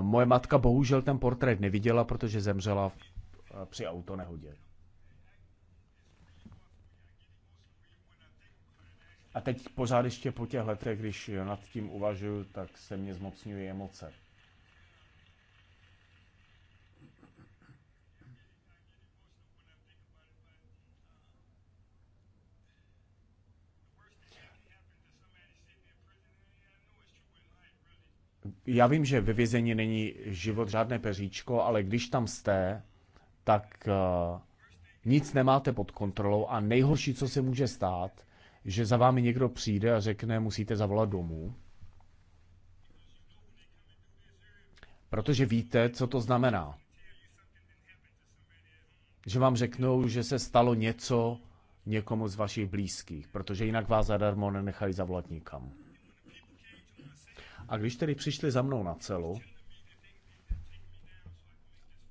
moje matka bohužel ten portrét neviděla, protože zemřela v, při autonehodě. A teď pořád ještě po těch letech, když nad tím uvažuju, tak se mě zmocňuje emoce. já vím, že ve vězení není život žádné peříčko, ale když tam jste, tak eh, nic nemáte pod kontrolou a nejhorší, co se může stát, že za vámi někdo přijde a řekne, musíte zavolat domů. Protože víte, co to znamená. Že vám řeknou, že se stalo něco někomu z vašich blízkých, protože jinak vás zadarmo nenechají zavolat nikam. A když tedy přišli za mnou na celu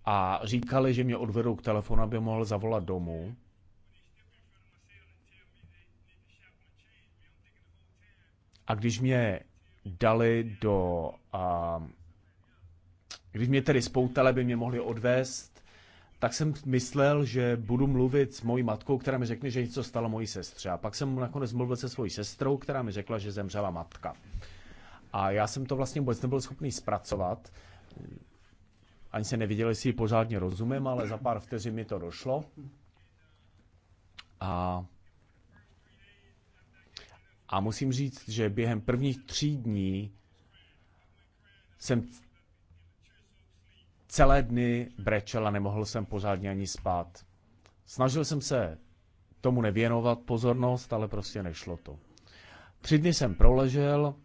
a říkali, že mě odvedou k telefonu, aby mohl zavolat domů, a když mě dali do... A, když mě tedy spoutali, by mě mohli odvést, tak jsem myslel, že budu mluvit s mojí matkou, která mi řekne, že něco stalo mojí sestře. A pak jsem nakonec mluvil se svojí sestrou, která mi řekla, že zemřela matka. A já jsem to vlastně vůbec nebyl schopný zpracovat. Ani se neviděl, jestli ji pořádně rozumím, ale za pár vteřin mi to došlo. A, a musím říct, že během prvních tří dní jsem celé dny brečel a nemohl jsem pořádně ani spát. Snažil jsem se tomu nevěnovat pozornost, ale prostě nešlo to. Tři dny jsem proležel,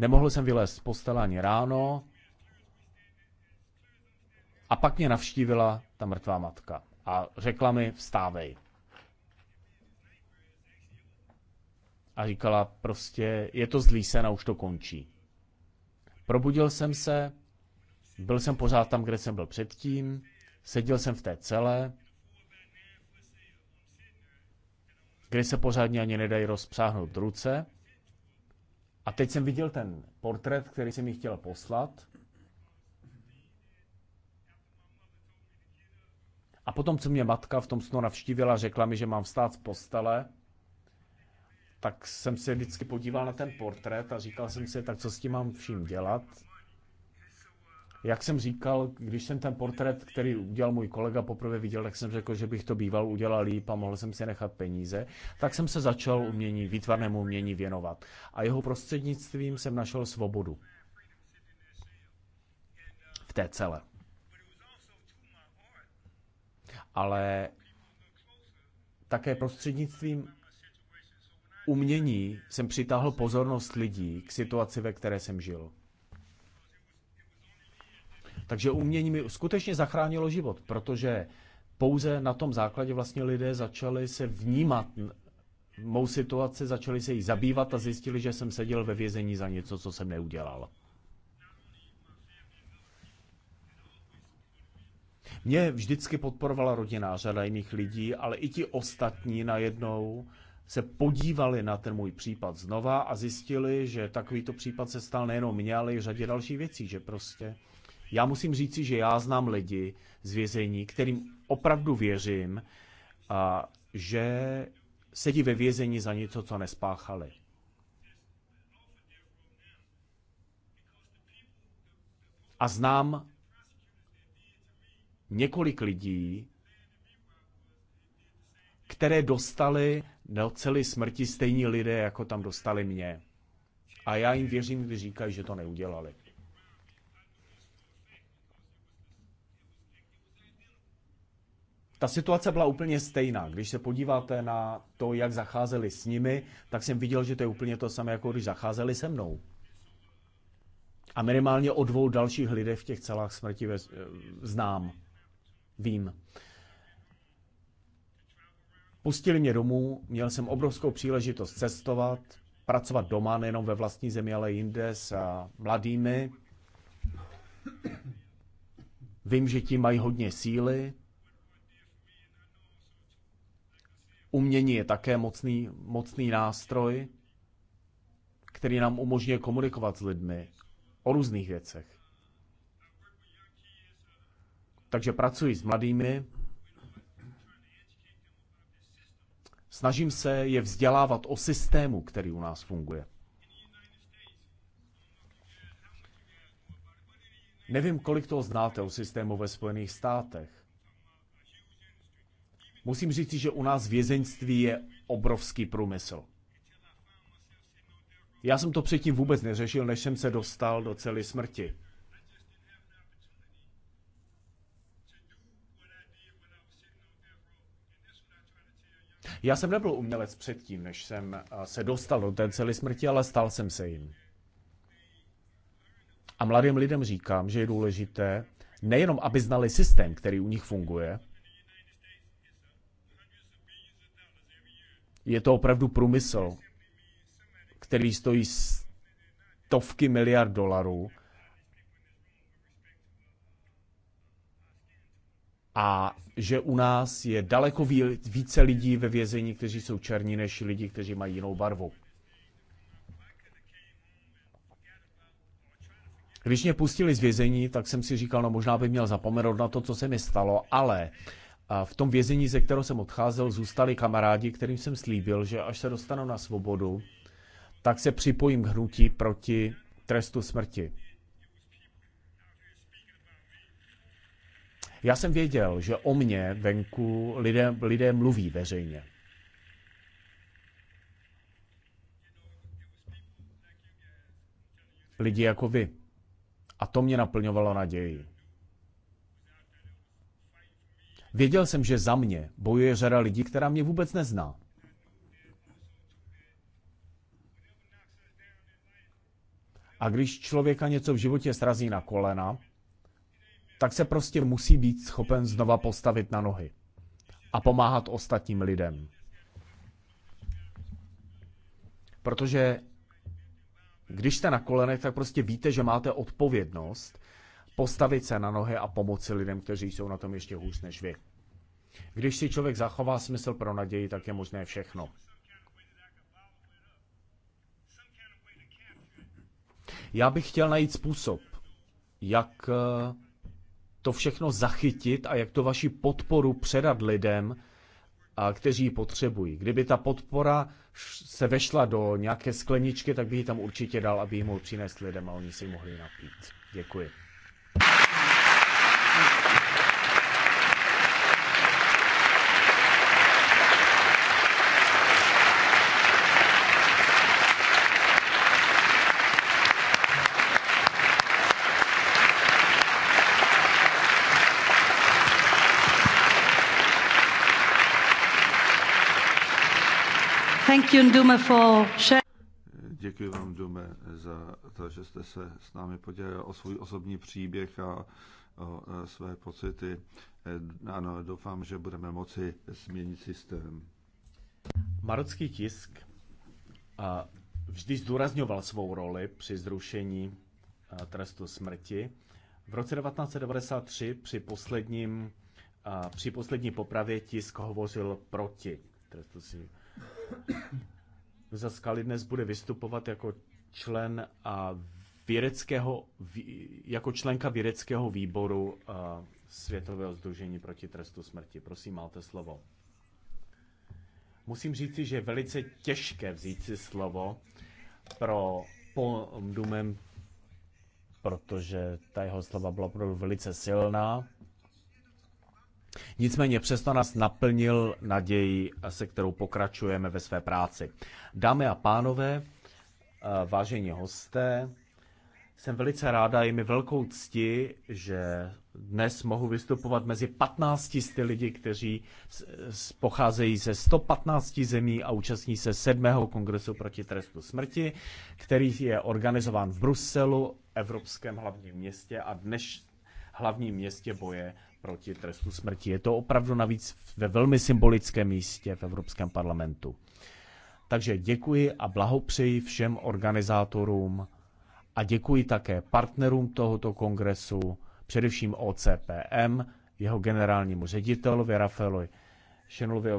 Nemohl jsem vylézt z postele ani ráno. A pak mě navštívila ta mrtvá matka a řekla mi, vstávej. A říkala prostě, je to zlý sen a už to končí. Probudil jsem se, byl jsem pořád tam, kde jsem byl předtím, seděl jsem v té celé, kde se pořádně ani nedají rozpřáhnout ruce, a teď jsem viděl ten portrét, který jsem mi chtěl poslat. A potom, co mě matka v tom snu navštívila, řekla mi, že mám vstát z postele, tak jsem se vždycky podíval na ten portrét a říkal jsem si, tak co s tím mám vším dělat. Jak jsem říkal, když jsem ten portrét, který udělal můj kolega, poprvé viděl, tak jsem řekl, že bych to býval udělal líp a mohl jsem si nechat peníze, tak jsem se začal umění, výtvarnému umění věnovat. A jeho prostřednictvím jsem našel svobodu v té celé. Ale také prostřednictvím umění jsem přitáhl pozornost lidí k situaci, ve které jsem žil. Takže umění mi skutečně zachránilo život, protože pouze na tom základě vlastně lidé začali se vnímat mou situaci, začali se jí zabývat a zjistili, že jsem seděl ve vězení za něco, co jsem neudělal. Mě vždycky podporovala rodina, řada jiných lidí, ale i ti ostatní najednou se podívali na ten můj případ znova a zjistili, že takovýto případ se stal nejenom mně, ale i řadě dalších věcí, že prostě já musím říci, že já znám lidi z vězení, kterým opravdu věřím, a, že sedí ve vězení za něco, co nespáchali. A znám několik lidí, které dostali na celý smrti stejní lidé, jako tam dostali mě. A já jim věřím, když říkají, že to neudělali. ta situace byla úplně stejná. Když se podíváte na to, jak zacházeli s nimi, tak jsem viděl, že to je úplně to samé, jako když zacházeli se mnou. A minimálně o dvou dalších lidech v těch celách smrti ve, znám. Vím. Pustili mě domů, měl jsem obrovskou příležitost cestovat, pracovat doma, nejenom ve vlastní zemi, ale jinde s eh, mladými. Vím, že ti mají hodně síly, Umění je také mocný, mocný nástroj, který nám umožňuje komunikovat s lidmi o různých věcech. Takže pracuji s mladými, snažím se je vzdělávat o systému, který u nás funguje. Nevím, kolik toho znáte o systému ve Spojených státech. Musím říct, že u nás vězeňství je obrovský průmysl. Já jsem to předtím vůbec neřešil, než jsem se dostal do celé smrti. Já jsem nebyl umělec předtím, než jsem eh, se dostal do té celé smrti, ale stal jsem se jim. A mladým lidem říkám, že je důležité nejenom, aby znali systém, který u nich funguje, Je to opravdu průmysl, který stojí stovky miliard dolarů. A že u nás je daleko více lidí ve vězení, kteří jsou černí, než lidi, kteří mají jinou barvu. Když mě pustili z vězení, tak jsem si říkal, no možná by měl zapomenout na to, co se mi stalo, ale v tom vězení, ze kterého jsem odcházel, zůstali kamarádi, kterým jsem slíbil, že až se dostanu na svobodu, tak se připojím k hnutí proti trestu smrti. Já jsem věděl, že o mě venku lidé, lidé mluví veřejně. Lidi jako vy. A to mě naplňovalo naději. Věděl jsem, že za mě bojuje řada lidí, která mě vůbec nezná. A když člověka něco v životě srazí na kolena, tak se prostě musí být schopen znova postavit na nohy a pomáhat ostatním lidem. Protože když jste na kolenech, tak prostě víte, že máte odpovědnost postavit se na nohy a pomoci lidem, kteří jsou na tom ještě hůř než vy. Když si člověk zachová smysl pro naději, tak je možné všechno. Já bych chtěl najít způsob, jak eh, to všechno zachytit a jak to vaši podporu předat lidem, kteří ji potřebují. Kdyby ta podpora se vešla do nějaké skleničky, tak bych ji tam určitě dal, aby ji mohl přinést lidem a oni si ji mohli napít. Děkuji. Thank you, Nduma, for sharing. Děkuji vám, Dume, za to, že jste se s námi podělil o svůj osobní příběh a o e, své pocity. E, ano, doufám, že budeme moci změnit systém. Marocký tisk a vždy zdůrazňoval svou roli při zrušení trestu smrti. V roce 1993 při, posledním, při poslední popravě tisk hovořil proti trestu smrti. Zaskali dnes bude vystupovat jako člen a vědeckého, jako členka vědeckého výboru uh, Světového združení proti trestu smrti. Prosím, máte slovo. Musím říci, že je velice těžké vzít si slovo pro Pondumem, protože ta jeho slova byla opravdu velice silná. Nicméně přesto nás naplnil naději, se kterou pokračujeme ve své práci. Dámy a pánové, eh, vážení hosté, jsem velice ráda, je mi velkou cti, že dnes mohu vystupovat mezi 15 sty lidi, kteří pocházejí ze 115 zemí a účastní se 7. kongresu proti trestu smrti, který je organizován v Bruselu, evropském hlavním městě a dnes hlavním městě boje proti trestu smrti. Je to opravdu navíc ve velmi symbolickém místě v Evropském parlamentu. Takže děkuji a blahopřeji všem organizátorům a děkuji také partnerům tohoto kongresu, především OCPM, jeho generálnímu ředitelovi Rafaelovi Šenlovi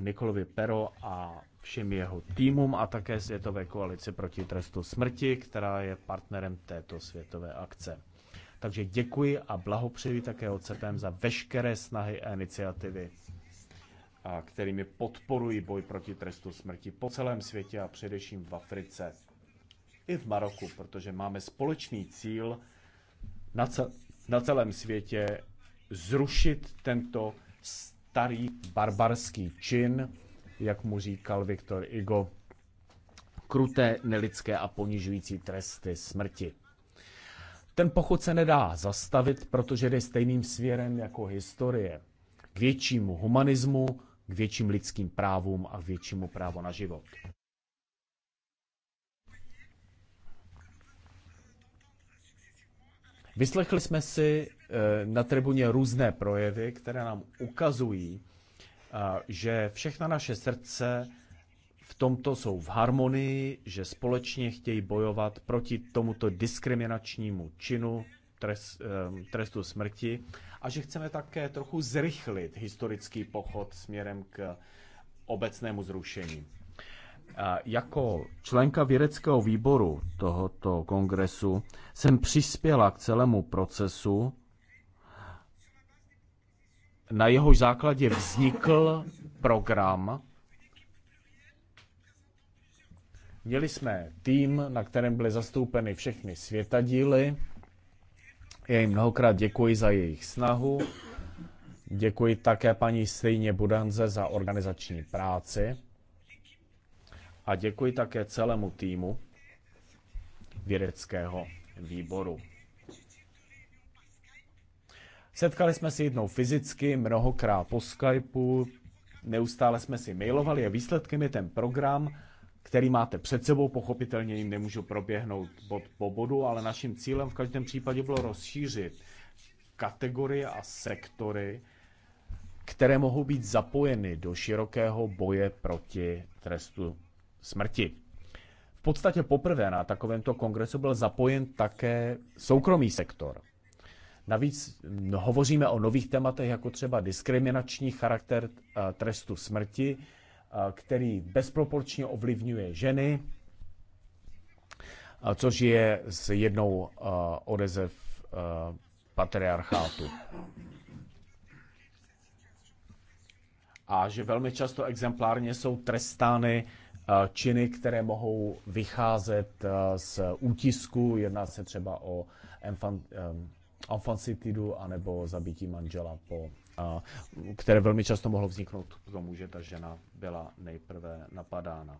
Nikolovi Pero a všem jeho týmům a také Světové koalici proti trestu smrti, která je partnerem této světové akce. Takže děkuji a blahopřeji také OCPM za veškeré snahy a iniciativy, a kterými podporují boj proti trestu smrti po celém světě a především v Africe. I v Maroku, protože máme společný cíl na, cel, na celém světě zrušit tento starý barbarský čin, jak mu říkal Viktor Igo, kruté, nelidské a ponižující tresty smrti. Ten pochod se nedá zastavit, protože jde stejným směrem jako historie. K většímu humanismu, k větším lidským právům a k většímu právu na život. Vyslechli jsme si eh, na tribuně různé projevy, které nám ukazují, eh, že všechna naše srdce v tomto jsou v harmonii, že společně chtějí bojovat proti tomuto diskriminačnímu činu trest, trestu smrti a že chceme také trochu zrychlit historický pochod směrem k obecnému zrušení. Jako členka vědeckého výboru tohoto kongresu jsem přispěla k celému procesu, na jehož základě vznikl program Měli jsme tým, na kterém byly zastoupeny všechny světadíly. Já jim mnohokrát děkuji za jejich snahu. Děkuji také paní Stejně Budanze za organizační práci. A děkuji také celému týmu vědeckého výboru. Setkali jsme se jednou fyzicky, mnohokrát po Skypeu, neustále jsme si mailovali a výsledkem je ten program, který máte před sebou. Pochopitelně jim nemůžu proběhnout bod po bodu, ale naším cílem v každém případě bylo rozšířit kategorie a sektory, které mohou být zapojeny do širokého boje proti trestu smrti. V podstatě poprvé na takovémto kongresu byl zapojen také soukromý sektor. Navíc hovoříme o nových tématech, jako třeba diskriminační charakter eh, trestu smrti, který bezproporčně ovlivňuje ženy, což je s jednou odezev patriarchátu. A že velmi často exemplárně jsou trestány činy, které mohou vycházet z útisku. Jedná se třeba o enfancitidu anebo zabití manžela po které velmi často mohlo vzniknout k tomu, že ta žena byla nejprve napadána.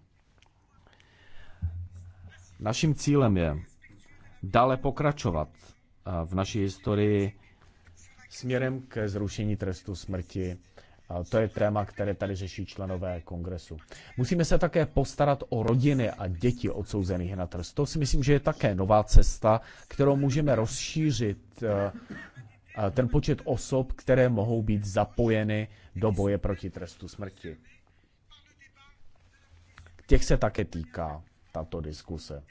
Naším cílem je dále pokračovat v naší historii směrem ke zrušení trestu smrti. To je téma, které tady řeší členové kongresu. Musíme se také postarat o rodiny a děti odsouzených na trest. To si myslím, že je také nová cesta, kterou můžeme rozšířit ten počet osob, které mohou být zapojeny do boje proti trestu smrti. Těch se také týká tato diskuse.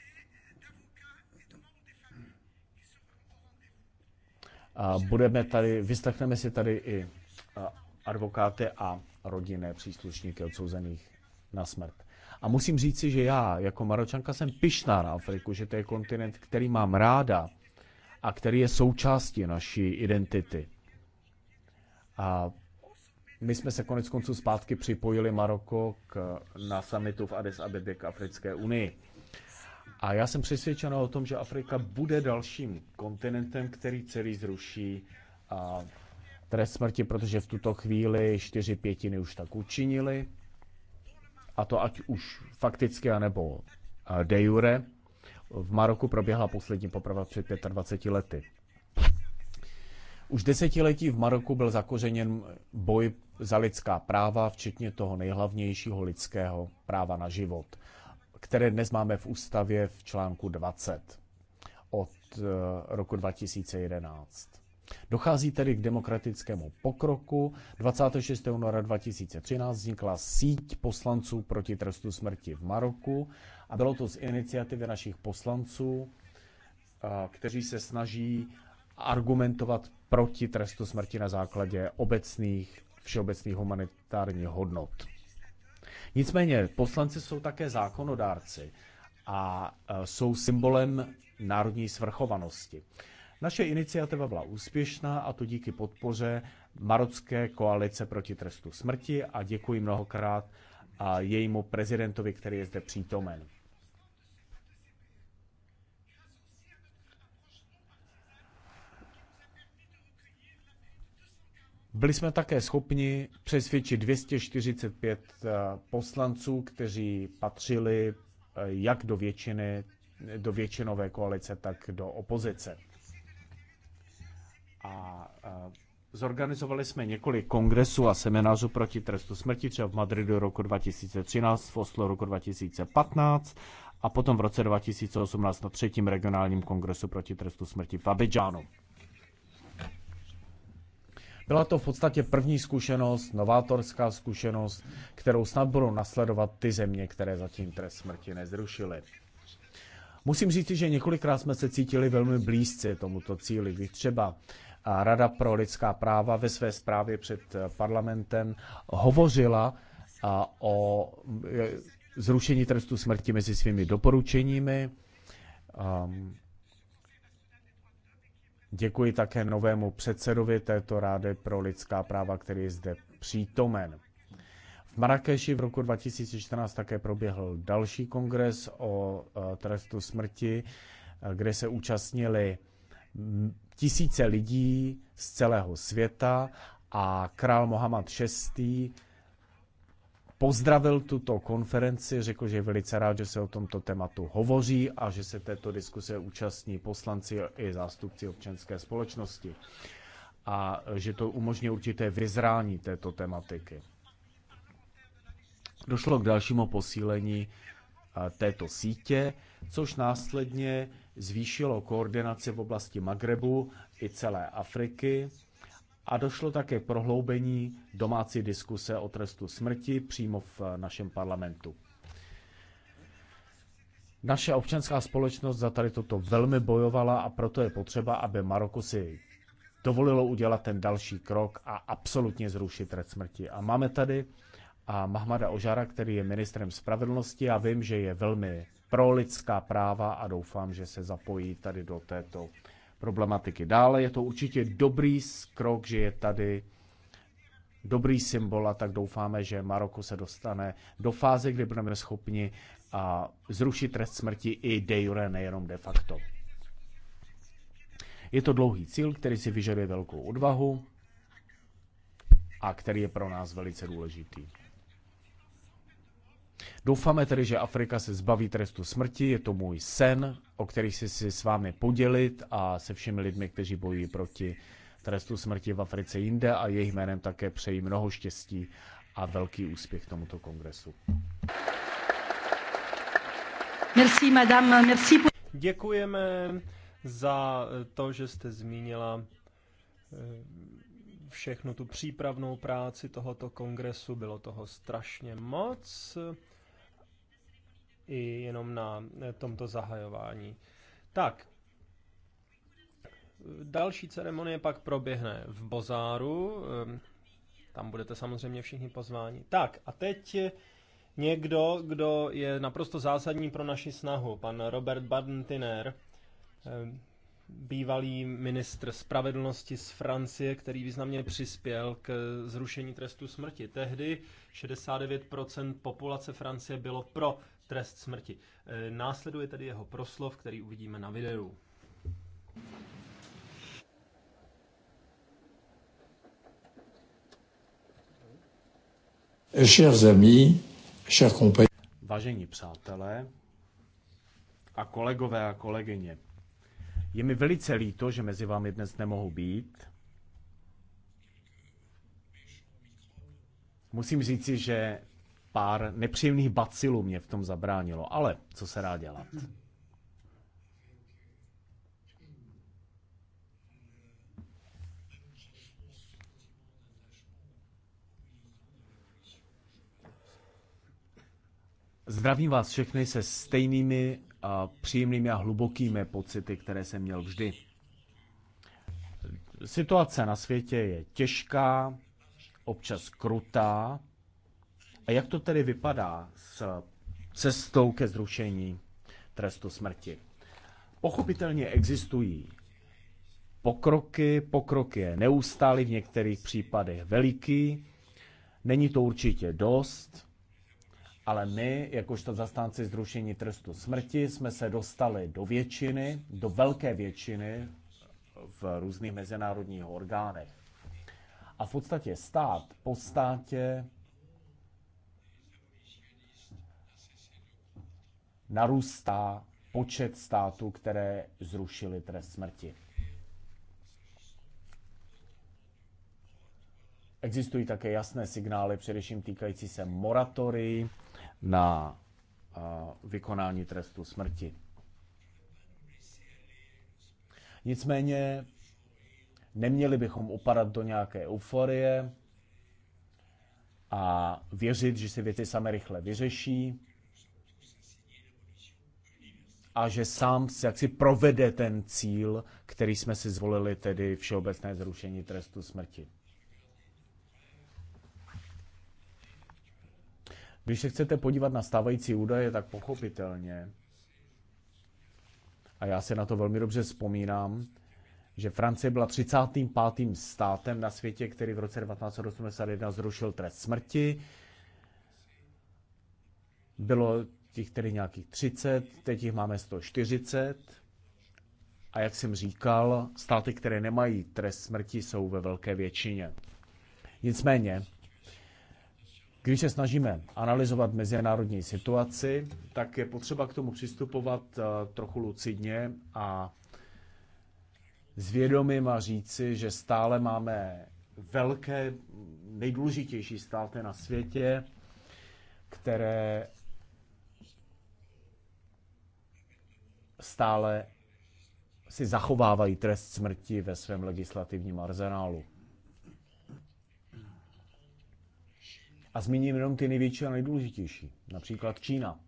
A budeme tady, vyslechneme si tady i advokáty a rodinné příslušníky odsouzených na smrt. A musím říci, že já jako Maročanka jsem pišná na Afriku, že to je kontinent, který mám ráda a který je součástí naší identity. A my jsme se konec konců zpátky připojili Maroko k, na summitu v Addis Abebe k Africké unii. A já jsem přesvědčen o tom, že Afrika bude dalším kontinentem, který celý zruší a trest smrti, protože v tuto chvíli čtyři pětiny už tak učinili. A to ať už fakticky, anebo eh, de jure v Maroku proběhla poslední poprava před 25 lety. Už desetiletí v Maroku byl zakořeněn boj za lidská práva, včetně toho nejhlavnějšího lidského práva na život, které dnes máme v ústavě v článku 20 od eh, roku 2011. Dochází tedy k demokratickému pokroku. 26. února 2013 vznikla síť poslanců proti trestu smrti v Maroku a bylo to z iniciativy našich poslanců, kteří se snaží argumentovat proti trestu smrti na základě obecných, všeobecných humanitárních hodnot. Nicméně poslanci jsou také zákonodárci a e, jsou symbolem národní svrchovanosti. Naše iniciativa byla úspěšná a to díky podpoře Marocké koalice proti trestu smrti a děkuji mnohokrát jejímu prezidentovi, který je zde přítomen. Byli jsme také schopni přesvědčit 245 eh, poslanců, kteří patřili eh, jak do většiny, do většinové koalice, tak do opozice. A eh, zorganizovali jsme několik kongresů a seminářů proti trestu smrti, třeba v Madridu roku 2013, v Oslo roku 2015 a potom v roce 2018 na třetím regionálním kongresu proti trestu smrti v Abidžánu. Byla to v podstatě první zkušenost, novátorská zkušenost, kterou snad budou nasledovat ty země, které zatím trest smrti nezrušily. Musím říct, že několikrát jsme se cítili velmi blízci tomuto cíli, když třeba Rada pro lidská práva ve své zprávě před eh, parlamentem hovořila o eh, zrušení trestu smrti mezi svými doporučeními. Ehm, Děkuji také novému předsedovi této rády pro lidská práva, který je zde přítomen. V Marrakeši v roku 2014 také proběhl další kongres o e, trestu smrti, e, kde se účastnili tisíce lidí z celého světa a král Mohamed VI pozdravil tuto konferenci, řekl, že je velice rád, že se o tomto tématu hovoří a že se této diskuse účastní poslanci i zástupci občanské společnosti a že to umožní určité vyzrání této tematiky. Došlo k dalšímu posílení eh, této sítě, což následně zvýšilo koordinaci v oblasti Magrebu i celé Afriky a došlo také k prohloubení domácí diskuse o trestu smrti přímo v našem parlamentu. Naše občanská společnost za tady toto velmi bojovala a proto je potřeba, aby Maroko si dovolilo udělat ten další krok a absolutně zrušit trest smrti. A máme tady a Mahmada Ožara, který je ministrem spravedlnosti a vím, že je velmi pro lidská práva a doufám, že se zapojí tady do této problematiky. Dále je to určitě dobrý krok, že je tady dobrý symbol a tak doufáme, že Maroko se dostane do fáze, kdy budeme schopni a zrušit trest smrti i de jure, nejenom de facto. Je to dlouhý cíl, který si vyžaduje velkou odvahu a který je pro nás velice důležitý. Doufáme tedy, že Afrika se zbaví trestu smrti, je to můj sen, o který si, si s vámi podělit a se všemi lidmi, kteří bojují proti trestu smrti v Africe jinde a jejich jménem také přeji mnoho štěstí a velký úspěch tomuto kongresu. Merci, madame, merci. Děkujeme za to, že jste zmínila eh, všechnu tu přípravnou práci tohoto kongresu. Bylo toho strašně moc i jenom na eh, tomto zahajování. Tak, další ceremonie pak proběhne v Bozáru, ehm, tam budete samozřejmě všichni pozváni. Tak a teď někdo, kdo je naprosto zásadní pro naši snahu, pan Robert Badentiner, ehm, bývalý ministr spravedlnosti z Francie, který významně přispěl k zrušení trestu smrti. Tehdy 69% populace Francie bylo pro trest smrti. E, následuje tedy jeho proslov, který uvidíme na videu. Chers amis, chers Vážení přátelé a kolegové a kolegyně, je mi velice líto, že mezi vámi dnes nemohu být. Musím říci, že pár nepříjemných bacilů mě v tom zabránilo, ale co se dá dělat? Zdravím vás všechny se stejnými příjemnými a hlubokými pocity, které jsem měl vždy. Situace na světě je těžká, občas krutá. A jak to tedy vypadá s cestou ke zrušení trestu smrti? Pochopitelně existují pokroky, pokrok je neustálý, v některých případech veliký, není to určitě dost, ale my, jakožto zastánci zrušení trestu smrti, jsme se dostali do většiny, do velké většiny v různých mezinárodních orgánech. A v podstatě stát po státě narůstá počet států, které zrušily trest smrti. Existují také jasné signály, především týkající se moratorií na vykonání trestu smrti. Nicméně neměli bychom upadat do nějaké euforie a věřit, že se věci sami rychle vyřeší a že sám se jaksi provede ten cíl, který jsme si zvolili, tedy všeobecné zrušení trestu smrti. Když se chcete podívat na stávající údaje, tak pochopitelně, a já se na to velmi dobře vzpomínám, že Francie byla 35. státem na světě, který v roce 1981 zrušil trest smrti. Bylo těch tedy nějakých 30, teď jich máme 140. A jak jsem říkal, státy, které nemají trest smrti, jsou ve velké většině. Nicméně, když se snažíme analyzovat mezinárodní situaci, tak je potřeba k tomu přistupovat eh, trochu lucidně a zvědomím a říci, že stále máme velké, nejdůležitější státy na světě, které stále si zachovávají trest smrti ve svém legislativním arzenálu. A zmíním jenom ty největší a nejdůležitější, například Čína.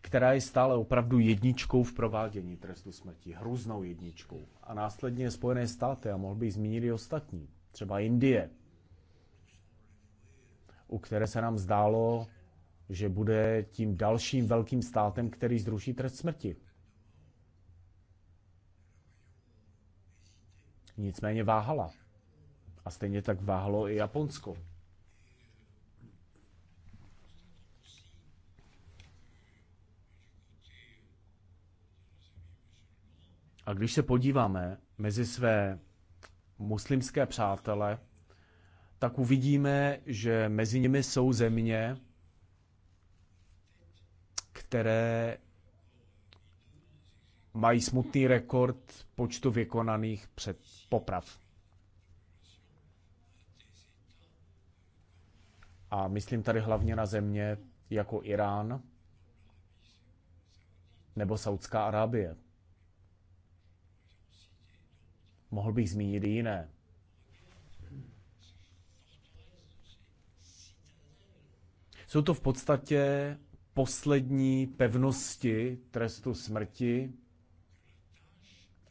která je stále opravdu jedničkou v provádění trestu smrti, hrůznou jedničkou. A následně Spojené státy, a mohl bych zmínit i ostatní, třeba Indie, u které se nám zdálo, že bude tím dalším velkým státem, který zruší trest smrti. Nicméně váhala. A stejně tak váhalo i Japonsko. A když se podíváme mezi své muslimské přátele, tak uvidíme, že mezi nimi jsou země, které mají smutný rekord počtu vykonaných před poprav. A myslím tady hlavně na země jako Irán nebo Saudská Arábie. Mohl bych zmínit i jiné. Jsou to v podstatě poslední pevnosti trestu smrti,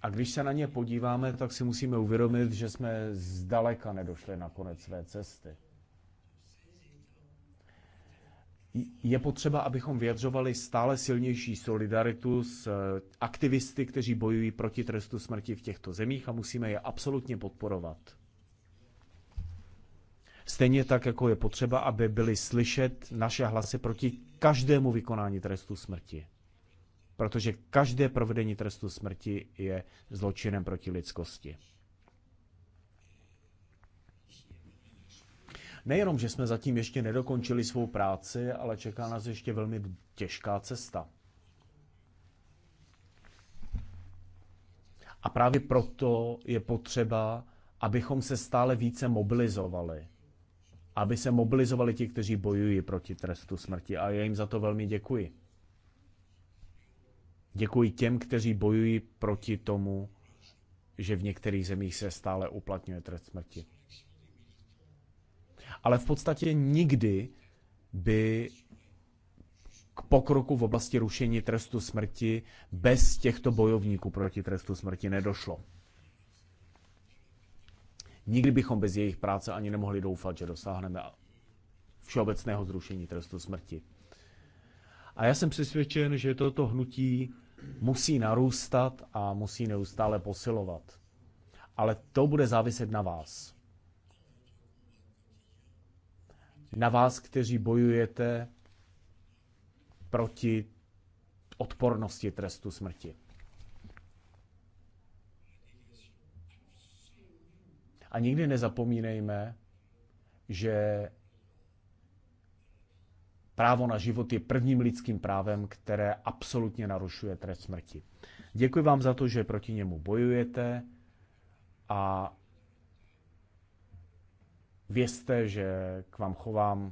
a když se na ně podíváme, tak si musíme uvědomit, že jsme zdaleka nedošli na konec své cesty. Je potřeba, abychom vyjadřovali stále silnější solidaritu s eh, aktivisty, kteří bojují proti trestu smrti v těchto zemích a musíme je absolutně podporovat. Stejně tak, jako je potřeba, aby byly slyšet naše hlasy proti každému vykonání trestu smrti protože každé provedení trestu smrti je zločinem proti lidskosti. Nejenom, že jsme zatím ještě nedokončili svou práci, ale čeká nás ještě velmi těžká cesta. A právě proto je potřeba, abychom se stále více mobilizovali. Aby se mobilizovali ti, kteří bojují proti trestu smrti. A já jim za to velmi děkuji. Děkuji těm, kteří bojují proti tomu, že v některých zemích se stále uplatňuje trest smrti. Ale v podstatě nikdy by k pokroku v oblasti rušení trestu smrti bez těchto bojovníků proti trestu smrti nedošlo. Nikdy bychom bez jejich práce ani nemohli doufat, že dosáhneme všeobecného zrušení trestu smrti. A já jsem přesvědčen, že toto hnutí musí narůstat a musí neustále posilovat. Ale to bude záviset na vás. Na vás, kteří bojujete proti odpornosti trestu smrti. A nikdy nezapomínejme, že Právo na život je prvním lidským právem, které absolutně narušuje trest smrti. Děkuji vám za to, že proti němu bojujete a vězte, že k vám chovám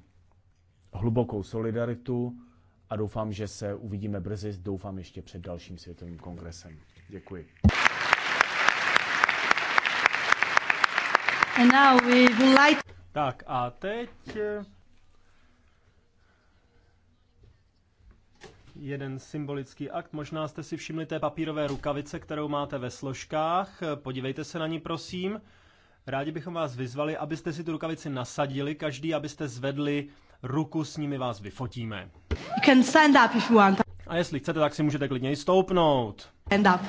hlubokou solidaritu a doufám, že se uvidíme brzy, doufám ještě před dalším světovým kongresem. Děkuji. And now we would like... Tak a teď eh, jeden symbolický akt. Možná jste si všimli té papírové rukavice, kterou máte ve složkách. Podívejte se na ní, prosím. Rádi bychom vás vyzvali, abyste si tu rukavici nasadili, každý, abyste zvedli ruku, s nimi vás vyfotíme. You can stand up if you want. A jestli chcete, tak si můžete klidně i stoupnout. Stand up.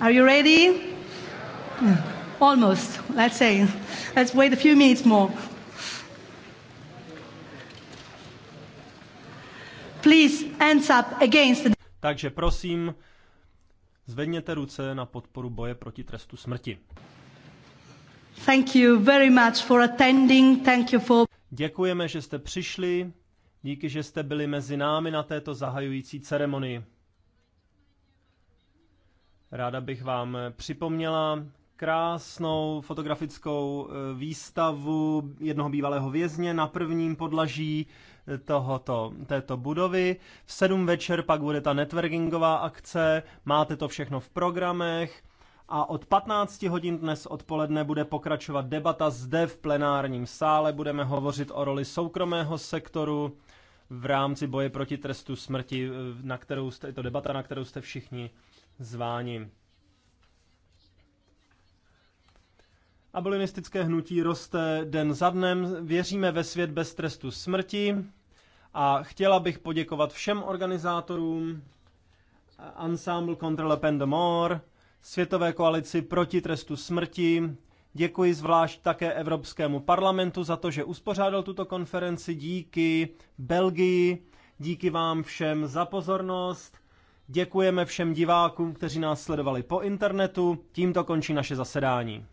Are you ready? Almost, let's say. Let's wait a few minutes more. hands up against... Takže prosím, zvedněte ruce na podporu boje proti trestu smrti. Thank you very much for attending. Thank you for... Děkujeme, že jste přišli. Díky, že jste byli mezi námi na této zahajující ceremonii. Ráda bych vám připomněla krásnou fotografickou eh, výstavu jednoho bývalého vězně na prvním podlaží tohoto, této budovy. V sedm večer pak bude ta networkingová akce, máte to všechno v programech a od 15 hodin dnes odpoledne bude pokračovat debata zde v plenárním sále. Budeme hovořit o roli soukromého sektoru v rámci boje proti trestu smrti, na kterou jste, to debata, na kterou jste všichni zváni. Abolinistické hnutí roste den za dnem, věříme ve svět bez trestu smrti a chtěla bych poděkovat všem organizátorům, Ensemble contre le peine de mort, Světové koalici proti trestu smrti, Děkuji zvlášť také Evropskému parlamentu za to, že uspořádal tuto konferenci. Díky Belgii, díky vám všem za pozornost Děkujeme všem divákům, kteří nás sledovali po internetu. Tímto končí naše zasedání.